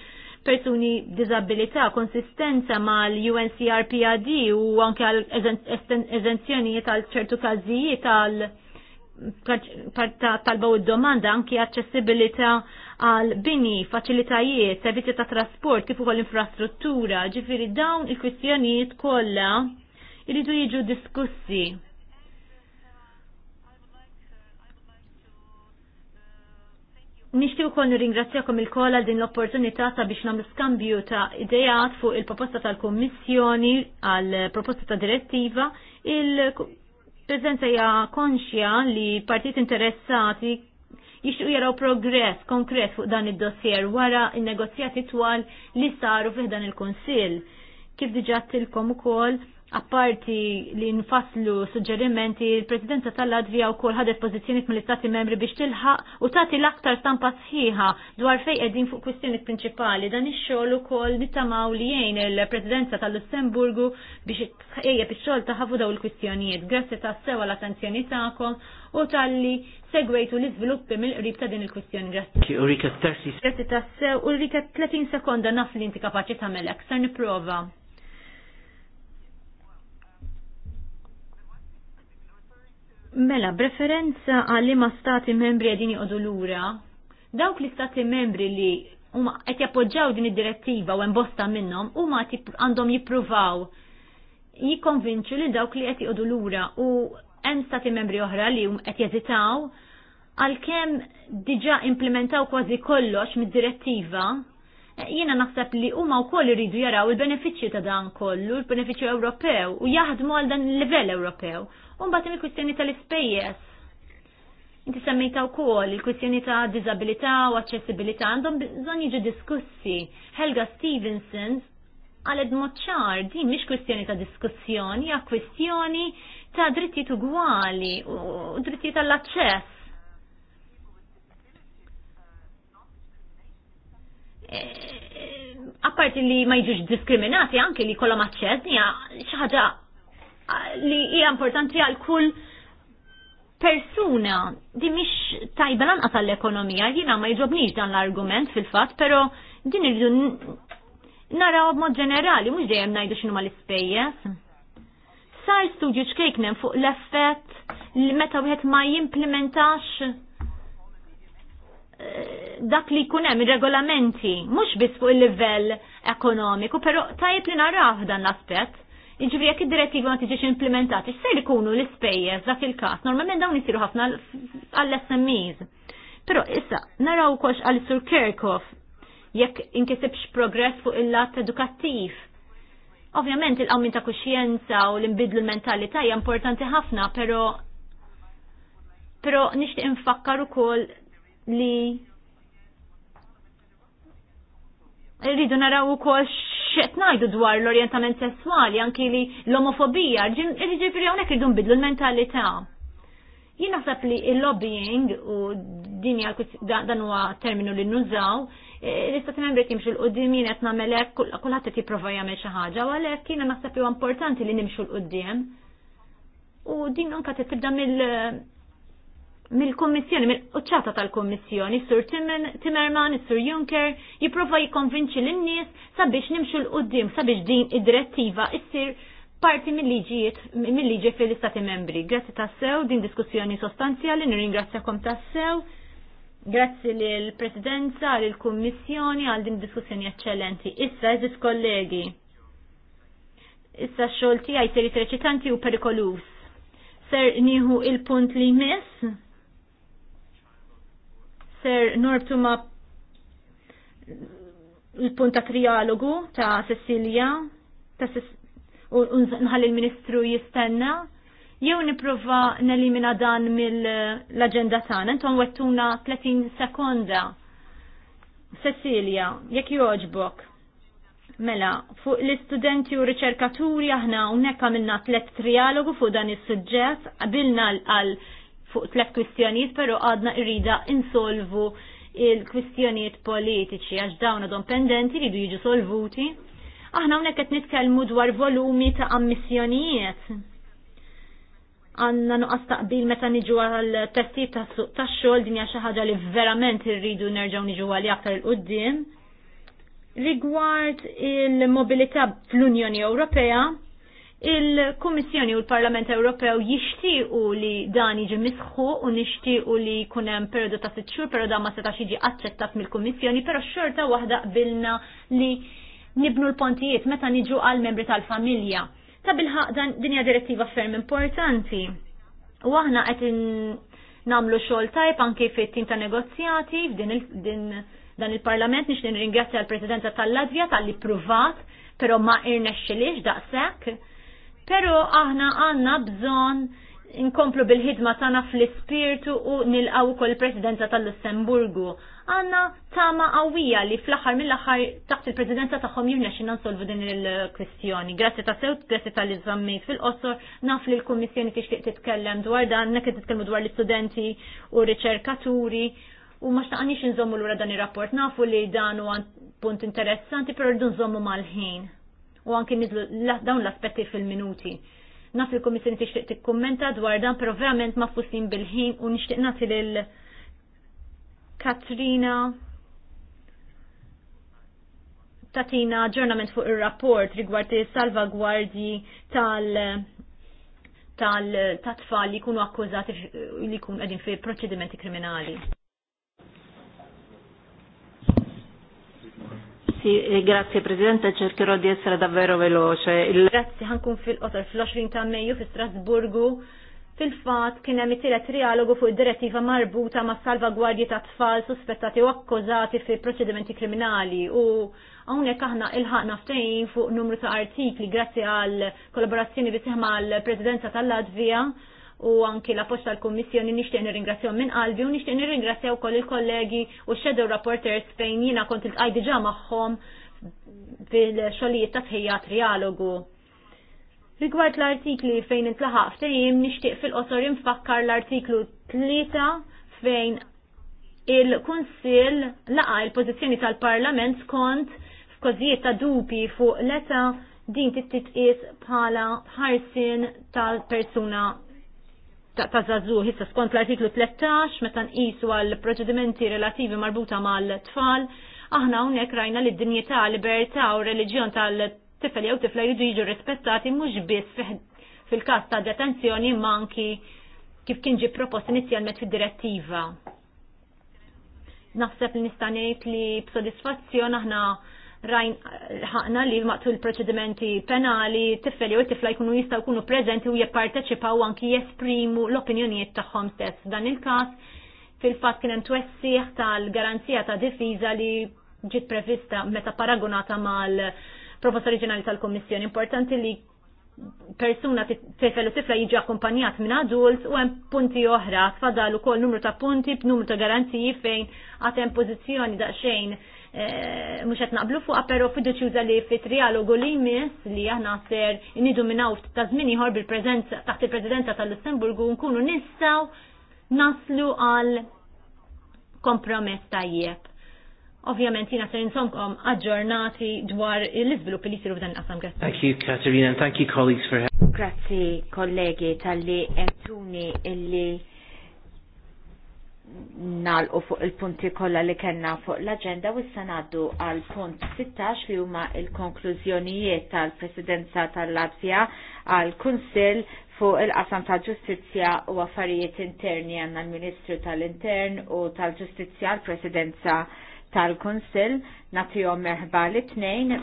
persuni disabilità, konsistenza mal UNCRPAD u anke għal eżenzjonijiet għal ċertu każijiet għal talba u domanda anki accessibilita għal bini, faċilitajiet, servizzi ta' trasport, kif ukoll infrastruttura, ġifiri dawn il-kwistjonijiet kollha Iridu jiġu diskussi. Nishtiq ukoll nirringrazzjakom il-kol għal din l-opportunità sabiex nagħmlu skambju ta' idejat fuq il-proposta tal-Kummissjoni għal proposta ta' direttiva. Il-preżenza hija konxja li partit interessati jixtru jaraw progress konkret fuq dan id-dossier wara n negozjati twal li saru fih dan il-Konsil. Kif diġà tilkom ukoll apparti li nfasslu suġġerimenti, il-Presidenza tal-Latvija u kol ħadet pozizjoni mill-Istati membri biex tilħaq u tati l-aktar stampa sħiħa dwar fej edin fuq kwistjoni prinċipali. Dan ix-xogħol ukoll nittamaw li jgħin il-Presidenza tal-Lussemburgu biex ejjeb ix-xogħol taħafu daw il-kwistjonijiet. Grazzi ta' sewa l-attenzjoni tagħkom u tal-li segwejtu l-iżviluppi mill-qrib ta' din il-kwistjoni. Grazzi. Urika Grazzi sew, 30 sekonda naf li inti kapaċi tagħmelek, aktar nipprova. Mela, preferenza għalli ma stati membri għedin jqodu lura, dawk li stati membri li huma qed jappoġġaw din id-direttiva u embosta minnom, minnhom huma għandhom jippruvaw jikkonvinċu li dawk li qed jqodu lura u hemm stati membri oħra li qed għal għalkemm diġà implementaw kważi kollox mid-direttiva jiena naħseb li huma wkoll iridu jaraw il-benefiċċju ta' dan kollu, il-benefiċċju Ewropew u jaħdmu għal dan il-livell Ewropew. Un batim il-kwistjoni tal-ispejjes. Inti semmejta u kol il-kwistjoni ta' disabilità u accessibilita, għandhom bżon jġu diskussi. Helga Stevenson għaled moċċar din mish kwistjoni ta' diskussjoni, ja' kwistjoni ta' drittijiet ugwali u dritti tal-aċċess. E, e, apparti li ma jiġux diskriminati anke li kolla aċċess nija xi ħaġa li hija importanti għal kull persuna di mhix tajba lanqas tal-ekonomija, jiena ma jġobniex dan l-argument fil-fatt, però din irridu naraw b'mod ġenerali, mhux dejjem ngħidu x'inhuma l-ispejjeż. Sar studju xkejknem fuq l-effett li meta wieħed ma jimplementax eh, dak li jkun hemm ir-regolamenti, mhux biss fuq il-livell ekonomiku, però tajb li naraw dan l-aspett. Iġifri jekk id-direttiva ma tiġix implementati, x'ser ikunu l-ispejjeż dak il-każ. Normalment dawn isiru ħafna għall-SMEs. Però issa naraw wkoll għal Sur Kirkhoff jekk inkisibx progress fuq il-lat edukattiv. Ovvjament il-qawmin ta' kuxjenza u l-inbidlu l-mentalità hija importanti ħafna, però però nixtieq infakkar ukoll li rridu naraw ukoll x'qed ngħidu dwar l-orjentament sesswali anki li l-omofobija, ġifieri hawnhekk irdu bidlu l-mentalità. Jina naħseb li l-lobbying u din dan huwa terminu li nużaw, e, l-istat membri timxu l-qoddim jien qed nagħmel hekk kulħadd qed jipprova jagħmel xi ħaġa, u għalhekk jiena naħseb li huwa importanti li nimxu l-qudiem. U din t tibda mill mill-Kommissjoni, mill-qċata tal-Kommissjoni, Sur Timmerman, Sur Juncker, jiprofa jikonvinċi l-nies sabiex nimxu l-qoddim, sabiex din id-direttiva issir parti mill-liġijiet, mill-liġi fil-Istati membri. Grazzi tassew, din diskussjoni sostanzjali, nirringrazzjakom tassew. Grazzi l-Presidenza, l-Kommissjoni, għal din diskussjoni eccellenti. Issa, eżis kollegi. Issa xolti għaj seri treċitanti u perikolus. Ser nieħu il-punt li mis ser norbtu ma l-punta trialogu ta' Cecilia ta' nħalli il ministru jistenna jew niprofa nelimina dan mill-agenda tagħna. Intom wettuna 30 sekonda. Cecilia, jekk joġbok. Mela, fuq l-istudenti u riċerkaturi aħna unnek għamilna tlet trialogu fuq dan is-suġġett, qabilna għal fuq tlet kwistjonijiet, pero għadna irrida insolvu il-kwistjonijiet politiċi għax dawn għadhom pendenti li jiġu solvuti. Aħna hawnhekk qed nitkellmu dwar volumi ta' ammissjonijiet. Għanna nuqqas taqbil meta niġu għal testi ta' suq ta' xogħol din hija xi ħaġa li verament irridu nerġgħu niġu għal aktar il-qudiem. Rigward il-mobilità fl-Unjoni Ewropea, il-Kummissjoni u l-Parlament Ewropew jixtiequ li dan jiġi misħu u nixtiequ li jkun hemm perjodu ta' sitt xhur, però dan ma setax jiġi aċċettat mill-Kummissjoni, però xorta waħda qbilna li nibnu l-pontijiet meta niġu għal membri tal-familja. Ta' bilħaq dan hija direttiva ferm importanti. U aħna qed namlu xogħol tajb anke fit-tim ta' negozjati f'din il dan il-Parlament nix nirringrazzja l-Presidenza tal-Latvja tal-li pruvat, però ma irnexxilix daqshekk pero aħna għanna bżon inkomplu bil-ħidma tagħna fl-ispirtu u nilqaw għaw il-Presidenza tal-Lussemburgu. Għanna tama qawwija li fl-aħħar mill-aħħar taħt il-Presidenza tagħhom xin nsolvu din il-kwistjoni. Grazie ta' sewt, ta' tal żammejt fil-qosor, naf li l-Kummissjoni tixtieq titkellem dwar dan, nek titkellmu dwar l-istudenti u riċerkaturi u ma xtaqniex nżommu l-ura dan ir-rapport. Nafu li dan huwa punt interessanti, pero rridu nżommu mal-ħin u anki nidlu dawn l-aspetti fil-minuti. Naf il-Komissjoni tixtieq tikkummenta dwar dan, però verament ma fussin bil-ħin u nixtieq nagħti lil Katrina tatina ġurnament fuq ir-rapport rigward is-salvagwardji tal tal tat-tfal li jkunu akkużati li jkunu qegħdin fi proċedimenti kriminali. Sì, eh, grazie Presidente, cercherò di essere davvero veloce. Il... Grazie, ħankun fil-qotar fil-20 ta' Mejju fi Strasburgu. Fil-fat kien hemm it-tielet trialogu fuq id-direttiva marbuta ma' salvagwardji ta' tfal suspettati u akkużati fi proċedimenti kriminali u hawnhekk aħna ilħaqna ftehim fuq numru ta' artikli grazzi għal kollaborazzjoni bisih mal-Presidenza tal-Latvija u anki la posta l-Kommissjoni nixtieq nirringrazzjaw minn qalbi u nixtieq nirringrazzjaw ukoll il-kollegi u shadow rapporters fejn jiena kont il-qaj diġà magħhom fil-xogħlijiet ta' tħejja trialogu. Rigward l-artikli fejn intlaħaq ftehim nixtieq fil-qosor infakkar l-artiklu 3 fejn il-Kunsill laqa il-pożizzjoni tal-Parlament skont f'kożijiet ta' dubi fuq l eta din titqis bħala ħarsin tal-persuna ta' zazu hissa skont l-artiklu 13 meta nqisu għal proċedimenti relativi marbuta mal-tfal, aħna hawnhekk rajna li d-dinjità, libertà u reliġjon tal-tifel jew tifla jridu jiġu rispettati mhux biss fil-każ ta' detenzjoni manki kif kien ġi propost inizjalment fid-direttiva. Naħseb li nista' ngħid li b'sodisfazzjon aħna rajn eh, ħaqna li l proċedimenti penali tiffel u tifla jkunu jistaw kunu prezenti u jipparteċipaw anki jesprimu l-opinjonijiet tagħhom stess. Dan il-każ fil-fatt kien hemm tal-garanzija ta' difiża li ġiet prevista meta paragonata mal-proposta oriġinali tal-Kommissjoni. Importanti li persuna tifel u tifla jiġi akkumpanjat minn adult u hemm punti oħra tfadal ukoll numru ta' punti b'numru ta' garanziji fejn għad hemm pożizzjoni daqsxejn Eh, mux għet naqblu fuqa pero fiduċuza li fit trialogu li jmiss li aħna ser nidu minnaw ta' zmin iħor bil-prezenza taħt il-prezidenza tal-Lussemburgu nkunu nissaw naslu għal kompromess tajjeb. Ovvjament jina ser insomkom aġġornati dwar l-izvilupp li jisiru f'dan qasam Thank you Katerina and thank you colleagues for help. Grazzi kollegi tal-li emtuni illi nalqu fuq il-punti kollha li kellna fuq l-aġenda u s ngħaddu għal punt 16 li huma il-konklużjonijiet tal-Presidenza tal-Latvja għal kunsill fuq il-qasam tal-Ġustizzja u affarijiet interni għandna l-Ministru tal-Intern u tal-Ġustizzja l-Presidenza tal-Kunsill nagħtihom merħba li tnejn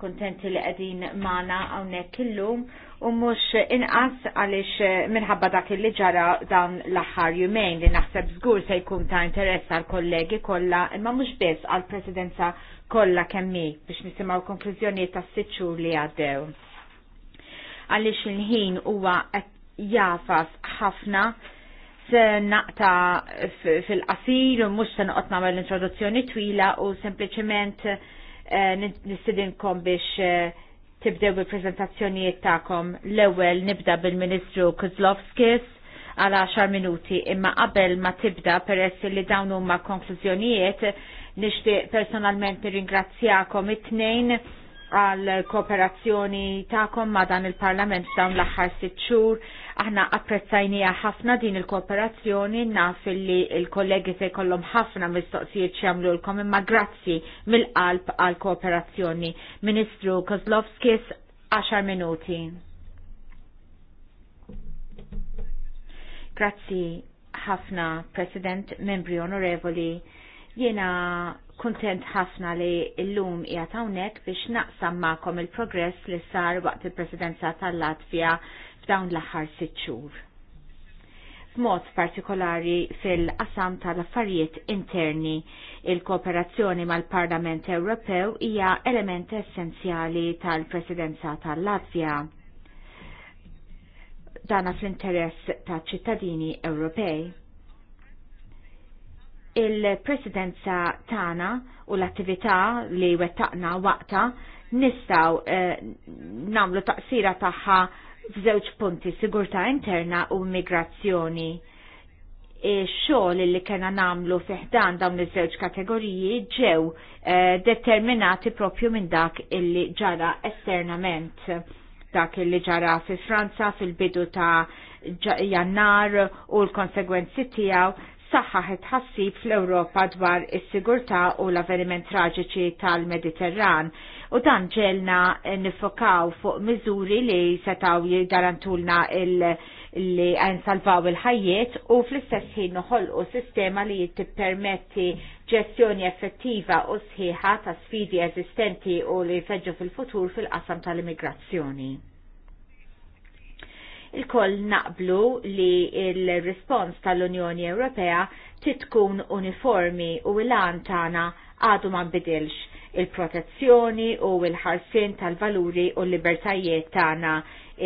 kontenti li qegħdin magħna hawnhekk illum u mux inqas għalix minħabba dak li ġara dan l-axar jumejn li naħseb zgur se jkun ta' interess għal kollegi kolla imma mux biss għal presidenza kolla kemmi biex nisimaw konklużjoni ta' s-sitxu li għaddew. Għalix il-ħin huwa jafas ħafna se naqta fil-qasir u mux se noqot namel introduzzjoni twila u sempliciment eh, nistidinkom biex eh, tibdew il prezentazzjonijiet ta'kom. L-ewwel nibda bil-Ministru Kozlovskis għal 10 minuti imma qabel ma tibda peress li dawn huma konklużjonijiet nixtieq personalment nirringrazzjakom it-tnejn għal kooperazzjoni ta'kom ma' dan il-Parlament f'dawn l-aħħar sitt xhur. Aħna apprezzajnija ħafna din il-kooperazzjoni naf li il-kollegi se jkollhom ħafna mistoqsijiet x'jagħmlulkom imma grazzi mill-qalb għal kooperazzjoni. Ministru Kozlovskis 10 minuti. Grazzi ħafna, President, membri onorevoli. Jena Kuntent ħafna li l-lum jgħat hawnhekk biex naqsam magħkom il-progress li sar waqt il-Presidenza tal-Latvja f'dawn l-aħħar sitt xhur. F'mod partikolari fil-qasam tal-affarijiet interni, il-kooperazzjoni mal-Parlament Ewropew hija element essenzjali tal-Presidenza tal-Latvja dana fl-interess ta' ċittadini Ewropej il-presidenza tana u l-attività li wettaqna waqta nistaw eh, namlu taqsira taħħa f'żewġ punti sigurta interna u migrazzjoni. E xogħol li kena namlu fiħdan dawn iż-żewġ kategoriji ġew eh, determinati propju minn dak illi ġara esternament dak illi ġara fi Franza fil-bidu ta' jannar u l-konsegwenzi tiegħu saħħaħ ħassib fl-Ewropa dwar is-sigurtà u l-avveniment traġiċi tal-Mediterran u dan ġelna nifokaw fuq miżuri li setaw jigarantulna il- li għan salvaw il-ħajiet u fl-istess ħin noħolqu sistema li jittipermetti ġestjoni effettiva u sħiħa ta' sfidi eżistenti u li feġġu fil-futur fil-qasam tal-immigrazzjoni il-koll naqblu li il-respons tal-Unjoni Ewropea titkun uniformi u l-għan tana għadu ma bidilx il-protezzjoni u il-ħarsin tal-valuri u l-libertajiet tana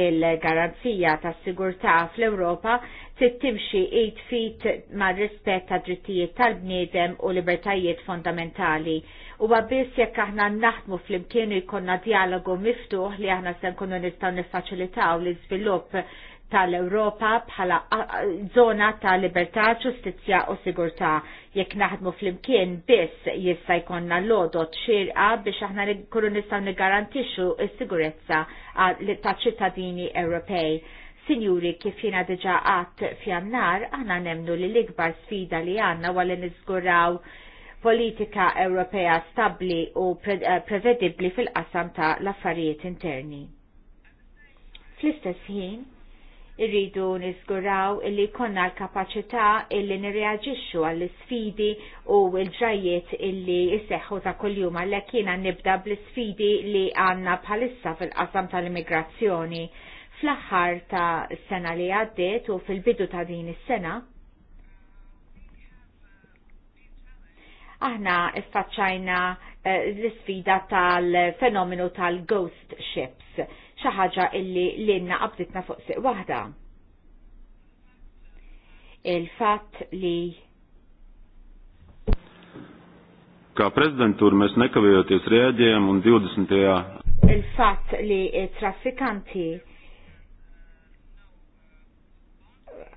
il-garanzija tas sigurtà fl-Europa tittimxi 8 fit ma' rispett ta' drittijiet tal-bniedem u libertajiet fondamentali U għabis jekk aħna naħdmu fl-imkien jkonna dialogu miftuħ li aħna se nkunu nistgħu niffaċilitaw l-iżvilupp tal-Europa bħala zona ta' libertà, ġustizzja u sigurtà. Jekk naħdmu fl-imkien biss jista' jkollna l-odot xirqa biex aħna kunu nistgħu nigarantixxu s-sigurezza ta' ċittadini Ewropej. Sinjuri, kif jiena diġà għat f'jannar, aħna nemnu li l-ikbar sfida li għandna wara nizguraw politika Ewropea stabli u eh, prevedibbli fil-qasam ta' l-affarijiet interni. Fl-istess ħin, irridu niżguraw illi konna l-kapacità illi nirreagġixxu għall sfidi u l-ġrajiet illi jisseħħu ta' kuljum għalhekk jiena nibda bl-sfidi li għandna bħalissa fil-qasam tal-immigrazzjoni fl-aħħar ta' s-sena li għaddiet u fil-bidu ta' din is-sena aħna iffaċċajna eh, l-sfida tal-fenomenu tal-ghost ships, xi ħaġa illi l-inna qabditna fuq siq waħda. Il-fatt li Kā prezidentūra mēs nekavijoties rēģējam un 20. Il-fatt li trafikanti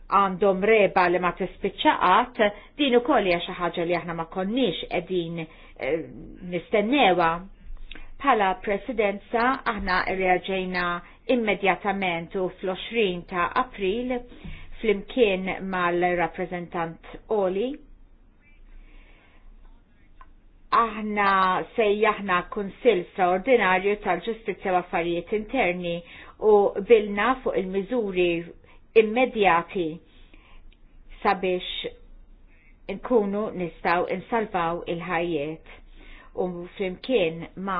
għandhom reba li ma t-spicċaqat, din ukoll hija xi ħaġa li aħna ma konniex qegħdin eh, nistennewa. Bħala presidenza aħna reaġejna immedjatament u fl-20 ta' April flimkien mal-rappreżentant Oli. Aħna sejjaħna kunsil straordinarju tal-ġustizja u affarijiet interni u bilna fuq il-miżuri immedjati sabiex nkunu nistaw insalvaw il-ħajiet u flimkien ma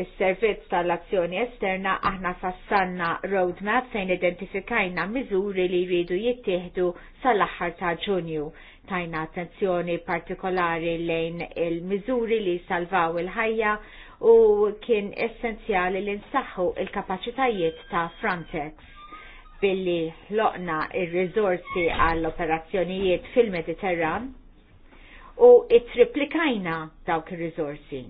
il-servizz tal-azzjoni esterna aħna fassanna roadmap fejn identifikajna miżuri li jridu jittieħdu sal-aħħar ta' ġunju. Tajna attenzjoni partikolari lejn il-miżuri li salvaw il-ħajja u kien essenzjali li nsaħħu il-kapacitajiet ta' Frontex billi loqna il-rizorsi għall-operazzjonijiet fil-Mediterran u it-triplikajna dawk il-rizorsi.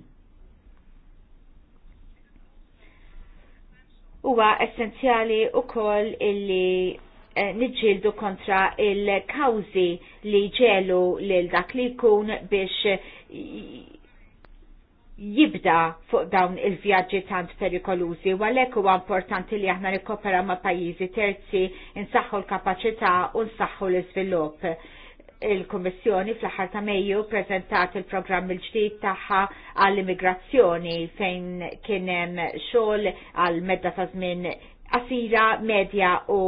Huwa essenzjali u koll illi eh, nġildu kontra il-kawzi li ġelu lil dak li jkun biex jibda fuq dawn il-vjaġġi tant perikolużi u għalhekk huwa importanti li aħna nikkopera ma' pajjiżi terzi insaħħu l-kapaċità u nsaħħu l-iżvilupp. Il-Kummissjoni fl-aħħar ta' Mejju preżentat il-programm il-ġdid tagħha għall-immigrazzjoni fejn kien hemm xogħol għal medda ta' żmien qasira, medja u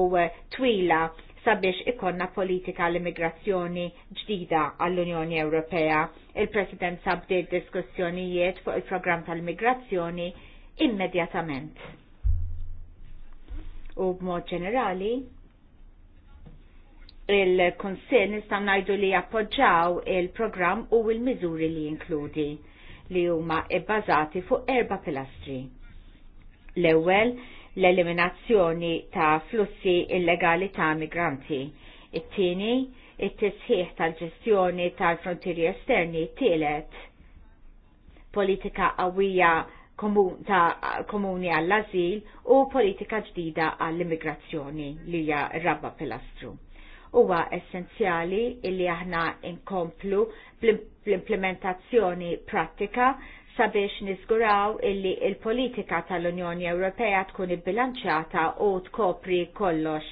twila sabiex ikonna politika l-immigrazzjoni ġdida għall-Unjoni Ewropea. Il-President sabdi diskussjonijiet fuq il-programm tal-immigrazzjoni immedjatament. U b'mod ġenerali, il-Konsil nistaw najdu li appoġġaw il-programm u il-miżuri li jinkludi li huma ibbażati fuq erba pilastri. L-ewwel l-eliminazzjoni ta' flussi illegali ta' migranti. It-tieni, it-tisħiħ tal-ġestjoni tal-frontieri esterni, tielet politika qawwija ta' komuni għall-azil u politika ġdida għall-immigrazzjoni li hija rabba pilastru. Huwa essenzjali illi aħna inkomplu bl-implementazzjoni pratika sabiex nizguraw illi il-politika tal-Unjoni Ewropea tkun ibbilanċjata u tkopri kollox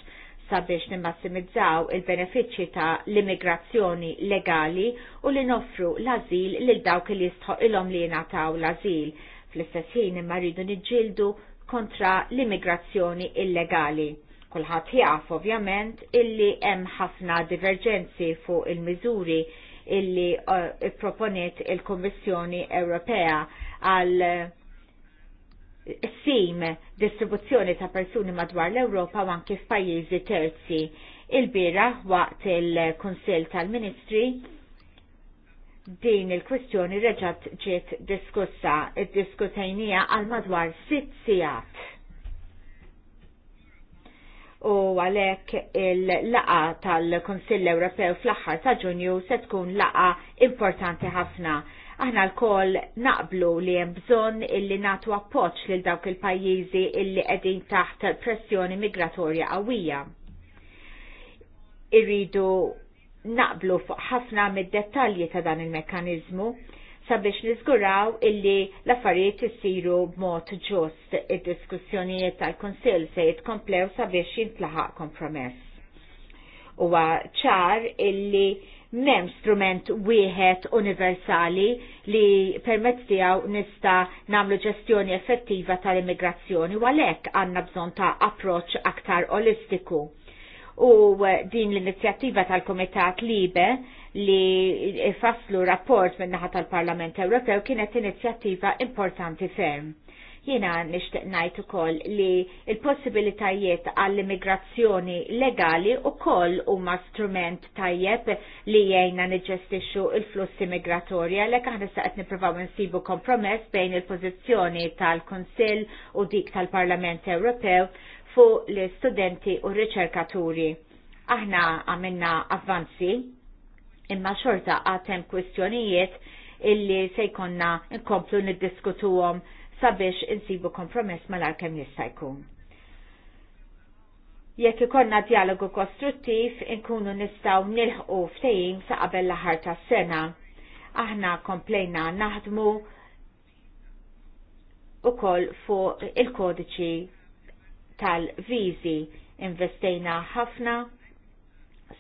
sabiex nimmassimizzaw il-benefiċċji ta' l-immigrazzjoni legali u li noffru l-azil lil dawk li jistħoq ilhom li jingħataw l-azil. Fl-istess ħin imma rridu niġġieldu kontra l-immigrazzjoni illegali. Kulħadd jaf ovvjament illi hemm ħafna diverġenzi fuq il-miżuri il miżuri illi uh, proponiet il-Kommissjoni Ewropea għal uh, sim distribuzzjoni ta' persuni madwar l-Ewropa u anke f'pajjiżi terzi. Il-bira waqt il-Konsil tal-Ministri din il-kwestjoni reġat ġiet diskussa, id-diskutajnija għal madwar sitt sijat u għalek il-laqa tal-Konsill Ewropew fl-axħar ta' ġunju se tkun laqa importanti ħafna. Aħna l-kol naqblu li hemm bżonn illi natu appoġġ lil dawk il-pajjiżi illi qegħdin taħt pressjoni migratorja qawwija. Irridu naqblu fuq ħafna mid-dettalji ta' dan il-mekkaniżmu sabiex niżguraw illi l-affarijiet isiru b'mod ġust id-diskussjonijiet tal-Kunsill se jitkomplew sabiex jintlaħaq kompromess. Huwa ċar illi m'hemm strument wieħed universali li permezz tiegħu nista' nagħmlu ġestjoni effettiva tal-immigrazzjoni u għalhekk għandna bżonn ta' approċċ aktar olistiku. U din l-inizjattiva tal-Komitat Libe li faslu rapport minn naħa tal-Parlament Ewropew kienet inizjattiva importanti ferm. Jiena nixtieq ngħid ukoll li l-possibilitajiet għall-immigrazzjoni legali ukoll huma strument tajjeb li jgħinna niġġestixxu l-flussi migratorja għalhekk aħna se qed nippruvaw insibu kompromess bejn il-pożizzjoni tal-Kunsill u dik tal-Parlament Ewropew fuq l-studenti u r-riċerkaturi. Aħna għamilna avvanzi imma xorta għatem kwistjonijiet illi se jkonna nkomplu niddiskutuhom sabiex insibu kompromess mal-arkem jista' jkun. Jekk ikonna dialogu kostruttiv, inkunu nistaw nilħqu ftejim sa' qabel l ta' tas-sena. Aħna komplejna naħdmu u koll fuq il-kodiċi tal-vizi investejna ħafna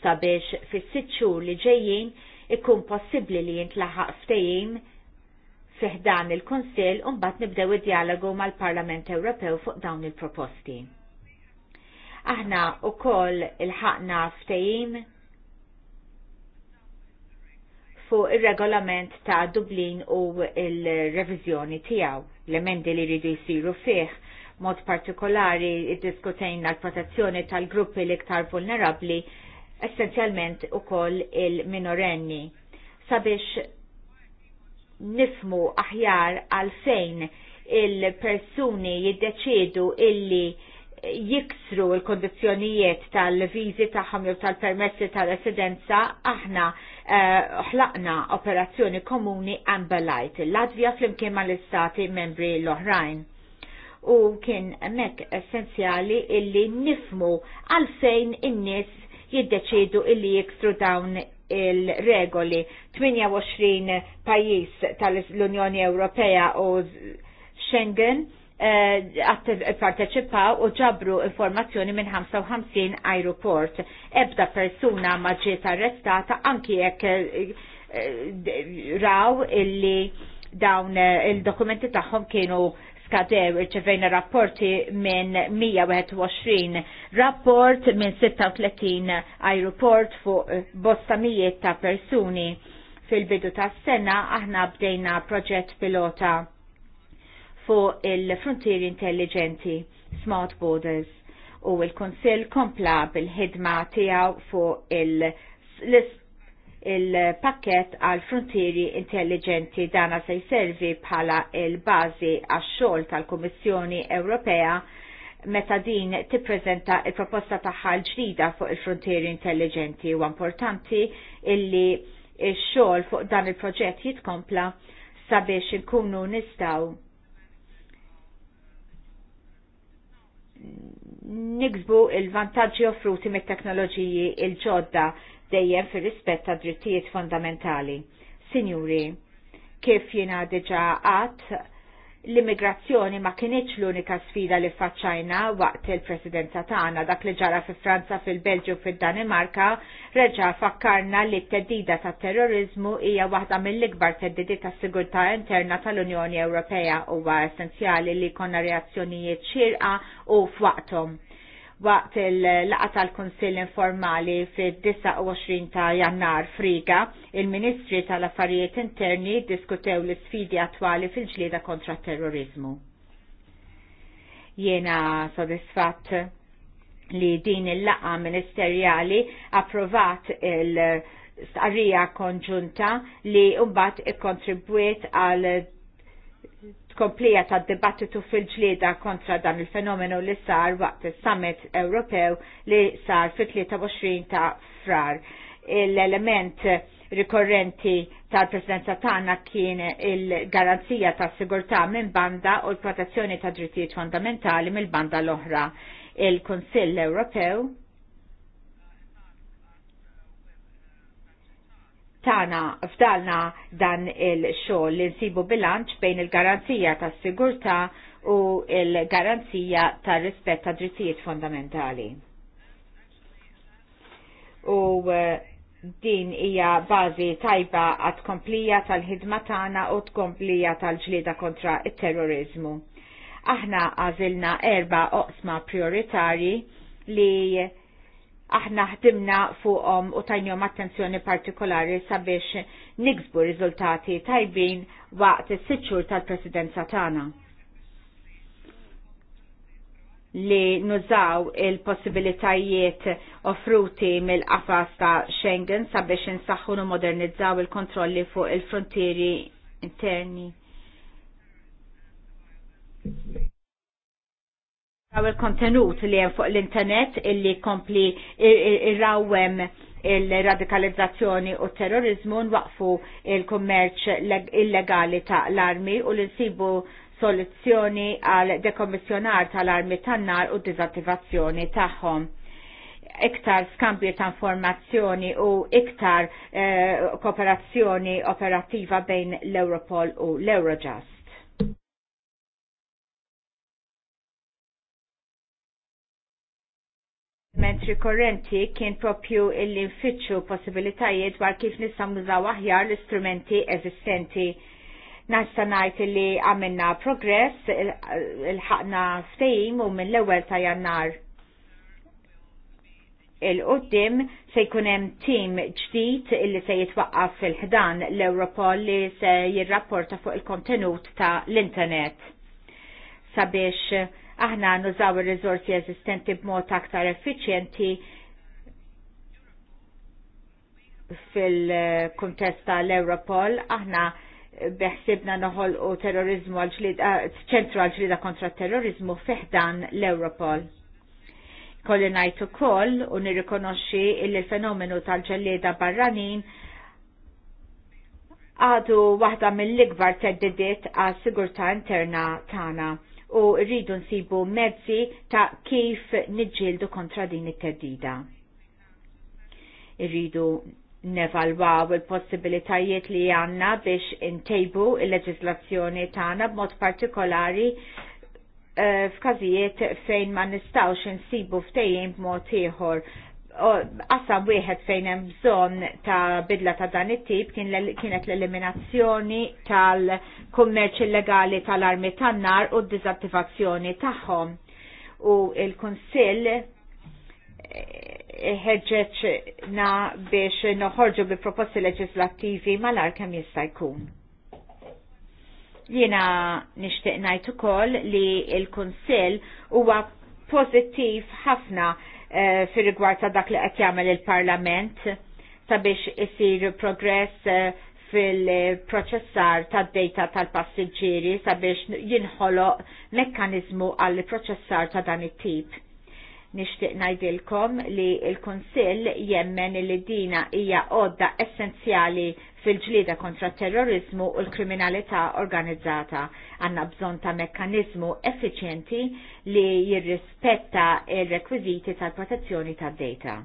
sabiex fis sitxu li ġejjin ikun possibli li jintlaħaq ftejim fiħdan il-Konsil un bat nibdew id-dialogu mal-Parlament Ewropew fuq dawn il-proposti. Aħna u koll il-ħakna ftejim fuq il-regolament ta' Dublin u il-revizjoni tijaw, l-emendi li rridu jisiru fih, mod partikolari id-diskutejna l-protezzjoni tal-gruppi li iktar vulnerabli essenzjalment u koll il-minorenni sabiex nifmu aħjar għalfejn il-persuni jiddeċedu illi jiksru il-kondizjonijiet tal-vizi tagħhom jew tal-permessi tal-residenza, aħna eh, ħlaqna uh, operazzjoni komuni Ambalajt, il-Latvija flimkien mal-istati membri l-oħrajn. U kien mek essenzjali illi nifmu għalfejn in-nies jiddeċidu illi jiksru dawn il-regoli. 28 pajis tal-Unjoni Ewropea u Schengen eh, parteċipaw u ġabru informazzjoni minn 55 aeroport. Ebda persuna ma ġiet arrestata anki jekk eh, eh, raw illi dawn il-dokumenti tagħhom kienu skadew irċevejna rapporti minn 121 rapport minn 36 aeroport fuq eh, bostamijiet ta' persuni. Fil-bidu ta' sena aħna bdejna proġett pilota fuq il-frontieri intelligenti, Smart Borders, u il-Konsil kompla bil-ħidma tijaw fuq il-list il-pakket għal frontieri intelligenti dana se jservi bħala il-bazi għax xogħol tal-Kummissjoni Ewropea meta din tippreżenta il-proposta tagħha l-ġdida fuq il-frontieri intelligenti u importanti illi x-xogħol fuq dan il-proġett jitkompla sabiex inkunu nistaw niksbu il-vantaġġi offruti mit-teknoloġiji il-ġodda dejjem fir rispett ta' drittijiet fondamentali. Sinjuri, kif jiena diġa għat, l-immigrazzjoni ma kienieċ l-unika sfida li faċċajna waqt il-presidenza tagħna dak li ġara fi Franza, fil-Belġju, fil-Danimarka, reġa fakkarna li t-teddida ta' terrorizmu hija waħda mill-ikbar teddidi ta' sigurtà interna tal-Unjoni Ewropea huwa essenzjali li konna reazzjonijiet xirqa u f'waqthom waqt il-laqa tal-Konsil informali fid-29 ta' jannar friga, il-Ministri tal-Affarijiet Interni diskutew l-sfidi attwali fil-ġlieda kontra terrorizmu. Jena sodisfatt li din il-laqa ministerjali approvat il- sarija konġunta li umbat ikkontribwiet għal tkomplija ta' dibattitu fil-ġlieda kontra dan il-fenomenu li sar waqt il-Summit Ewropew li sar fit-23 ta' frar. L-element rikorrenti tal-presidenza tagħna kien il-garanzija ta' sigurtà minn banda u l-protezzjoni ta' drittijiet fondamentali mill-banda l-oħra. Il-Kunsill Ewropew tana fdalna dan il-xogħol li nsibu bilanċ bejn il-garanzija tas sigurtà u il-garanzija tar rispett ta' drittijiet fondamentali. U eh, din hija bażi tajba għat komplija tal-ħidma tagħna u tkomplija tal-ġlieda kontra it-terrorizmu. Aħna għażilna erba' oqsma prioritarji li aħna ħdimna fuqhom u tajnjom attenzjoni partikolari sabiex niksbu riżultati tajbin waqt is-sitxur tal-presidenza tagħna. Li nużaw il-possibilitajiet offruti mill-qafas ta' Schengen sabiex insaħħu modernizzaw il-kontrolli fuq il-frontieri interni. Għaw il-kontenut li hemm fuq l-internet illi kompli irrawem il-radikalizzazzjoni u terrorizmu nwaqfu il-kummerċ illegali ta' l-armi u l-insibu soluzzjoni għal dekommissjonar tal-armi tan-nar u dizattivazzjoni tagħhom iktar skambju ta' informazzjoni u iktar eh, kooperazzjoni operattiva bejn l-Europol u l-Eurojust. ment rikorrenti kien propju il-infittxu possibilitajiet dwar kif nistgħu nużaw aħjar l-istrumenti eżistenti. Nasta najt li għamilna progress, il-ħakna ftejim u mill ewwel ta' jannar il-qoddim se jkun hemm tim ġdid illi se jitwaqqaf fil-ħdan l-Europol li se jirrapporta fuq il-kontenut ta' l-internet sabiex aħna nużaw ir rizorsi eżistenti b'mod aktar effiċjenti fil-kuntest tal-Europol, aħna beħsibna noħol u terrorizmu ċentru għal-ġlida kontra terrorizmu fiħdan l-Europol. Kolli najtu koll u nirrikonoxxi il-fenomenu tal-ġellieda barranin għadu waħda mill-ikbar teddidiet għal sigurta interna tana u rridu nsibu mezzi ta' kif niġġieldu kontra din it-teddida. Irridu nevalwaw il-possibilitajiet li għanna biex intejbu il-leġislazzjoni tagħna b'mod partikolari eh, f'każijiet fejn ma nistawx insibu ftejjin b'mod ieħor qasam wieħed fejn hemm bżonn ta' bidla ta' dan it-tip kienet l-eliminazzjoni tal-kummerċ illegali tal-armi tan-nar u d-diżattivazzjoni tagħhom. U l kunsill eh, ħeġġeġna biex noħorġu bi proposti leġislattivi mal-ar kemm jista' jkun. Jiena nixtieq ngħid ukoll li l-Kunsill huwa pożittiv ħafna Eh, fir rigward ta' dak li qed jagħmel il-Parlament sabiex isir progress eh, fil-proċessar tad data tal-passiġġieri sabiex jinħoloq mekkaniżmu għall proċessar ta' dan it-tip. Nixtieq ngħidilkom li l-Kunsill jemmen li dina hija għodda essenzjali fil-ġlieda kontra terrorizmu u l-kriminalità organizzata. Għanna bżon ta' mekkanizmu effiċjenti li jirrispetta il-rekwiziti tal-protezzjoni tad-data.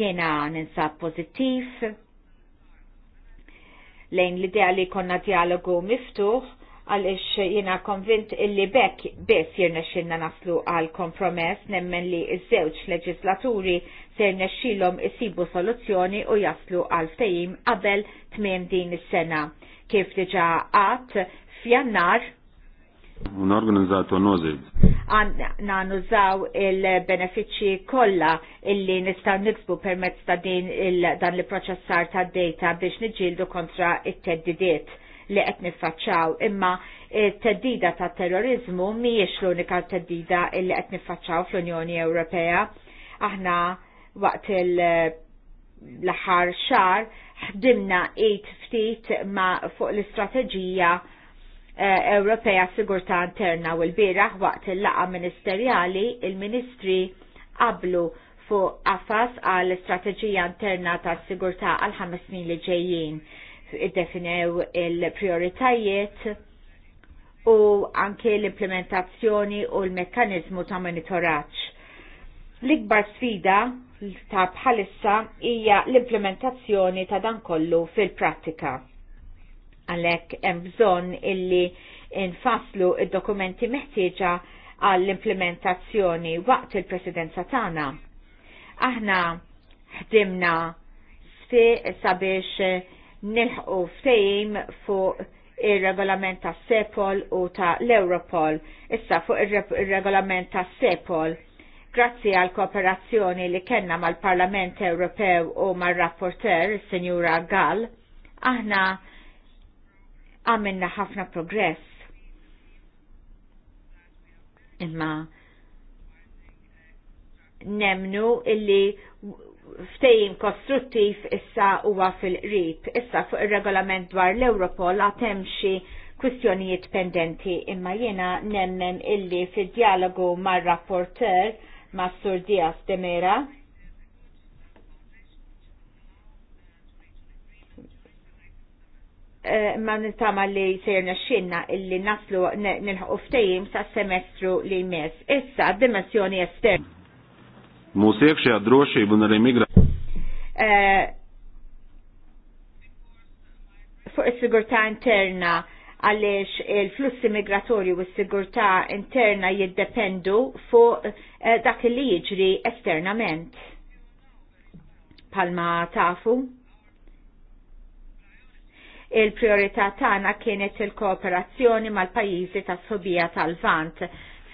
Jena ninsab pozittiv lejn l-idea li konna dialogu miftuħ għalix jena konvint illi bekk biss jirna xinna naslu għal kompromess nemmen li iż-żewġ leġislaturi se nexxilhom isibu soluzzjoni u jaslu għal fejim qabel tmiem din is-sena. Kif diġà qatt f'jannar organizzato nozid. Għanna nużaw il-benefiċi kolla illi nistaw niksbu permezz ta' din dan li proċessar ta' data biex nġildu kontra it-teddidiet li qed nifacċaw Imma it-teddida ta' terrorizmu mhijiex l-unika teddida illi qed niffaċċaw fl-Unjoni Ewropea. Aħna waqt eh, l-aħħar xar ħdimna 8 ftit ma fuq l-istrateġija eh, Ewropea Sigurtà Interna u l-bieraħ waqt il-laqa ministerjali il-Ministri qablu fuq affas għal istrateġija interna tas sigurtà għal ħames snin li ġejjin. Iddefinew il-prioritajiet u anke l-implementazzjoni u l-mekkanizmu ta' monitoraġġ. L-ikbar sfida ta' bħalissa hija l-implementazzjoni ta' dan kollu fil-prattika. Għalhekk hemm bżonn illi infaslu id-dokumenti meħtieġa għall-implementazzjoni waqt il-presidenza tagħna. Aħna ħdimna sabiex nilħqu fejm fuq ir-regolament ta' Sepol u ta' l-Europol. Issa fuq ir-regolament ta' Sepol Grazzi għal kooperazzjoni li kenna mal-Parlament Ewropew u mal-rapporter, Senjura Gall, aħna għamilna ħafna progress. Imma nemnu illi ftejim kostruttiv issa huwa fil-qrib. Issa fuq ir-regolament dwar l-Europol għatem xi kwistjonijiet pendenti imma jena nemmen illi fil dialogu mar rapporter M'assur Diaz de Mera. Eh, ma nittama li sejrna xinna illi naslu nilħu ftejim sa' semestru li mes. Issa, dimensjoni estern. xie għadroċi għadroxi bun remigra. Eh, fuq il-sigurta interna għaliex il-flussi migratorju u s-sigurtà interna jiddependu fuq eh, dak li jiġri esternament. Palma tafu il-priorità tagħna kienet il-kooperazzjoni mal-pajjiżi tas sobija tal-Vant.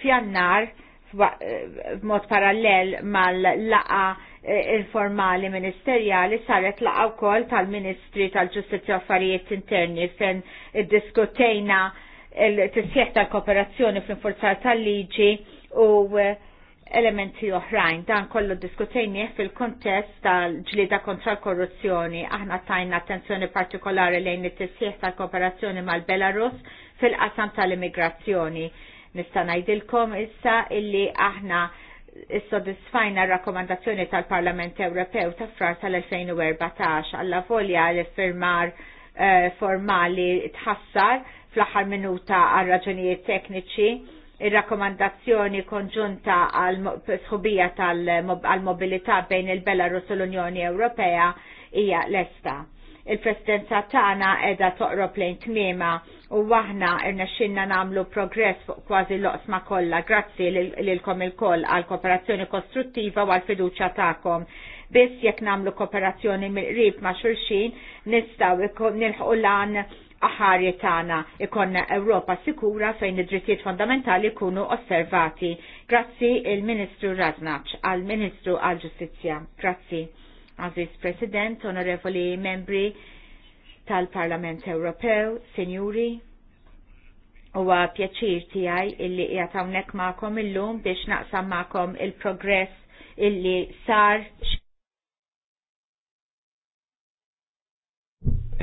Fjannar, eh, f'mod parallel mal-laqa Eh, informali ministerjali saret laqgħu kol tal-Ministri tal-Ġustizja Affarijiet Interni fejn iddiskutejna il-tisjeħ tal-kooperazzjoni fl-infurzar tal-liġi u eh, elementi oħrajn. Dan kollu diskutejni fil-kontest tal-ġlida kontra l-korruzzjoni. Aħna tajna attenzjoni partikolari lejn it-tisjeħ tal-kooperazzjoni mal-Belarus fil-qasam tal-immigrazzjoni. Nista' ngħidilkom issa illi aħna issodisfajna r-rakkomandazzjoni tal-Parlament Ewropew ta' frar tal-2014 għalla volja li firmar eh, formali tħassar fl-aħħar minuta għal raġunijiet tekniċi ir-rakkomandazzjoni konġunta għal sħubija tal-mobilità bejn il-Belarus u l-Unjoni Ewropea hija lesta il-presidenza tagħna qiegħda toqrob lejn tmiema u waħna xinna nagħmlu progress fuq kważi l-oqsma kollha. Grazzi lilkom ilkoll għal kooperazzjoni kostruttiva u għal fiduċja tagħkom. Biss jekk nagħmlu kooperazzjoni mill-qrib ma' xulxin nistgħu nilħqu lan aħari tagħna ikonna Ewropa sikura fejn id-drittijiet fondamentali jkunu osservati. Grazzi il-Ministru Raznaċ għal-Ministru għal-Ġustizzja. Grazzi. Aziz President, onorevoli membri tal-Parlament Ewropew, senjuri, huwa pjaċir tiegħi illi qiegħed hawnhekk il illum biex naqsam magħkom il-progress illi sar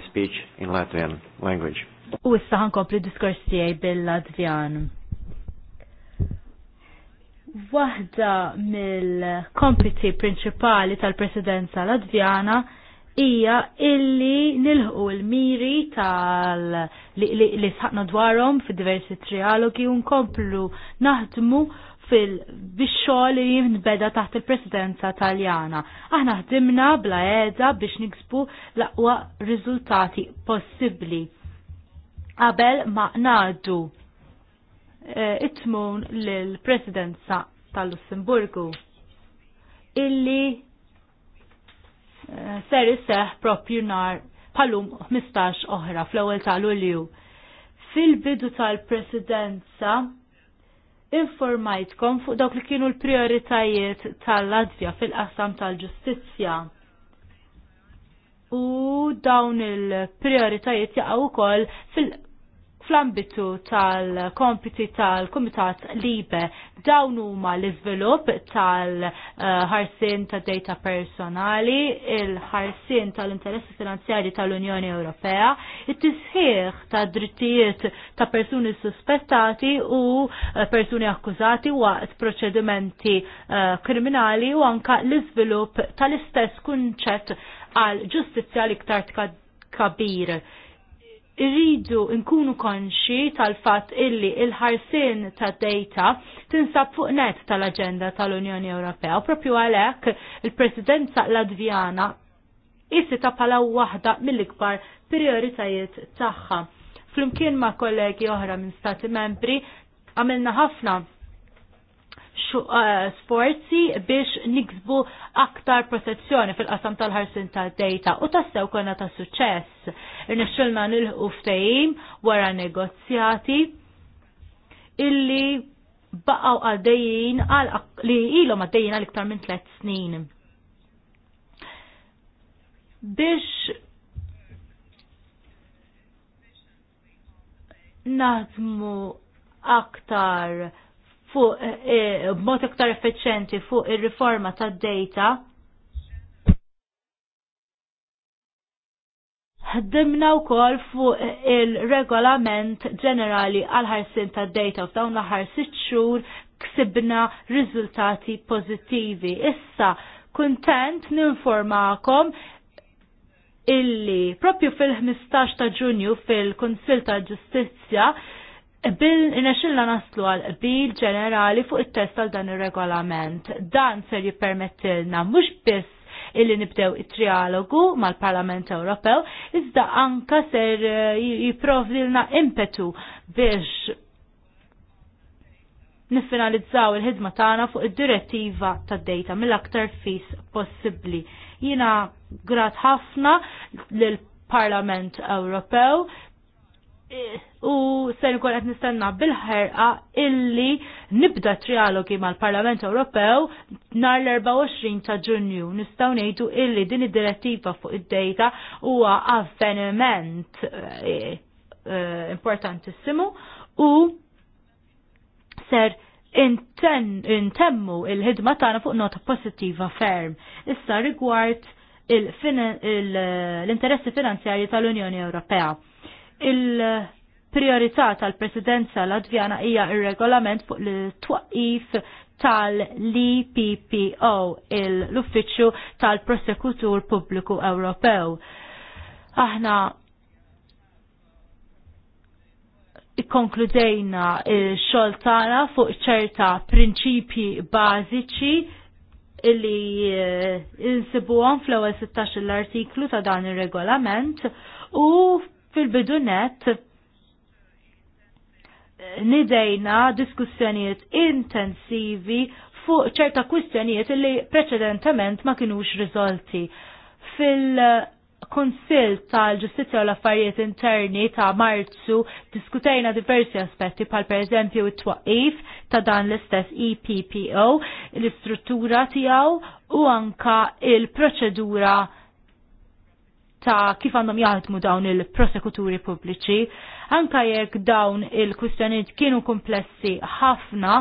speech in Latvian language. U issa ħankompli diskors tiegħi bil-Latvjan. Waħda mill-kompiti prinċipali tal-presidenza Latvjana hija illi nilħu l-miri tal li saqna dwarhom fi diversi trialogi u nkomplu naħdmu fil bixxol li jinbeda taħt il-presidenza taljana. Aħna ħdimna bla edha biex niksbu l-aqwa riżultati possibbli. Qabel ma ngħaddu Eh, it-tmun l-presidenza tal-Lussemburgu illi eh, ser isseħ propju nar palum 15 oħra fl-ewwel ta' Lulju. Fil-bidu tal-presidenza informajtkom fuq dawk li kienu l-prioritajiet tal-Latvja fil-qasam tal-ġustizzja. U dawn il-prioritajiet jaqaw kol fil fl-ambitu tal-kompiti tal-Kumitat Libe dawn huma l-iżvilupp tal-ħarsin ta' data personali, il-ħarsin tal-interessi finanzjari tal-Unjoni Ewropea, it-tisħiħ ta' drittijiet ta' persuni suspettati u eh, persuni akkużati waqt proċedimenti eh, kriminali u anka l-iżvilupp tal-istess kunċett għal ġustizzja l-iktar kabir irridu nkunu konxi tal-fatt illi il-ħarsin ta' data tinsab fuq net tal-agenda tal-Unjoni Ewropea u propju għalhekk il-Presidenza Latvjana isita bħala waħda mill-ikbar prioritajiet tagħha. Flimkien ma' kollegi oħra minn stati membri għamilna ħafna Eh, sforzi biex niksbu aktar protezzjoni fil-qasam tal-ħarsin tal-data u tassew konna ta' suċess. Irnexxilna nilħu ftehim wara negozjati illi baqgħu għaddejjin li ilhom għaddejjin għal iktar minn tliet snin. Biex naħdmu aktar fuq eh, eh, b'mod iktar effiċenti fuq ir-riforma tad-data ħdimna wkoll fuq il-regolament ġenerali għal ħarsin tad-data f'dawn l-aħħar sitt xhur ksibna riżultati pożittivi. Issa kuntent ninformakom illi propju fil-15 ta' Ġunju fil-Kunsil ta' Ġustizzja Bil inaxilla naslu għal bil ġenerali fuq it-test għal dan ir-regolament. Dan ser jippermettilna mhux biss illi nibdew it-trialogu mal-Parlament Ewropew, iżda anka ser eh, jiprovdilna impetu biex nifinalizzaw il-ħidma tagħna fuq id-direttiva tad-data mill-aktar fis possibbli. Jiena grat ħafna lill Parlament Ewropew u ser kol qed nistenna bil-ħerqa illi nibda trialogi mal-Parlament Ewropew nar l-24 ta' Ġunju. Nistgħu ngħidu illi din id-direttiva fuq id-dejta huwa avveniment eh, eh, importantissimu u ser intemmu il-ħidma tagħna fuq nota pozittiva ferm. Issa rigward l-interessi finanzjarji tal-Unjoni Ewropea Il-priorità tal-presidenza Latvjana hija ir-regolament fuq l-twaqif tal-LPPO, l-Uffiċċju tal-Prosekutur Pubbliku Ewropew. Aħna ikkonkludejna xogħol tagħna fuq ċerta prinċipji bażiċi illi eh, insibuhom fl-ewwel 16 l-artiklu ta' dan ir-regolament u Fil-bidunet nidejna diskussjonijiet intensivi fuq ċerta kwistjonijiet li preċedentement ma kinux riżolti. Fil- Konsil tal-Ġustizja u l-Affarijiet Interni ta' Marzu diskutejna diversi aspetti pal per eżempju it-twaqif ta' dan l-istess EPPO, l-istruttura tiegħu u anka il-proċedura ta' kif għandhom jaħdmu dawn il-prosekuturi pubbliċi, anka jekk dawn il-kwistjonijiet kienu komplessi ħafna,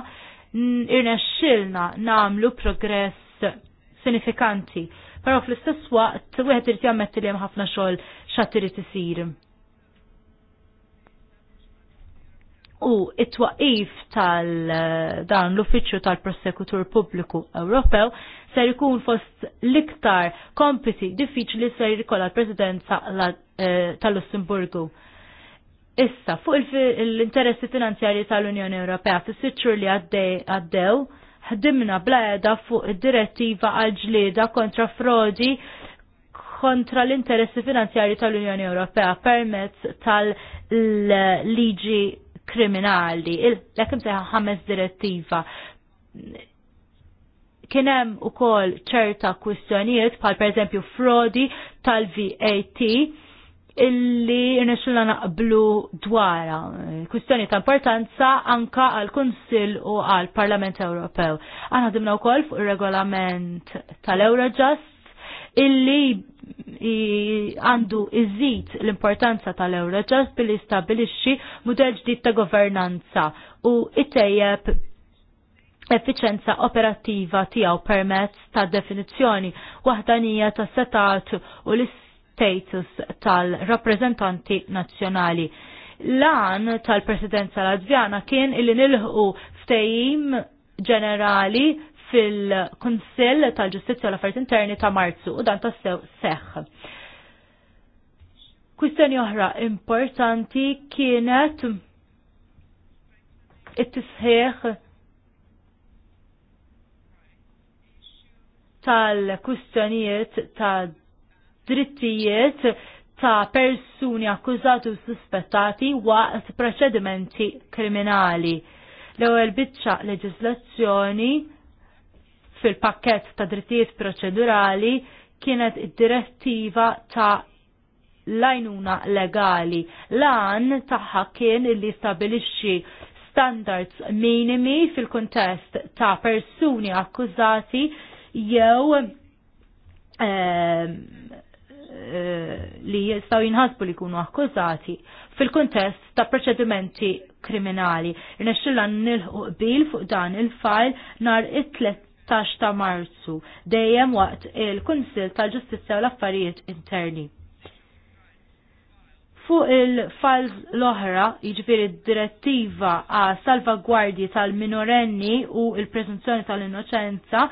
xilna namlu progress sinifikanti. Però fl-istess waqt wieħed irid jammetti li hemm ħafna xogħol xattirid isir. U it-twaqif tal eh, dan l-uffiċċju tal-Prosekutur Pubbliku Ewropew ser ikun fost liktar kompiti diffiċli ser jikolla l presidenza eh, tal-Lussemburgu. Issa, fuq l-interessi finanzjari tal-Unjoni Ewropea, fis-sitxur li għaddew, ħdimna blaeda fuq id-direttiva għal-ġlieda kontra frodi kontra l-interessi finanzjari tal-Unjoni Ewropea permezz tal-liġi kriminali, l-ekim ħames direttiva Kienem u kol ċerta kwistjonijiet, pal per eżempju frodi tal-VAT, illi nixulla naqblu dwara. Kwistjoni ta' importanza anka għal Kunsil u għal Parlament Ewropew. Għana dimna u kol fuq ir regolament tal-Eurojust illi għandu iżid l-importanza tal-Eurojust billi stabilixxi mudell ġdid ta' governanza u ittejjeb Efficienza operattiva tiegħu permezz ta' definizzjoni waħdanija ta' setat u l-status tal-rappreżentanti nazzjonali. Lan tal-presidenza Latvjana kien illi nilħu ftejim ġenerali fil-Kunsill tal-Ġustizzja u l-Affarijiet Interni ta' Marzu u dan ta' sew seħħ. Kwistjoni oħra importanti kienet it-tisħiħ tal-kustjonijiet ta' drittijiet ta' persuni akkużati u suspettati waqt proċedimenti kriminali. L-ewwel biċċa leġislazzjoni fil-pakket ta' drittijiet proċedurali kienet id-direttiva ta' lajnuna legali. Lan taħħa kien li stabilixxi standards minimi fil-kontest ta' persuni akkużati jew ehm, eh, li jistaw jinħasbu li kunu akkużati fil-kontest ta' proċedimenti kriminali. Rnexxilla nilħu qbil fuq dan il-fajl nar it-13 ta' Marzu, dejjem waqt il-Kunsil tal-Ġustizzja u l-Affarijiet Interni. Fuq il falz l-oħra, jiġifieri direttiva għal salvagwardji tal-minorenni u il-presunzjoni tal-innoċenza,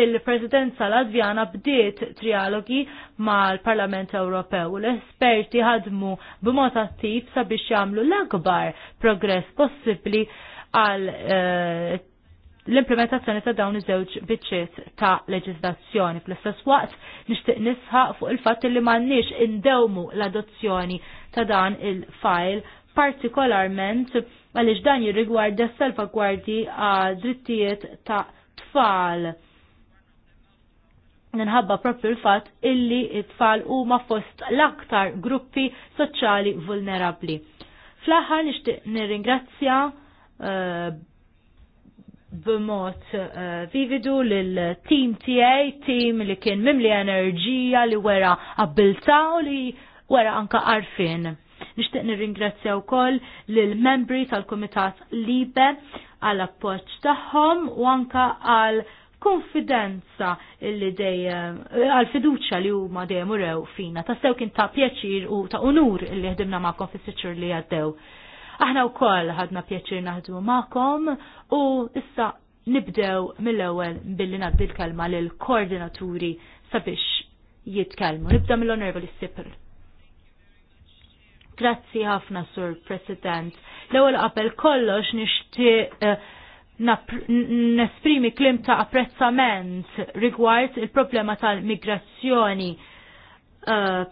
il-Presidenza Latvjana bdiet trialogi mal-Parlament Ewropew. L-esperti ħadmu b'mod attiv sabiex jagħmlu l-akbar progress possibbli għal eh, l-implementazzjoni ta' dawn iż-żewġ biċċiet ta' leġislazzjoni. Fl-istess waqt nixtieq nisħaq fuq il-fatt li m'għandniex indewmu l-adozzjoni ta' dan il-file partikolarment għaliex dan jirrigwarda s-salvagwardji għal drittijiet ta' tfal. Ninħabba propju l-fatt illi t-tfal huma fost l-aktar gruppi soċjali vulnerabli. Fl-aħħar nixtieq nirringrazzja eh, b'mod uh, vividu l team tiegħi, team li kien mimli enerġija li wera abbilta li wera anka arfin. Nixtieq nirringrazzja koll lill-membri tal-Kumitat Libe għal appoġġ tagħhom u anka għal konfidenza li dejjem eh, għal fiduċa li huma dejjem urew fina. Tassew kien ta' pjaċir u ta' unur li ħdimna ma' fis li għaddew. Aħna wkoll ħadna pjaċir naħdu magħkom u issa nibdew mill-ewwel billi ngħaddi l-kelma l koordinaturi sabiex jitkellmu. Nibda mill-Onorevoli Sipil. Grazzi ħafna, Sur President. L-ewwel qabel kollox nishti eh, nesprimi klim ta' apprezzament rigward il-problema tal-migrazzjoni. Eh,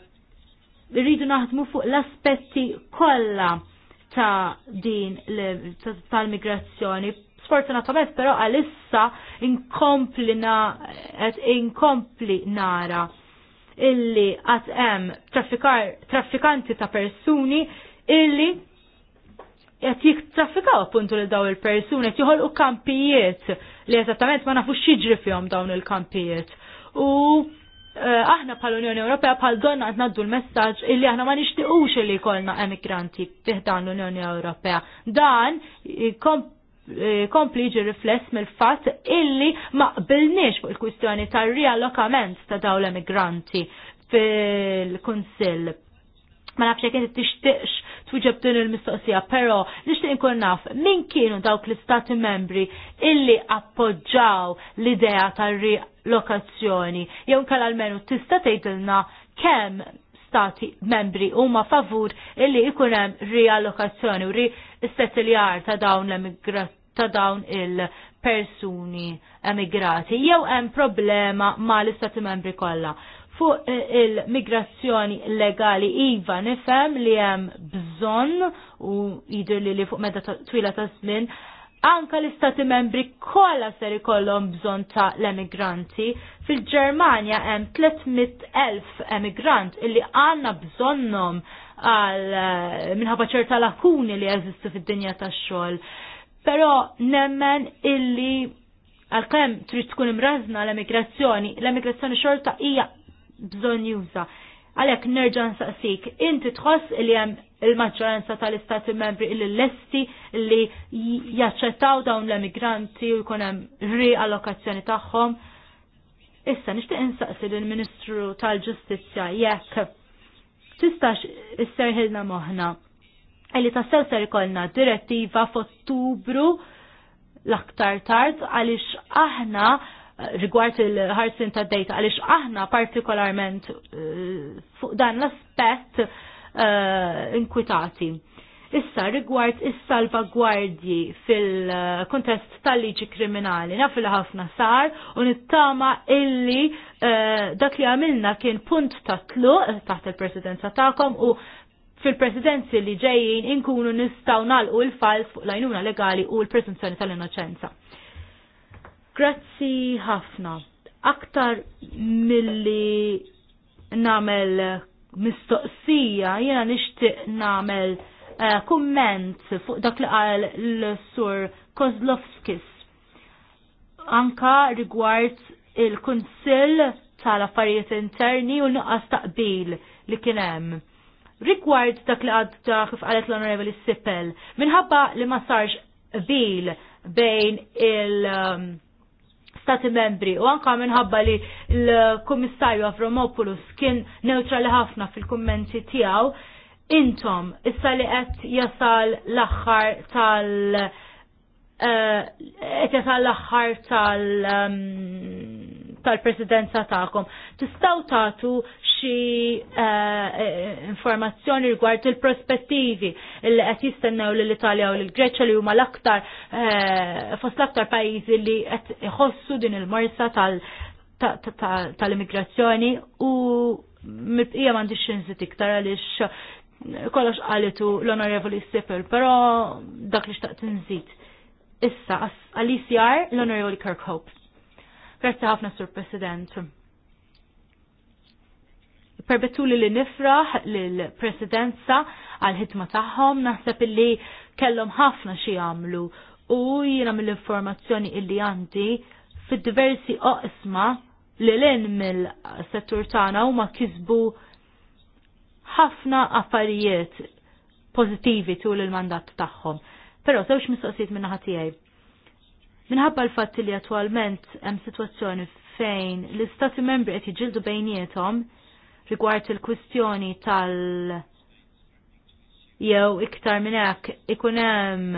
rridu naħdmu fuq l-aspetti kollha ta' din tal-migrazzjoni. Sfortunatament però għalissa inkompli inkompli nara illi għat hemm traffikanti ta' persuni illi qed jittraffikaw appuntu lil daw il-persuni qed joħolqu kampijiet li eżattament ma nafux xiġri fihom dawn il-kampijiet. U Eh, aħna pal Unjoni Ewropea bħal donna qed naddu l-messaġġ illi aħna ma nixtiequx illi jkollna emigranti fiħdan l-Unjoni Ewropea. Dan eh, eh, kompli ġi rifless mill-fatt illi ma qbilniex fuq il-kwistjoni tar-riallokament ta' dawn l-emigranti fil-Kunsill. Ma nafx t tixtiqx twieġeb il-mistoqsija, però nixtieq inkun naf min kienu dawk l-istati membri illi appoġġaw l-idea tar-rilokazzjoni. Jew kal almenu tista' tgħidilna kemm stati membri huma favur illi ikun hemm riallokazzjoni u ri istettiljar ta' dawn l emigrazzjoni ta' dawn il-persuni emigrati. Jew hemm problema ma' l-istati membri kollha. Fuq il-migrazzjoni legali iva nifhem li hemm bżonn u jidher li li fuq meta twila ta' żmien anka l-istati membri kollha ser ikollhom bżonn ta' l-emigranti. Fil-Ġermanja hemm 300,000 emigrant illi għandna bżonnhom għal eh, minħabba ċerta lakuni li jeżistu fid-dinja tax-xogħol. Però nemmen illi għalkemm trid tkun imrażna l-emigrazzjoni, l-emigrazzjoni xorta hija bżonn juża. Għalhekk nerġa' nsaqsik, inti tħoss li hemm il-maġġoranza tal-istati membri il lesti li jaċċettaw dawn l-emigranti u jkun hemm riallokazzjoni tagħhom. Issa nixtieq insaqsi lill-Ministru tal-Ġustizzja jekk tistax isserħilna moħna. Għalli ta' sew ser ikolna direttiva f'Ottubru l-aktar tard għaliex aħna rigward il-ħarsin ta' data għaliex aħna partikolarment eh, fuq dan l-aspett eh, inkwitati. Issa rigward is-salvagwardji fil-kontest tal-liġi kriminali naf ħafna sar u nittama illi uh, dak li għamilna kien punt ta' tluq taħt il-presidenza ta'kom u fil-presidenzi li ġejjin inkunu nistaw nalqu il-fals fuq lajnuna legali u l-presunzjoni tal-innoċenza. Grazzi ħafna. Aktar milli namel mistoqsija, jena nishtiq namel uh, fuq dak li qal l-sur Kozlovskis. Anka rigward il-Kunsill tal-affarijiet interni u nuqqas taqbil li kien hemm. Rigward dak li għadda kif għalet l-Onorevoli Sipel, minħabba li ma sarx bil bejn il- um, stati membri u anka minħabba li l-Kummissarju Avromopoulos kien neutrali ħafna fil-kummenti tiegħu, intom issa li qed jasal l-aħħar tal- eh, qed jasal l-aħħar tal- mm, tal-presidenza tagħkom. Tistgħu tagħtu xi eh, informazzjoni rigward il-prospettivi li qed jistennew lill italja u l-Greċja li huma l-aktar eh, fost l-aktar pajjiżi li qed iħossu din il-morsa tal-immigrazzjoni u mibqija m'għandix inżid iktar għaliex kollox qalitu l-Onorevoli Sipil, però dak li xtaqt nżid. Issa, għal-ICR, l-Onorevoli Kirkhope. Grazie ħafna, Sur President permettu li li nifraħ l-presidenza għal ħitma tagħhom, naħseb illi kellhom ħafna xi jagħmlu u jina mill-informazzjoni illi għandi fid-diversi oqisma li l mill-settur tagħna huma kisbu ħafna affarijiet pożittivi tul il-mandat tagħhom. Però sewx mistoqsijiet minna ħatijaj. tiegħi. Minħabba l fat li attwalment hemm sitwazzjoni fejn l-istati membri qed jiġildu bejniethom rigward il-kwistjoni tal- jew iktar minn hekk ikun hemm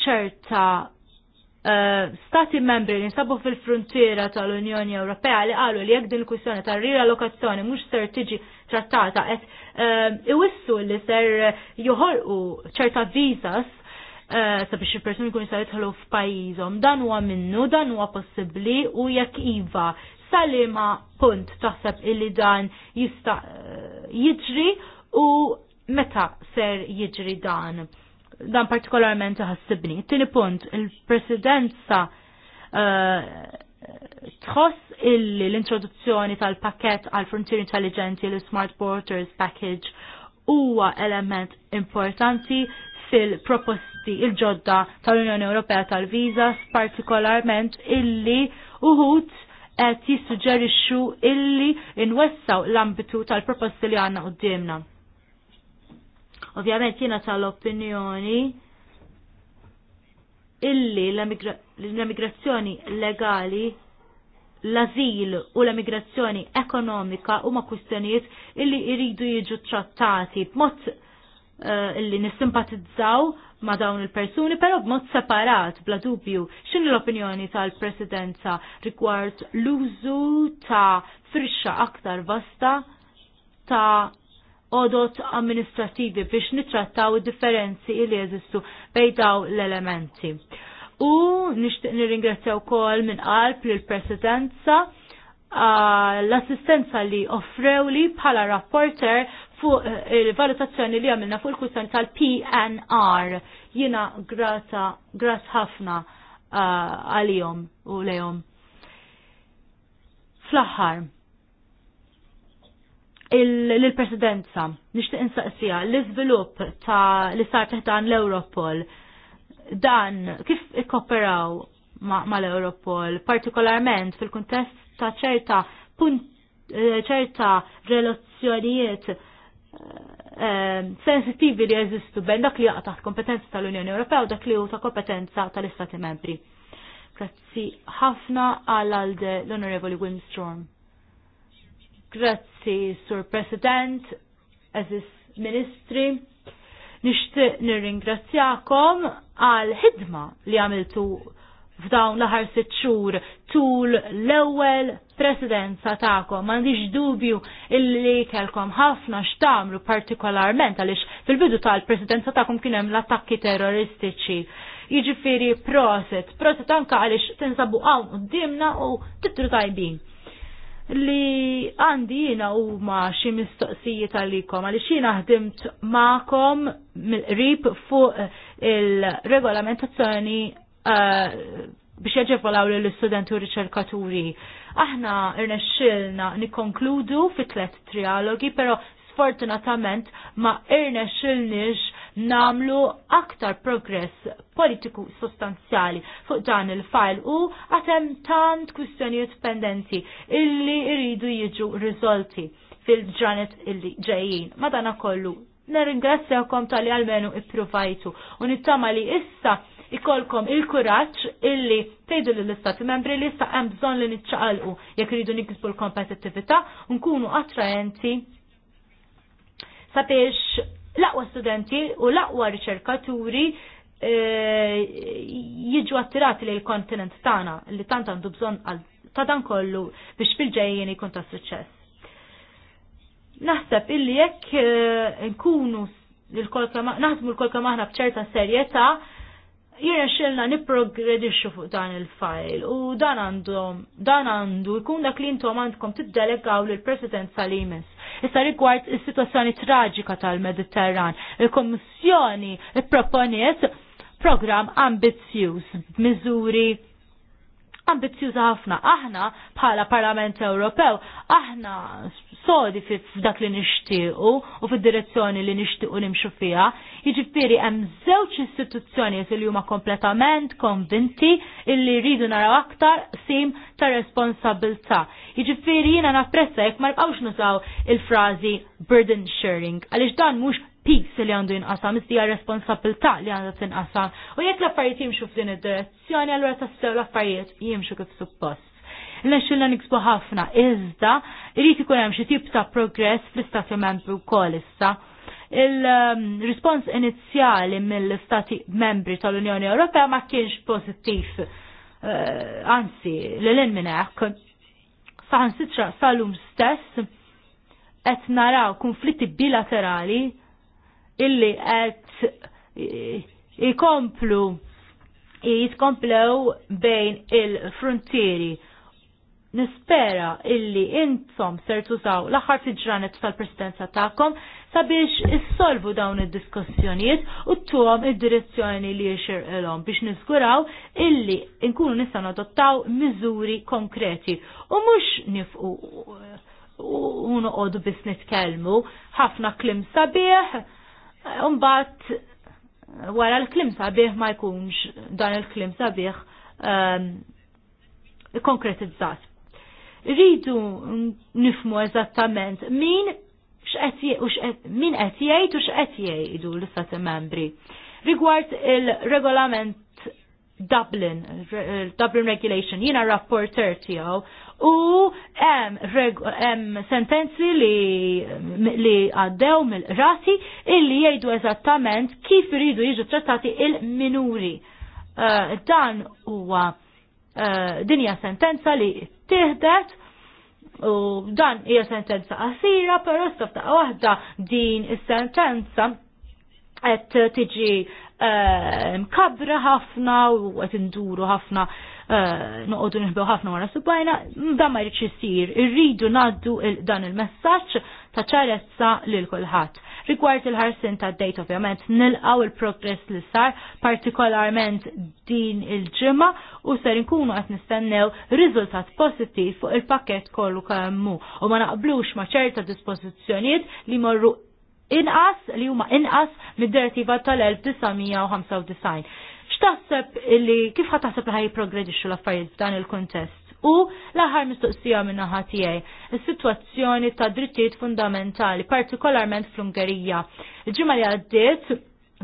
ċerta uh, stati membri li nsabu fil-frontiera tal-Unjoni Ewropea li qalu li jekk din il-kwistjoni tar-rilokazzjoni mhux ser tiġi trattata qed uh, eh, iwissu li ser joħorqu ċerta visas uh, sabiex il-persuni kun jistgħu jidħlu f'pajjiżhom. Dan huwa minnu, dan huwa possibbli u jekk iva salima punt taħseb illi dan jista' eh, jiġri u meta ser jiġri dan. Dan partikolarment ħassibni. Tini punt, il-presidenza eh, tħoss l-introduzzjoni tal-pakket għal frontier intelligenti l smart borders package huwa element importanti fil-proposti il-ġodda tal-Unjoni Ewropea tal-Visas, partikolarment illi uħut qed jissuġġerixxu illi nwessaw l-ambitu tal-proposti li għandna qudiemna. Ovvjament jiena tal-opinjoni illi l-immigrazzjoni legali l-azil u l-immigrazzjoni ekonomika huma kwistjonijiet illi jridu jiġu trattati b'mod Eh, illi nissimpatizzaw ma' dawn il-persuni, pero b'mod separat, bla dubju, xin l-opinjoni tal-presidenza rigward l-użu ta' frixxa aktar vasta ta' odot amministrativi biex nitrattaw differenzi li jeżistu bej daw l-elementi. U nishtiq nirringrazzja wkoll minn qalb l-presidenza eh, l-assistenza li offrew li bħala rapporter fuq eh, il-valutazzjoni li għamilna fuq il-kustjoni tal-PNR. Jina grata, grat ħafna eh, għalihom u lejhom. Fl-aħħar, il-presidenza, nixtieq insaqsija, l-iżvilupp ta' li sar dan l-Europol, dan kif ikkoperaw mal-Europol, partikolarment fil-kuntest ta' ċerta punt eh, ċerta relazzjonijiet Ehm, sensittivi li jeżistu bejn dak li jaqa' taħt kompetenza tal-Unjoni Ewropea u dak li hu ta' kompetenza tal-Istati Membri. Grazzi ħafna għal għalde l-Onorevoli Wimstrom. Grazzi, Sur President, Aziz Ministri, nishtiq nirringrazzjakom għal ħidma li għamiltu f'dawn l-aħar sitt xhur tul l-ewwel presidenza tagħkom. M'għandix dubju illi kelkom ħafna x'tagħmlu partikolarment għaliex fil-bidu tal-presidenza tagħkom kien hemm l-attakki terroristiċi. Jiġifieri proset, proset anke għaliex tinsabu hawn qudiemna u titru tajbin li għandi jina u ma xie mistoqsijiet tal-likom, għalli xina ħdimt maħkom mill-rib fuq il-regolamentazzjoni Uh, biex jaġevolaw l-studenti u riċerkaturi. Aħna irnexxilna nikkonkludu fit tlet trialogi, pero sfortunatament ma irnexxilniex namlu aktar progress politiku sostanzjali fuq dan il-fajl u għatem tant kwistjonijiet pendenti illi iridu jiġu rizolti fil-ġranet illi ġejjin. Madana kollu, neringrazzjakom tal-li għalmenu ippruvajtu u nittama li issa ikolkom il-kuraġġ illi tgħidu lill-istati membri li issa hemm bżonn li niċċaqalqu jekk iridu nikisbu l-kompetittività nkunu attraenti sabiex l-aqwa studenti u l-aqwa riċerkaturi eh, jiġu attirati li l-kontinent tagħna li tant għandu bżonn ta' dan kollu biex fil-ġejjien ikun ta' suċċess. Naħseb illi jekk eh, nkunu naħdmu l-kolka maħna bċerta serjetà jiena xilna niprogredixxu fuq dan il-fajl u dan għandhom dan għandu jkun dak li intom għandkom tiddelegaw lil president Salimis. Issa rigward is-sitwazzjoni traġika tal-Mediterran, il-Kommissjoni proponiet program ambizzjuż, miżuri ambizjuża ħafna. Aħna bħala Parlament Ewropew, aħna sodi f'dak li nixtiequ u fid-direzzjoni li nixtiequ nimxu fiha. Jiġifieri hemm żewġ istituzzjonijiet li huma kompletament konvinti illi rridu naraw aktar sim ta' responsabilità. Jiġifieri jiena napprezza jekk ma nibqgħux nużaw il-frażi burden sharing għaliex dan mhux pis li għandu jinqasam, mis dija responsabilità li għandu tinqasam. U jekk l-affarijiet jimxu f'din id-direzzjoni, għallura tassew l-affarijiet jimxu kif suppost. Nexxilla niksbu ħafna, iżda irrit ikun hemm xi tip ta' progress fl-istati membri wkoll issa. Il-respons inizjali mill-istati membri tal-Unjoni Ewropea ma kienx pożittiv. Eh, anzi, l-lin minn hekk. Saħan sitra sal-lum stess qed naraw konflitti bilaterali illi qed e, ikomplu e, jitkomplew bejn il-frontieri. Nispera illi intom ser tużaw l-aħħar ġranet tal-presidenza tagħkom sabiex issolvu dawn id-diskussjonijiet u t-tuħom id-direzzjoni li il-om biex niżguraw illi nkunu nistgħu nadottaw miżuri konkreti u mhux nifqu u noqogħdu biss nitkellmu ħafna klim sabiħ Umbat wara l-klim sabiħ ma jkunx dan il-klim sabiħ ehm, konkretizzat. Rridu nifmu eżattament min min qed jgħid u x'qed jgħidu l-istati membri. Rigward il-regolament Dublin, Dublin Regulation, jiena rapporter tiegħu u hemm sentenzi li li għaddew mill-rati illi jgħidu eżattament kif iridu jiġu trattati il-minuri. Uh, dan huwa uh, eh, dinja sentenza li tieħdet u dan hija sentenza qasira, però s-softa waħda din is-sentenza qed tiġi eh, mkabra ħafna u qed induru ħafna Eh, noqogħdu nħibbew ħafna wara subajna, dan ma jridx isir. Irridu naddu dan il-messaġġ ta' ċarezza lil kulħadd. Rigward il-ħarsin ta' dejt ovvjament nilqaw il-progress li sar, partikolarment din il-ġimma u ser inkunu qed nistennew riżultat pożittiv fuq il-pakket kollu kemmu u ma naqblux ma' ċerta dispożizzjonijiet li morru inqas li huma inqas mid-direttiva tal-1995 x'taħseb li kif ħataħseb taħseb li ħaj jipprogredixxu l-affarijiet f'dan il-kuntest? U l-aħħar mistoqsija minna ħatijaj, is-sitwazzjoni ta' drittijiet fundamentali, partikolarment fl-Ungerija. Il-ġimgħa li għaddiet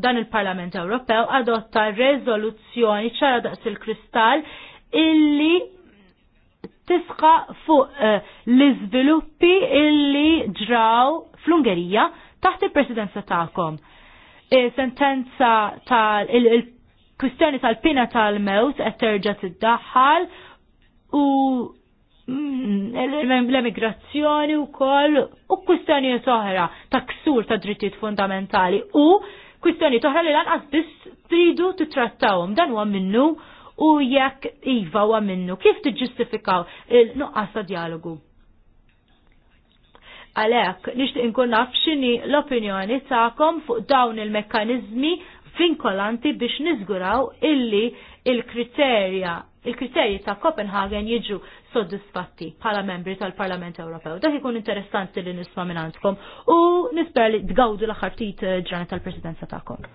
dan il-Parlament Ewropew adotta rezoluzzjoni ċara daqs il-kristall illi tisqa fuq eh, l-iżviluppi illi ġraw fl-Ungerija taħt il-presidenza tagħkom. Eh, sentenza tal kwistjoni tal-pina tal-mewt qed terġa' tiddaħħal u mm, l-emigrazzjoni u koll u kwistjoni toħra ta' ksur ta' drittijiet fundamentali u kwistjoni toħra li lanqas biss tridu titrattawhom dan huwa minnu u jekk iva u minnu kif tiġġustifikaw il-nuqqas ta' dialogu. Għalhekk nixtieq inkun naf'x'ini l-opinjoni tagħkom fuq dawn il-mekkaniżmi vinkolanti biex niżguraw illi il-kriterja il-kriterji ta' Copenhagen jiġu soddisfatti bħala membri tal-Parlament Ewropew. Dak ikun interessanti li nisma minn u nisper li tgawdu l-aħħar tit eh, ġranet tal-presidenza tagħkom.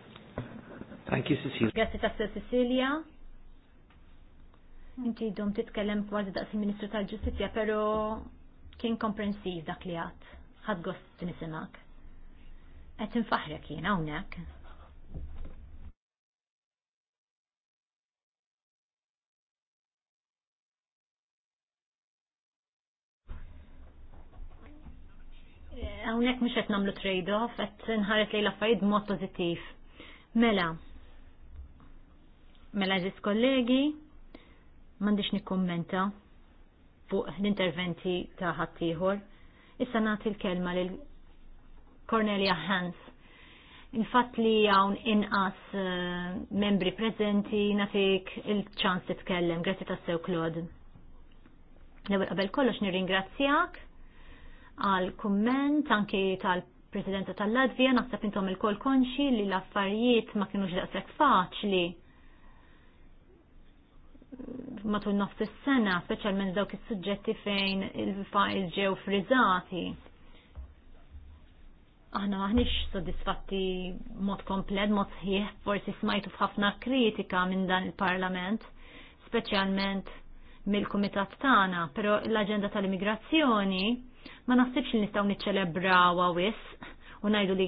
Thank you, Cecilia. Grazie ta' Cecilia. Inti dom titkellem kważi daqs il-Ministru tal-Ġustizzja, pero kien komprensiv dak li għat. Għad gost nisimak. Qed infaħrek jena hawnhekk. hawnhekk mhux qed nagħmlu trade-off qed nħarret lejn l b'mod pożittiv. Mela, mela ġis kollegi, m'għandix nikkummenta fuq l-interventi ta' ħaddieħor. Issa nagħti l-kelma lil Cornelia Hans il li għawn inqas eh, membri prezenti nafik il-ċans t-tkellem. Grazie ta' sew Klod. l kollox qabel kollox nirringrazzjak għal kumment anki tal presidenta tal-Latvija naħseb intom il-kol konxi li l-affarijiet ma kienux daqshekk faċli matul nofs is-sena, speċjalment dawk is-suġġetti fejn il files ġew frizzati aħna m'aħniex soddisfatti mod komplet, mod sħiħ, forsi smajtu f'ħafna kritika minn dan il-parlament, speċjalment mill-kumitat tagħna, però l-aġenda tal-immigrazzjoni ma nasibx li nistgħu niċċelebra għawis u ngħidu li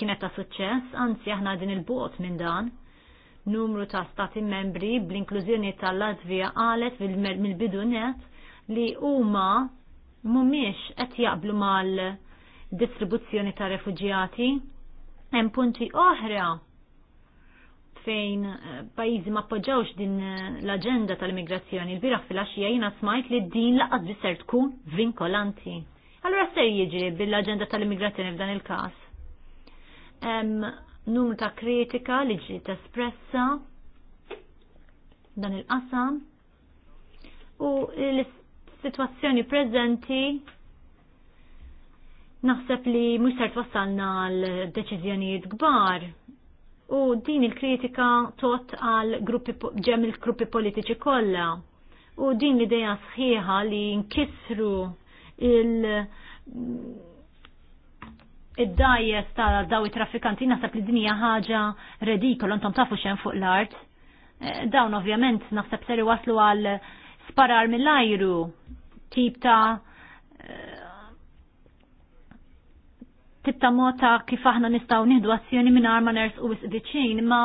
kienet ta' suċċess, anzi aħna din il-bot minn dan. Numru ta' stati membri bl-inklużjoni tal-Latvija qalet mill-bidunet li huma mhumiex qed jaqblu mal-distribuzzjoni ta' refuġjati. Hemm punti oħra fejn eh, pajizi ma appoġġawx din eh, l-agenda tal-immigrazzjoni. Il-biraħ fil-axija jina smajt li din laqad biser tkun vinkolanti. Allora se jieġi bil-agenda tal-immigrazzjoni f'dan il-kas? Numru ta' kritika li ġiet espressa dan il-qasam u l-situazzjoni prezenti naħseb li mhux ser twassalna l-deċiżjonijiet kbar u din il-kritika tot għal ġem il-gruppi politiċi kollha. U din l-ideja sħiħa li nkissru il- id-dajes ta' daw traffikanti naħseb li dinija ħaġa redikol, intom tafu xejn fuq l-art. Eh, dawn ovvjament naħseb seri waslu għal sparar mill-ajru tip ta' eh, tip mota kif aħna nistgħu nieħdu azzjoni mingħajr arma ners u wisq imma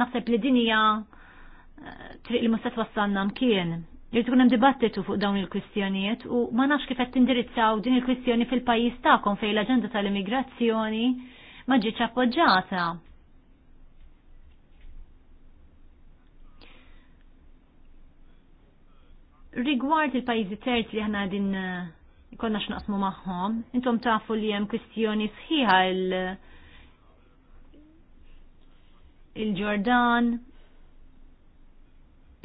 naħseb li din hija eh, triq li mustet wassalna mkien. Jirtu kunem dibattitu fuq dawn il-kwistjonijiet u ma nafx kif qed tindirizzaw din il-kwistjoni fil-pajjiż tagħkom fejn l-aġenda tal-immigrazzjoni ma ġietx appoġġjata. Rigward il-pajjiżi terzi li aħna din jkollna x'naqsmu magħhom. Intom tafu li hemm kwistjoni sħiħa il il-Ġordan,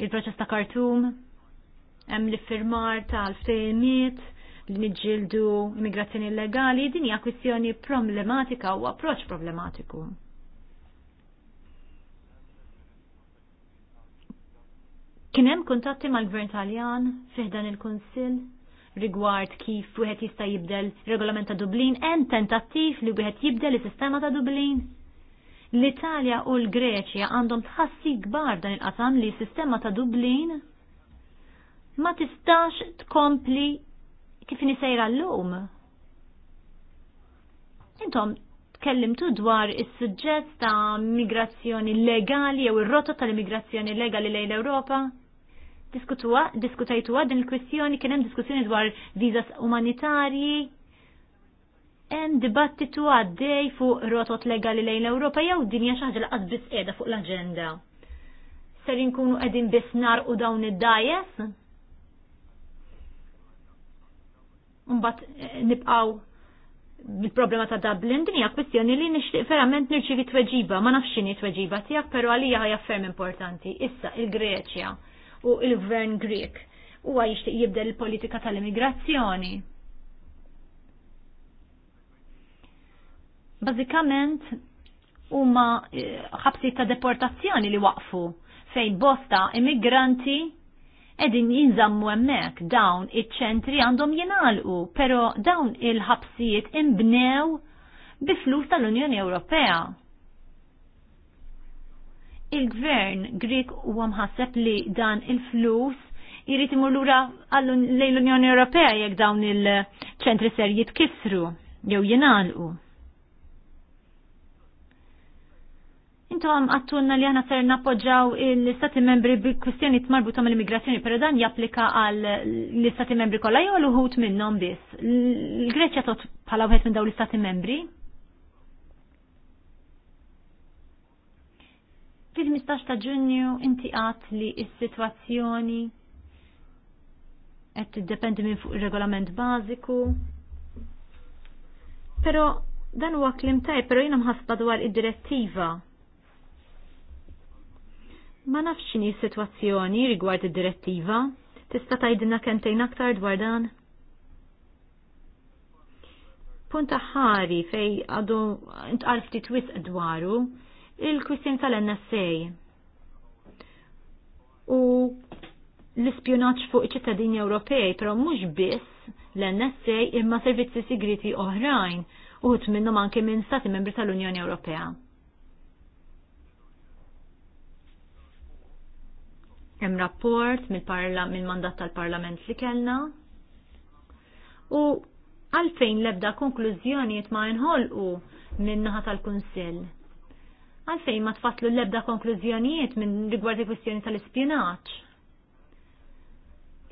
il-proċess ta' Kartum, hemm l-iffirmar tal-ftehimiet li niġġieldu immigrazzjoni illegali, din hija kwistjoni problematika u approċċ problematiku. Kien hemm kuntatti mal-Gvern Taljan fih dan il-Kunsill? rigward kif wieħed jista' jibdel regolament ta' Dublin, hemm tentattiv li wieħed jibdel is-sistema ta' Dublin. L-Italja u l-Greċja għandhom tħassi kbar dan il-qasam li s-sistema ta' Dublin ma tistax tkompli kif nisejra l-lum. Intom tkellimtu dwar is-suġġett ta' migrazzjoni legali jew ir-rotta tal-immigrazzjoni legali lejn l-Ewropa? diskutuwa, diskutajtuwa din il kwestjoni kien hemm diskussjoni dwar viżas umanitarji. Hemm dibattitu għaddej fuq rotot legali lejn l europa jew din hija xi ħaġa laqas biss qiegħda fuq l-aġenda. Ser inkunu qegħdin biss u dawn id-dajes? Mbagħad eh, nibqgħu bil problema ta' Dublin din hija kwestjoni li nixtieq verament nirċivi tweġiba, ma nafx x'inhi tweġiba tiegħek, però għalija hija ferm importanti. Issa il-Greċja u il-gvern Grek u jixtieq jibdel il-politika tal-immigrazzjoni. Bażikament huma eh, ħabsi ta' deportazzjoni li waqfu fejn bosta immigranti edin jinżammu emmek dawn iċ-ċentri għandhom jinalqu, pero dawn il-ħabsijiet imbnew bi flus tal-Unjoni Ewropea il-gvern Grik huwa għamħasab li dan il-flus jrid imur lura lejn l-Unjoni Ewropea jekk dawn il-ċentri ser jitkissru jew jingħalqu. għam għattunna li għana ser nappoġġaw l-istati membri bi kwistjoni tom l immigrazzjoni pero dan japplika għal l-istati membri kollha jew l-uħut minnhom biss. L-Greċja tot bħala wieħed minn dawn l-istati membri? Fil-15 ta' ġunju inti għat li s-situazzjoni qed tiddependi minn fuq ir-regolament bażiku. Però dan huwa klim tajb, però jiena mħasba dwar id-direttiva ma nafxini x'inhi s-sitwazzjoni rigward id-direttiva. Tista' tgħidilna kentejn aktar dwar dan? Punt ħari fej għadu intqal ftit wisq dwaru il-kwistjoni tal-NSA u l-ispjonaċ fuq iċ-ċittadini Ewropej, però mhux biss l-NSA imma servizzi sigriti oħrajn uħut minnhom anke minn stati membri tal-Unjoni Ewropea. Hemm rapport mill-mandat tal-Parlament li kellna u għalfejn lebda konklużjonijiet ma jinħolqu min-naħa tal-Kunsill għalfejn ma tfatlu l-ebda konklużjonijiet minn rigward il-kwistjoni tal-ispjinaċ.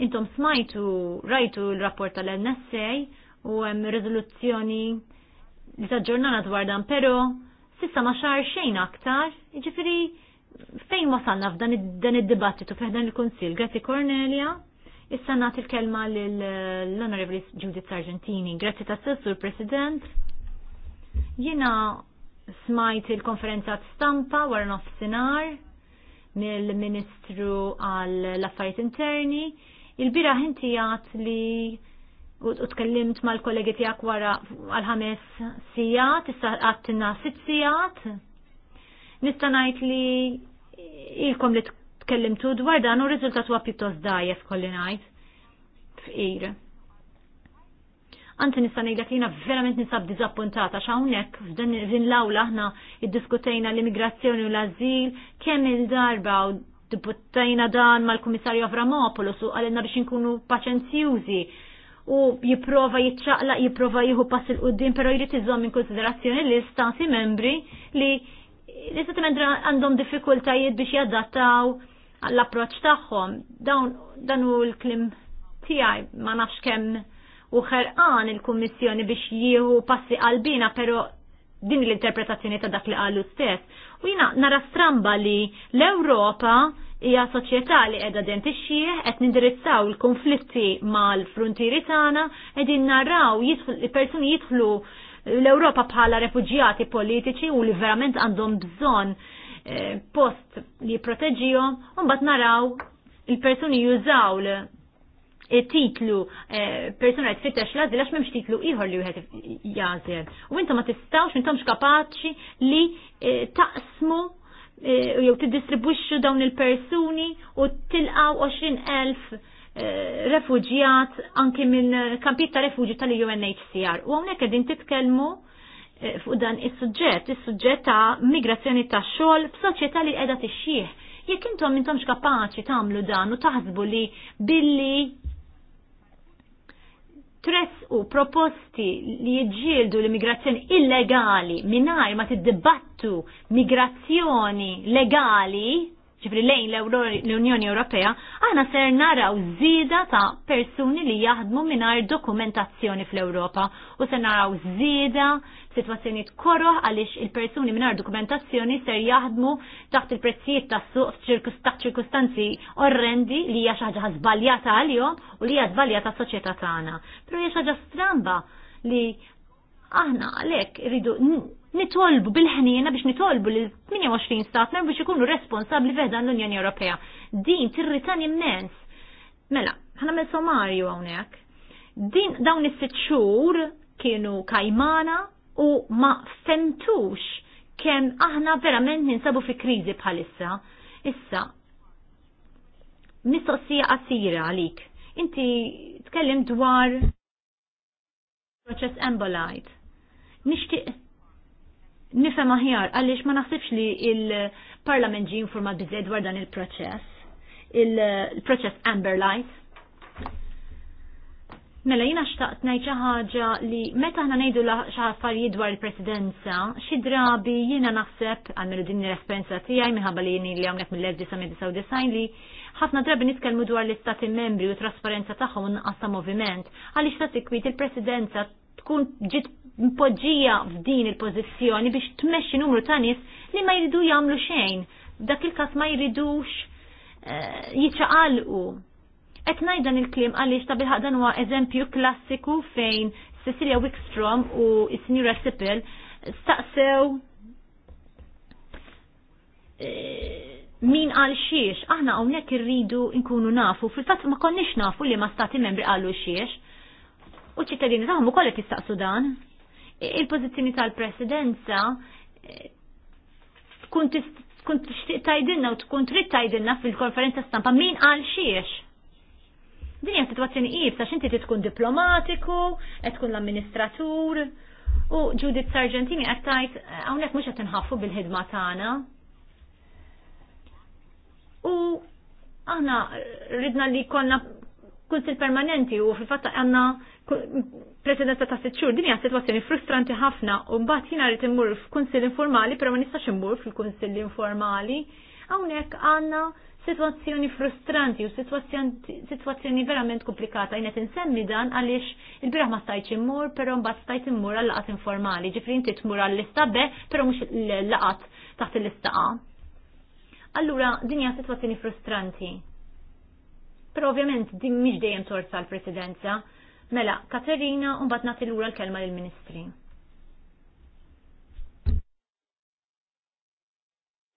Intom smajtu, rajtu l-rapport tal-NSA u hemm Rizoluzzjoni li taġġornana dwar dan, pero sissa ma xar xejn aktar, ġifiri fejn wasalna f'dan id-dibattitu f'dan il konsil Grazzi Cornelia. Issa nagħti il-kelma l-Honorable Judith Sargentini. Grazzi tas Sur President. Jiena smajt il-konferenza stampa wara nofsinhar mill-Ministru għall affarijiet Interni. Il-bira ħinti li u tkellimt mal-kollegi tiegħek wara għal ħames sijat, issa għattina sitt sigħat. Nista' ngħid li ilkom li tkellimtu dwar dan u r huwa pjuttost dajjef kolli ngħid f'qir. Anzi nista' ngħidlek jiena verament nisab diżappuntata x'hawnhekk f'din l-awla aħna iddiskutejna l-immigrazzjoni u l-ażil kemm il-darba u dibuttajna dan mal-Kummissarju Avramopoulos u għalina biex inkunu paċenzjużi u jipprova jitċaqlaq, jipprova jieħu pass il-qoddim, però jrid iżomm in konsiderazzjoni li stati membri li l-istati membri għandhom diffikultajiet biex jadattaw l-approċ tagħhom. Dawn dan hu l-klim tiegħi ma nafx kemm u ħerqan il-Kummissjoni biex jieħu passi qalbina, pero din l-interpretazzjoni ta' dak li qalu stess. U jina nara stramba li l-Ewropa hija soċjetà li qiegħda dejjem tixjih qed nindirizzaw il-konflitti mal-fruntieri tagħna, qegħdin il persuni jidħlu l-Ewropa bħala refuġjati politiċi u li verament għandhom bżonn eh, post li jipproteġihom, u mbagħad naraw il-persuni jużaw titlu eh, persuna qed tfittex l-għażil għax m'hemmx titlu ieħor li wieħed jażel. U intom ma tistgħux intomx kapaċi li eh, taqsmu eh, jew tiddistribwixxu dawn il-persuni u tilqaw 20,000 refugjat anki minn kampijiet ta' refugju tal-UNHCR. U hawnhekk qegħdin titkellmu fuq dan is-suġġett, is-suġġett ta' migrazzjoni ta' xogħol f'soċjetà li qiegħda tixjih. Jekk intom intomx kapaċi tagħmlu dan u taħsbu li billi tress u proposti li jġildu l-immigrazzjoni illegali minnaj ma tiddibattu migrazzjoni legali ċifri lejn l-Unjoni Ewropea, aħna ser naraw zida ta' persuni li jaħdmu minar dokumentazzjoni fl-Ewropa u ser naraw zida situazzjoni korro għaliex il-persuni minar dokumentazzjoni ser jaħdmu taħt il-prezzijiet ta' suq taħt ċirkustanzi orrendi li hija xaġa żbaljata għalihom u li hija żbaljata soċjetà tagħna. Però hija xaġa stramba li aħna għalhekk rridu nitolbu bil-ħnina biex nitolbu li 28 stat membru biex ikunu responsabli vedan l-Unjoni Ewropea. Din tirritan immens. Mela, ħana mel sommarju hawnhekk. Din dawn is-sitt xhur kienu kajmana u ma fentux kemm aħna verament ninsabu fi kriżi bħalissa. Issa, mistoqsija qasira għalik. Inti tkellim dwar proċess embolajt. Nixtieq nifhem aħjar għaliex ma naħsibx li il-Parlament ġie informat bizzed dwar dan il-proċess, il-proċess Amber Light. Mela jina xtaqt ngħid xi ħaġa li meta aħna ngħidu xi affarijiet dwar il-presidenza, xi drabi jiena naħseb għamilu din l esperienza tiegħi minħabba li jini li hawnhekk mill-1999 li ħafna drabi nitkellmu dwar l-istati membri u trasparenza tagħhom un nqas ta' moviment, għaliex ta' il-presidenza tkun ġit mpoġġija f'din il-pożizzjoni biex tmexxi numru ta' nies li ma jridu jagħmlu xejn. Dak il-każ ma jridux eh, jiċaqalqu. Qed ngħid dan il-kliem għaliex ta' bilħaq dan huwa eżempju klassiku fejn Cecilia Wickstrom u s-Sinjura staqsew eh, min għal xiex, aħna għonek irridu nkunu nafu, fil-fat ma konniex nafu li ma stati membri għallu xiex, u ċittadini taħmu kollet jistaqsu dan il-pozizjoni tal-presidenza eh, tkun tkun tajdinna u tkun trid tajdinna fil-konferenza stampa min għal xiex. Din hija sitwazzjoni qiebsa x'inti trid tkun diplomatiku, qed tkun l-amministratur. U Judith Sargentini qed tgħid eh, hawnhekk mhux qed tinħaffu bil-ħidma tagħna. U aħna ridna li konna kunsil permanenti u fil-fatt għandna presidenza ta' sitxur din hija sitwazzjoni frustranti ħafna u mbagħad jiena rrid immur f'kunsill informali però ma nistax immur fil-kunsill informali hawnhekk għandna sitwazzjoni frustranti u sitwazzjoni verament komplikata jnet insemmi dan għaliex il-biraħ ma stajċ immur, pero mbagħad stajt immur għal laqat informali, ġifri inti tmur għal lista B, pero mhux laqat taħt il-lista Allura, din hija sitwazzjoni frustranti. Pero ovvjament din mhix dejjem torsa l-presidenza. Mela, Katerina u mbagħad nagħti lura l-kelma lill-Ministri.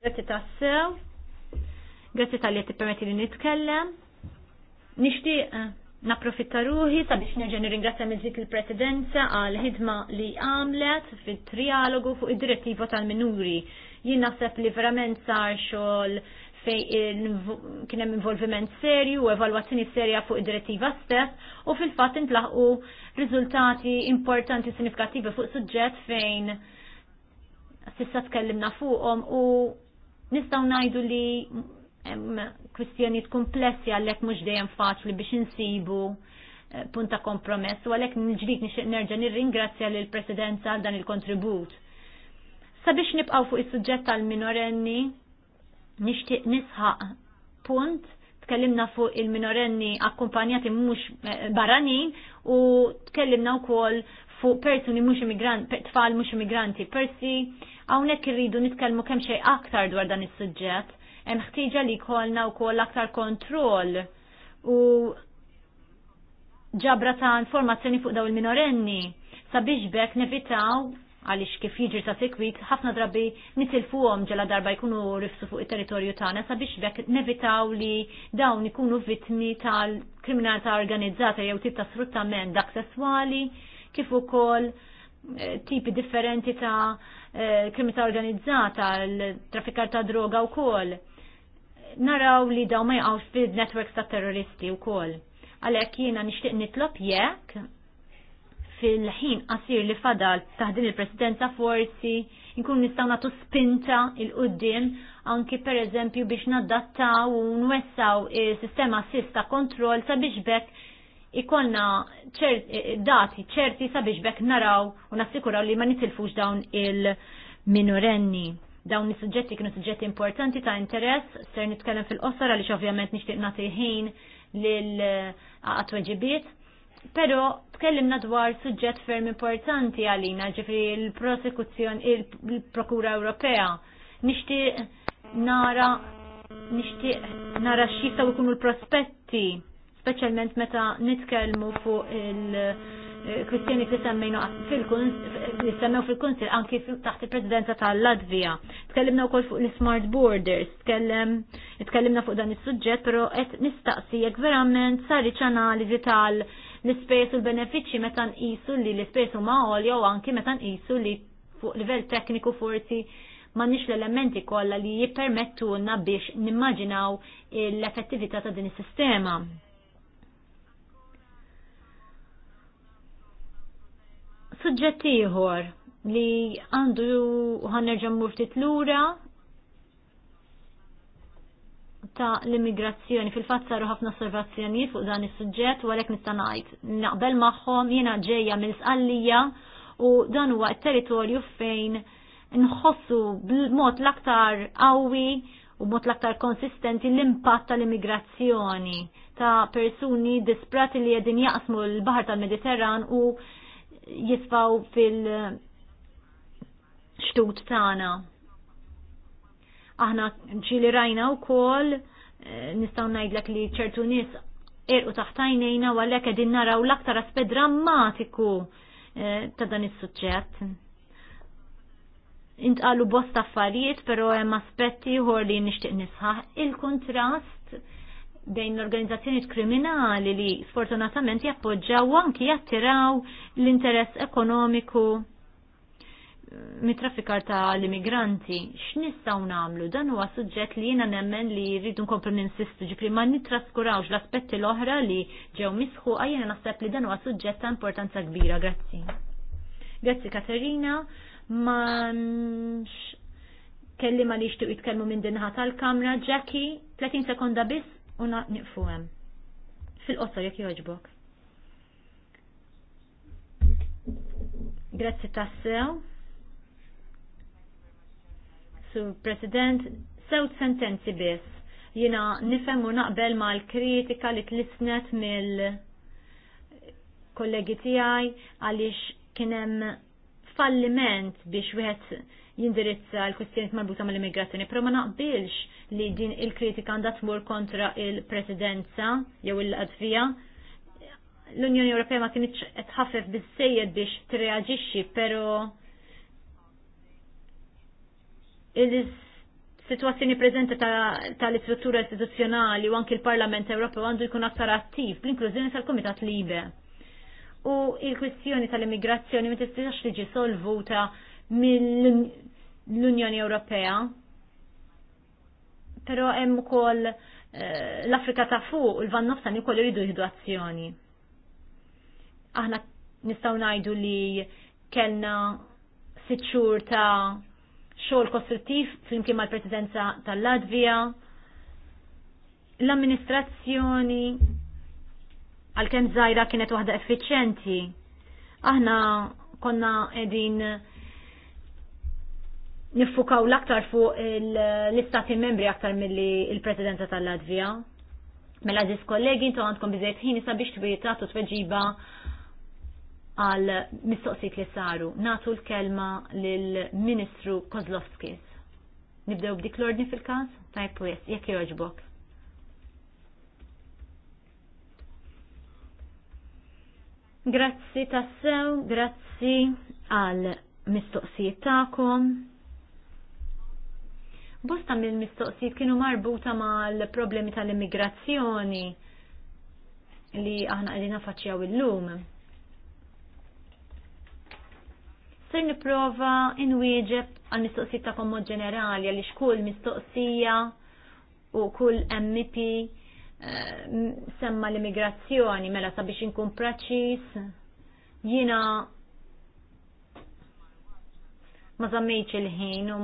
Grazzi tassew. Grazzi tal-li tippermetti li nitkellem. Nixtieq eh, napprofitta ruħi sabiex neġa nirringrazzja minn dik il-presidenza għal ħidma li għamlet fit-trialogu fuq id-direttiva tal-minuri. Jien naħseb li verament sar xogħol fej kienem involviment serju u evalwazzjoni serja fuq id-direttiva stess u fil-fatt intlaħqu riżultati importanti u sinifikattivi fuq suġġett fejn sissa tkellimna fuqhom u nistgħu ngħidu li kwistjonijiet komplessi għalhekk mhux dejjem faċli biex insibu eh, punta kompromess u għalhekk nġrid nixtieq nerġa' nirringrazzja l presidenza għal dan il-kontribut. Sabiex nibqgħu fuq is-suġġett tal-minorenni, Nixtieq nisħaq punt tkellimna fuq il-minorenni akkumpanjati mhux eh, barranin u tkellimna wkoll fuq persuni mhux immigranti, tfal mhux immigranti, persi hawnhekk irridu nitkellmu kemm xejn aktar dwar dan is-suġġett, hemm ħtieġa li jkollna wkoll aktar kontroll u ġabra ta' informazzjoni fuq daw il-minorenni sabiex bekk nevitaw għaliex kif jiġri ta' sikwit, ħafna drabi nitilfuhom ġela darba jkunu rifsu fuq it-territorju tagħna sabiex bekk nevitaw li dawn ikunu vittmi tal-kriminalità organizzata jew tip ta' sfruttament dak sesswali kif ukoll eh, tipi differenti ta' eh, kriminalità organizzata, l-traffikar ta' droga wkoll. Naraw li daw ma jgħawx fil netwerks ta' terroristi wkoll. Għalhekk jiena nixtieq nitlob jekk fil-ħin qasir li fadal taħdin il-presidenza forsi nkun nistgħu nagħtu spinta il qudiem anki pereżempju biex nadattaw u nwessaw is-sistema assist ta' kontroll sabiex bekk ikolna dati ċerti sabiex bekk naraw u nassikuraw li ma nitilfux dawn il-minorenni. Dawn is-suġġetti kienu suġġetti importanti ta' interess, ser nitkellem fil-qosra li ovvjament nixtieq nagħti ħin lil għatweġibiet Pero tkellimna dwar suġġett ferm importanti għalina ġifri il-prosekuzzjoni il-Prokura Ewropea. Nixtieq nara nixtieq nara u jkunu l-prospetti, speċjalment meta nitkellmu fuq il- eh, kwistjoni li semmejnu fil semmew fil-Kunsil anki taħt il-Presidenza tal-Latvija. Tkellimna wkoll fuq l-Smart Borders, tkellem tkellimna fuq dan is-suġġett, pero qed nistaqsi jekk verament sari analiżi tal- l-ispejjeż u l-benefiċċji meta nqisu li l-ispejjeż huma għolja u anki meta nqisu li fuq livell tekniku forsi m'għandniex l-elementi kollha li jippermettulna biex nimmaġinaw l-effettività ta' din is-sistema. Suġġetti ieħor li għandu murtit l lura ta' l-immigrazzjoni fil-fatt saru ħafna osservazzjonijiet fuq dan is-suġġett u għalhekk nista' ngħid naqbel magħhom jiena ġejja mill-sqallija u dan huwa t-territorju fejn nħossu b'mod l-aktar qawwi u mod l-aktar konsistenti l-impatt tal-immigrazzjoni ta' persuni disprati li qegħdin jaqsmu l baħar tal-Mediterran u jisfaw fil- xtut tagħna. Aħna ġili rajna u kol, eh, nistaw najdlek li ċertu nis irqu taħtajnejna u għalek edin naraw l-aktar aspet drammatiku eh, ta' dan is-suġġett. Intqalu bost affarijiet, pero hemm aspetti ħor li nixtieq nisħaħ. Il-kontrast bejn l-organizzazzjoni kriminali li sfortunatament jappoġġaw anki jattiraw l-interess ekonomiku mitrafikar ta' l-immigranti, x'nistgħu nagħmlu? Dan huwa suġġett li jiena nemmen li jridu nkomplu ninsistu, ġifri ma nitraskurawx l-aspetti l-oħra li ġew misħu Jiena naħseb li dan huwa suġġett ta' importanza kbira, grazzi. Grazzi Katerina, ma kelli ma li jixtieq jitkellmu minn dinħa tal-kamra, Jackie, 30 sekonda biss u niqfu hemm. Fil-qosor jekk jogħġbok. Grazzi tassew Sur President, sewt sentenzi biss. Jina nifem u naqbel ma l-kritika li tlisnet mill kollegi tijaj għalix kienem falliment biex wieħed jindirizza l-kwestjoniet marbuta mal-immigrazzjoni, pero ma naqbilx li din il-kritika għandha tmur kontra il-presidenza jew il-qadfija. L-Unjoni Ewropea ma kienx qed ħaffef biżejjed biex tirreaġixxi, pero il-situazzjoni prezenti tal-istruttura istituzzjonali u anki l-Parlament Ewropew għandu jkun aktar attiv bl-inklużjoni tal-Kumitat Libe. U il-kwistjoni tal-immigrazzjoni ma tistax tiġi solvuta mill-Unjoni Ewropea. Però hemm ukoll eh, l-Afrika ta' fuq u l-Van Nofsan ukoll iridu jieħdu azzjoni. Aħna nistgħu ngħidu li kellna sitt xhur ta' xogħol kostruttiv flimkien mal-Presidenza tal-Latvija, l-amministrazzjoni għalkemm żgħira kienet waħda effiċjenti. Aħna konna qegħdin niffukaw l-aktar fuq l-istati membri aktar milli il-presidenza tal-Latvija. Mela ziz kollegi, intom għandkom bizzejt ħin sabiex biex tagħtu tweġiba għal mistoqsik li saru. Natu l-kelma lill-Ministru Kozlovskis. Nibdew b'dik l-ordni fil-każ? Tajb wis, jekk jogħġbok. Grazzi tassew, grazzi għal mistoqsijiet tagħkom. Bosta mill-mistoqsijiet kienu marbuta mal-problemi tal-immigrazzjoni li aħna għedina faċċjaw illum. lum ser niprofa inwieġeb għal mistoqsijiet ta' kommod ġenerali għal xkull mistoqsija u kull MP eh, semma l-immigrazzjoni mela sabiex inkun praċis jina ma zammejċ il-ħin u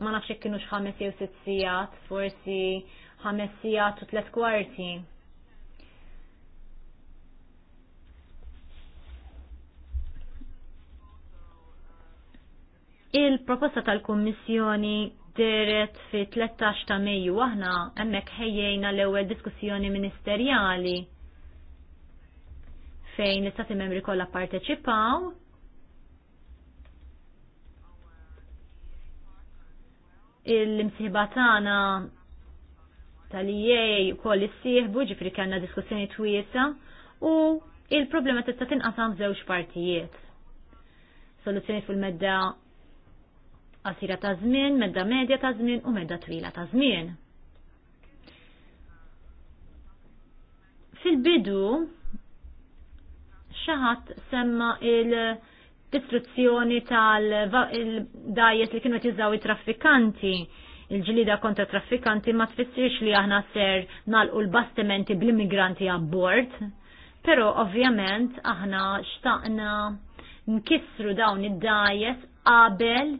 ma nafx kienu x'ħames jew sitt sijat, forsi ħames sigħat u tlet kwarti. Il-proposta tal-Kummissjoni deret fi 13 ta' Mejju aħna hemmhekk ħejjejna l-ewwel diskussjoni ministerjali fejn l-istati membri kollha parteċipaw. Il-imsiħba tagħna tal ijej ukoll issieħbu ġifri kellna diskussjoni twiesa u il-problema tista' tinqasam f'żewġ partijiet. Soluzzjoni fil-medda qasira ta' żmien, medda medja ta' żmien u medda twila ta' żmien. Fil-bidu xaħat semma il-distruzzjoni tal dajet li kienu jtizzaw traffikanti il ġlida kontra traffikanti ma tfissirx li aħna ser nalqu l-bastimenti bl-immigranti abbord, pero ovvjament aħna xtaqna nkissru dawn id-dajes qabel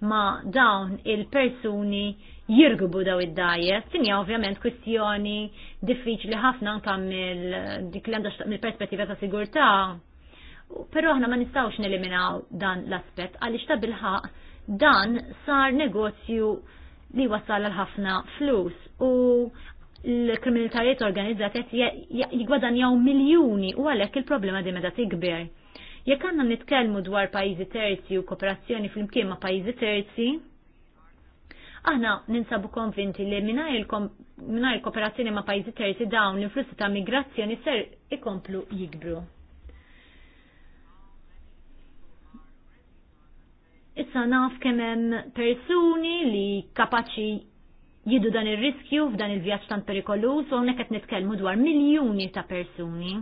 ma dawn il-persuni jirgbu daw id-dajet. Sinja ovvjament kwistjoni diffiċli ħafna anka mill-perspettiva ta' sigurtà. Però aħna ma nistgħux neliminaw dan l-aspett għaliex ta' bilħaq dan sar negozju li wasal għal ħafna flus u l-kriminalitajiet organizzati jgwadanjaw miljuni u għalhekk il-problema di meta tikber Jekk għandna nitkellmu dwar pajjiżi terzi u kooperazzjoni flimkien ma' pajjiżi terzi, aħna ninsabu konvinti li mingħajr kooperazzjoni ma' pajjiżi terzi dawn l-influssi ta' migrazzjoni ser ikomplu jikbru. Issa naf kemm hemm persuni li kapaċi jidu dan ir-riskju f'dan il-vjaġġ tant perikolus u hawnhekk qed nitkellmu dwar miljuni ta' persuni.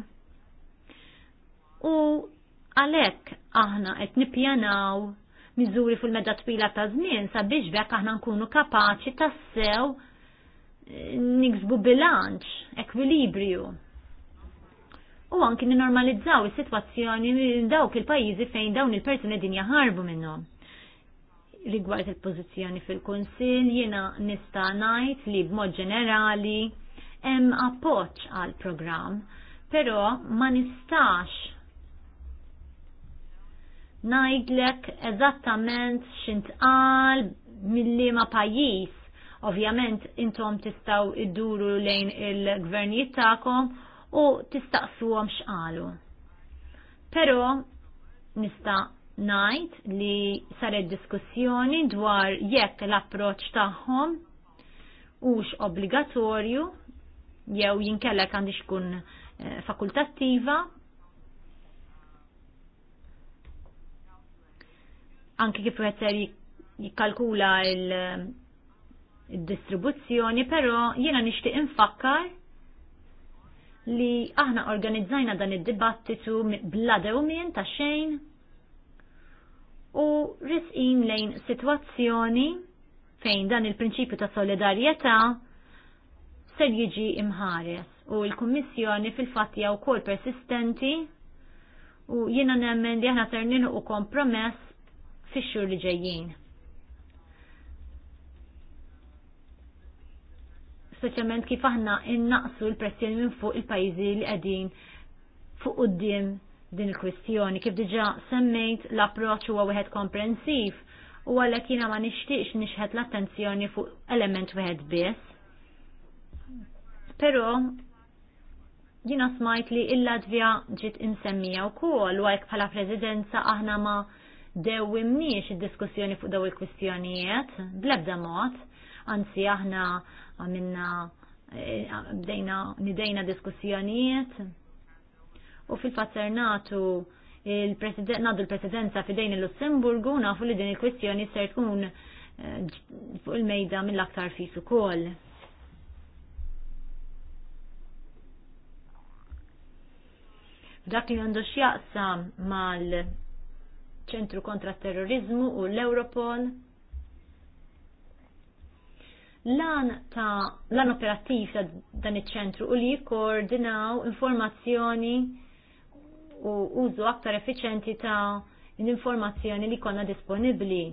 U Għalhekk aħna qed nippjanaw miżuri fil-medda twila ta' żmien sabiex bekk aħna nkunu kapaċi tassew eh, niksbu bilanċ, ekwilibrju. U anki ninormalizzaw is-sitwazzjoni dawk il-pajjiżi fejn dawn il-persuni din jaħarbu minnhom. Rigward il-pożizzjoni fil-Kunsill jiena nista' ngħid li b'mod ġenerali hemm appoġġ għal programm, però ma nistax najdlek eżattament xintqal mill-liema pajjiż. Ovvjament intom tistaw idduru lejn il-gvernijiet tagħkom u tistaqsuhom x'qalu. Però nista' ngħid li saret diskussjoni dwar jekk l-approċċ tagħhom hux obbligatorju jew jinkellek għandix kun eh, fakultattiva anki kif għetter jikkalkula eh, il-distribuzzjoni, pero jiena nixtieq infakkar li aħna organizzajna dan id-dibattitu bladew minn ta' xejn u risqin lejn situazzjoni fejn dan il-prinċipju ta' solidarjetà ser jiġi imħares u l-Kummissjoni fil-fatt hija wkoll persistenti u jiena nemmen li aħna ser u kompromess fix-xhur li ġejjin. Speċjalment kif aħna innaqsu l-pressjoni minn fuq il-pajjiżi li qegħdin fuq quddiem din il-kwistjoni. Kif diġà semmejt l-approċċ huwa wieħed komprensiv u għalhekk jiena ma nixtieqx nixħed l-attenzjoni fuq element wieħed biss. Però jina smajt li l-Latvja ġit insemmija u kol u għalek bħala prezidenza aħna ma mniex id-diskussjoni fuq daw il-kwistjonijiet blabda ebda mod, anzi aħna għamilna eh, bdejna nidejna diskussjonijiet u fil-patternatu il-president nadu l-presidenza fidejn il-Lussemburgu nafu li din il-kwistjoni ser tkun eh, fuq il-mejda mill-aktar fis ukoll. Dak li għandu x'jaqsam mal ċentru kontra terrorizmu u l-Europol. Lan ta' lan operattiv ta' dan iċ-ċentru u li jikkoordinaw informazzjoni u użu aktar effiċenti ta' l-informazzjoni li konna disponibli.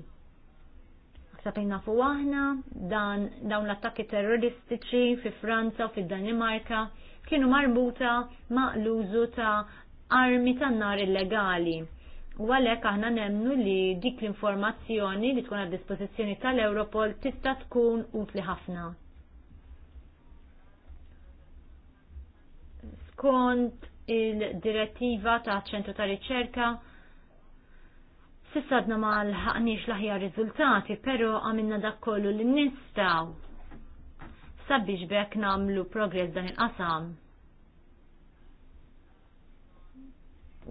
Sapejna nafu aħna dan dawn l-attakki terroristiċi fi Franza u fi Danimarka kienu marbuta ma' l-użu ta' armi tan nar illegali U għalhekk aħna nemnu li dik l-informazzjoni li tkun għad dispożizzjoni tal-Europol tista' tkun utli ħafna. Skont il-direttiva ta' ċentru ta' riċerka, sissadna ma l-ħaqnix laħja rizultati, pero għamilna dak kollu li nistaw. Sabiex bekk namlu progress dan il-qasam.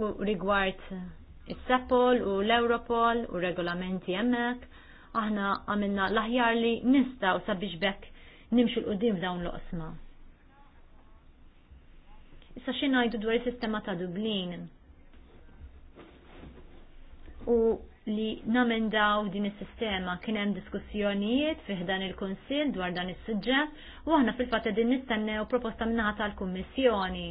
U rigward il-Sepol u l-Europol u regolamenti jemmek, aħna għamilna l-aħjar li nista u sabiex bekk nimxu l-qoddim dawn l qosma Issa xie najdu dwar il-sistema ta' Dublin u li namendaw din is-sistema kien hemm diskussjonijiet fih dan il-Kunsill dwar dan is-suġġett u aħna fil-fatt qegħdin nistennew proposta minnaħa tal-Kummissjoni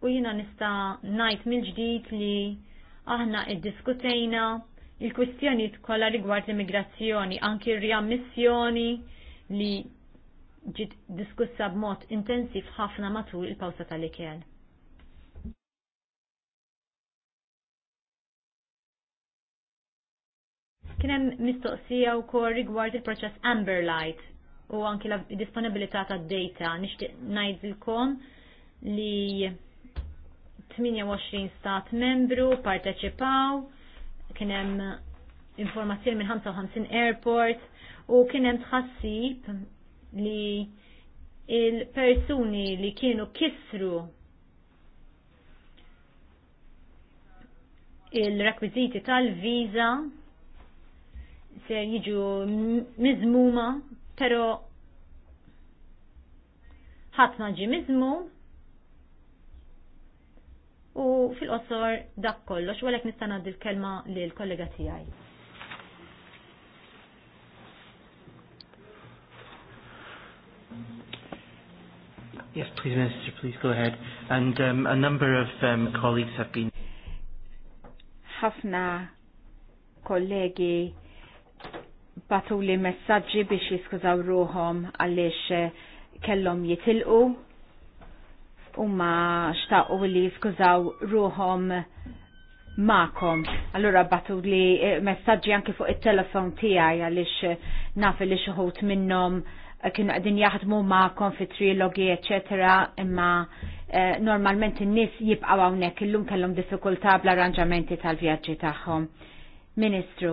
u jina nista najt mill-ġdid li aħna id-diskutejna il-kwistjoni kollha rigward l-immigrazzjoni, anki r-riammissjoni li ġiet diskussa b'mod intensiv ħafna matul il-pawsa tal-ikel. Kien hemm mistoqsija wkoll rigward il-proċess Amber Light u anki la disponibilità tad data nixtieq ngħidilkom li 28 stat membru parteċipaw, kien hemm informazzjoni minn 55 airport u kien hemm tħassib li il-persuni li kienu kisru il-rekwiziti tal-viza ser jiġu mizmuma, pero ħatna ġi mizmum u fil-qosor dak kollox, u għalek nistana dil-kelma li l-kollega tijaj. Yes, please, Minister, please go ahead. And um, a number of um, colleagues have been. Ħafna kollegi batu li messagġi biex jiskużaw ruħom għaliex eh, kellhom jitilqu huma xtaqqu li skużaw ruhom ma'kom. Allura batu li eh, messaġġi anki fuq it-telefon tiegħi għaliex eh, nafi li xi minnom minnhom eh, kienu qegħdin jaħdmu ma'kom fi trilogi, eċetera, imma eh, normalment in-nies jibqgħu hawnhekk illum kellhom diffikulta bl-arranġamenti tal-vjaġġi tagħhom. Ministru,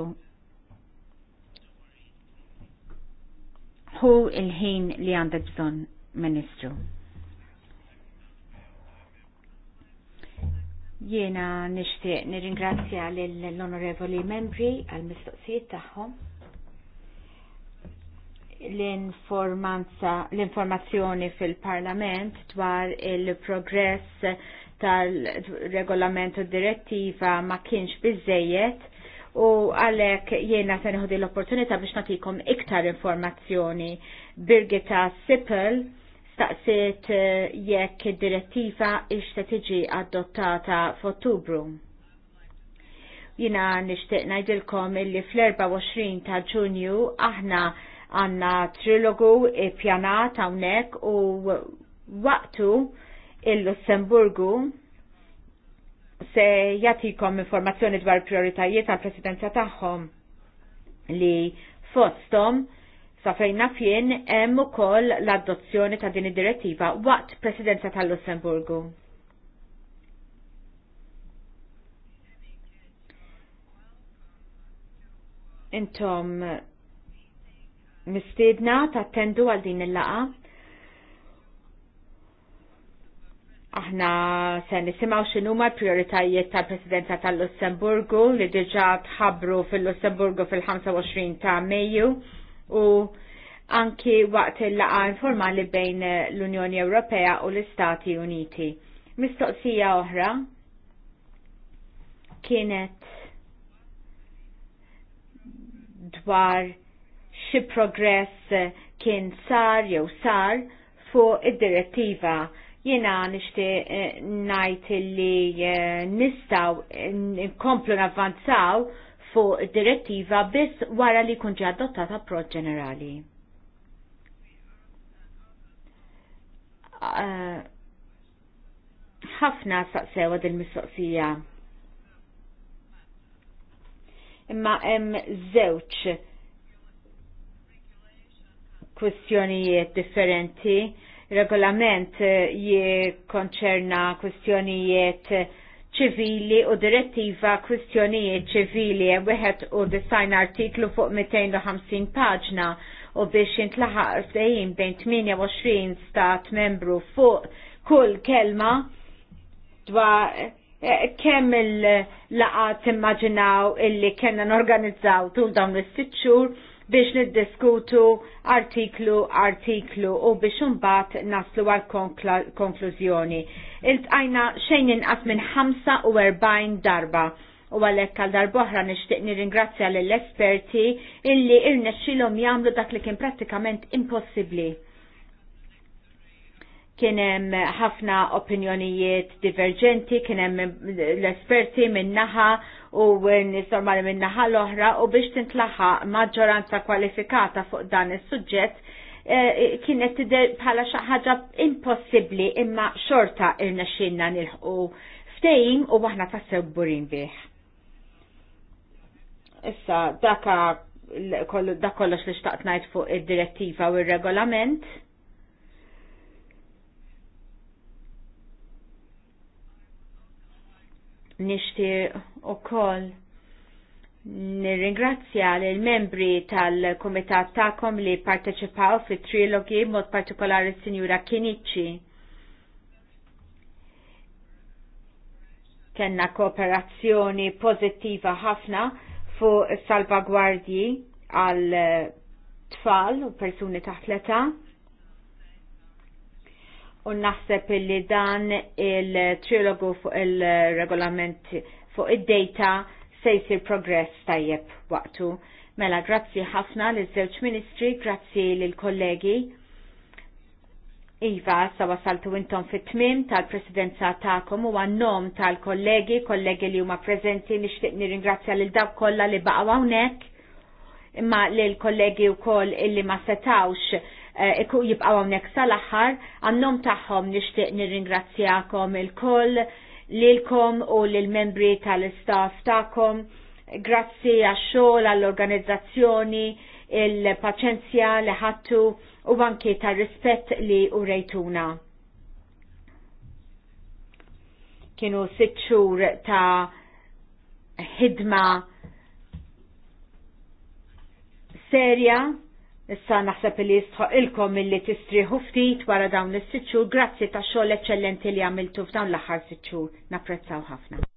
hu il-ħin li għandek bżonn, Ministru. Jiena nixtieq nirringrazzja lill-onorevoli membri għal-mistoqsijiet tagħhom l-informazzjoni fil-Parlament dwar il-progress tal-regolamentu direttiva ma kienx biżejjed u għalek jiena se l opportunità biex natikom iktar informazzjoni. Birgita Sippel Staqsiet eh, jekk id-direttiva ix se tiġi adottata f'Ottubru. Jina nixtieq ngħidilkom illi fl-24 ta' Ġunju aħna għandna trilogu ppjanat hawnhekk u waqtu il-Lussemburgu se jatikom informazzjoni dwar prioritajiet tal presidenza tagħhom li fostom Sa fejna fien hemm ukoll l-adozzjoni ta' din id-direttiva waqt presidenza tal-Lussemburgu. Intom ta' tattendu għal din il-laqa. Aħna se nisimgħu x'inhuma l-prijoritajiet tal-Presidenza tal-Lussemburgu li diġà tħabbru fil-Lussemburgu fil-25 ta' Mejju u anki waqt il-laqa informali bejn l-Unjoni Ewropea u l-Istati Uniti. Mistoqsija oħra kienet dwar xi progress kien sar jew sar fuq id-direttiva Jiena nishti najt li nistaw nkomplu navvanzaw fuq direttiva biss wara li kun ġa adottata prod ġenerali. Ah, ħafna uh, saqsewa dil-mistoqsija. Imma hemm żewġ kwestjonijiet differenti. Regolament jikonċerna kwestjonijiet ċivili u direttiva kwistjonijiet ċivili wieħed u design artiklu fuq 250 paġna u biex jintlaħaq sejim bejn 28 stat membru fuq kull kelma dwar eh, kemm il laqat immaġinaw illi kena norganizzaw tul dawn is-sitt xhur biex niddiskutu artiklu artiklu u biex imbagħad naslu għal konklużjoni il-tajna xejn inqas minn 45 darba. U għalhekk għal darboħra nixtieq nirringrazzja lill esperti illi irnexxilhom jagħmlu dak li kien prattikament impossibbli. Kien hemm ħafna opinjonijiet diverġenti, kien hemm l-esperti minn naħa u nies normali minn naħa l-oħra u biex tintlaħa maġġoranza kwalifikata fuq dan is-suġġett Eh, kienet tidher bħala xi ħaġa impossibbli imma xorta irnexxinna nilħqu ftejim u aħna tassew burin bih. Issa daka da kollox li xtaqt ngħid fuq id-direttiva u r-regolament. Nixtieq ukoll Nirringrazzja lill membri tal-Komitat ta'kom li parteċipaw fit trilogi mod partikolari Sinjura Kinici. Kenna kooperazzjoni pozittiva ħafna fuq salvagwardji għal tfal u persuni taħt l-età. U naħseb li dan il-trilogu fuq il-regolament fuq id-data il se jsir progress tajjeb waqtu. Mela, grazzi ħafna l żewġ ministri, grazzi l kollegi Iva, sa wasaltu intom fit-tmim tal-presidenza ta'kom u għannom tal-kollegi, kollegi li huma prezenti, nixtieq nirringrazzja lil dawk kollha li baqgħu hawnhekk imma l kollegi wkoll illi ma setawx eh, jibqaw għawnek sal-axar, għannom taħħom nishtiq nirringrazzjakom il-koll lilkom u lil-membri tal staff ta'kom. Grazzi għax-xogħol, għall-organizzazzjoni, il-paċenzja li ħattu u anke tar-rispett li u rejtuna. Kienu sitt xhur ta' ħidma serja Issa naħseb li jistħoq ilkom illi tistriħu ftit wara dawn is xhur. grazzi ta' xogħol eċċellenti li għamiltu f'dawn l-aħħar xhur, Napprezzaw ħafna.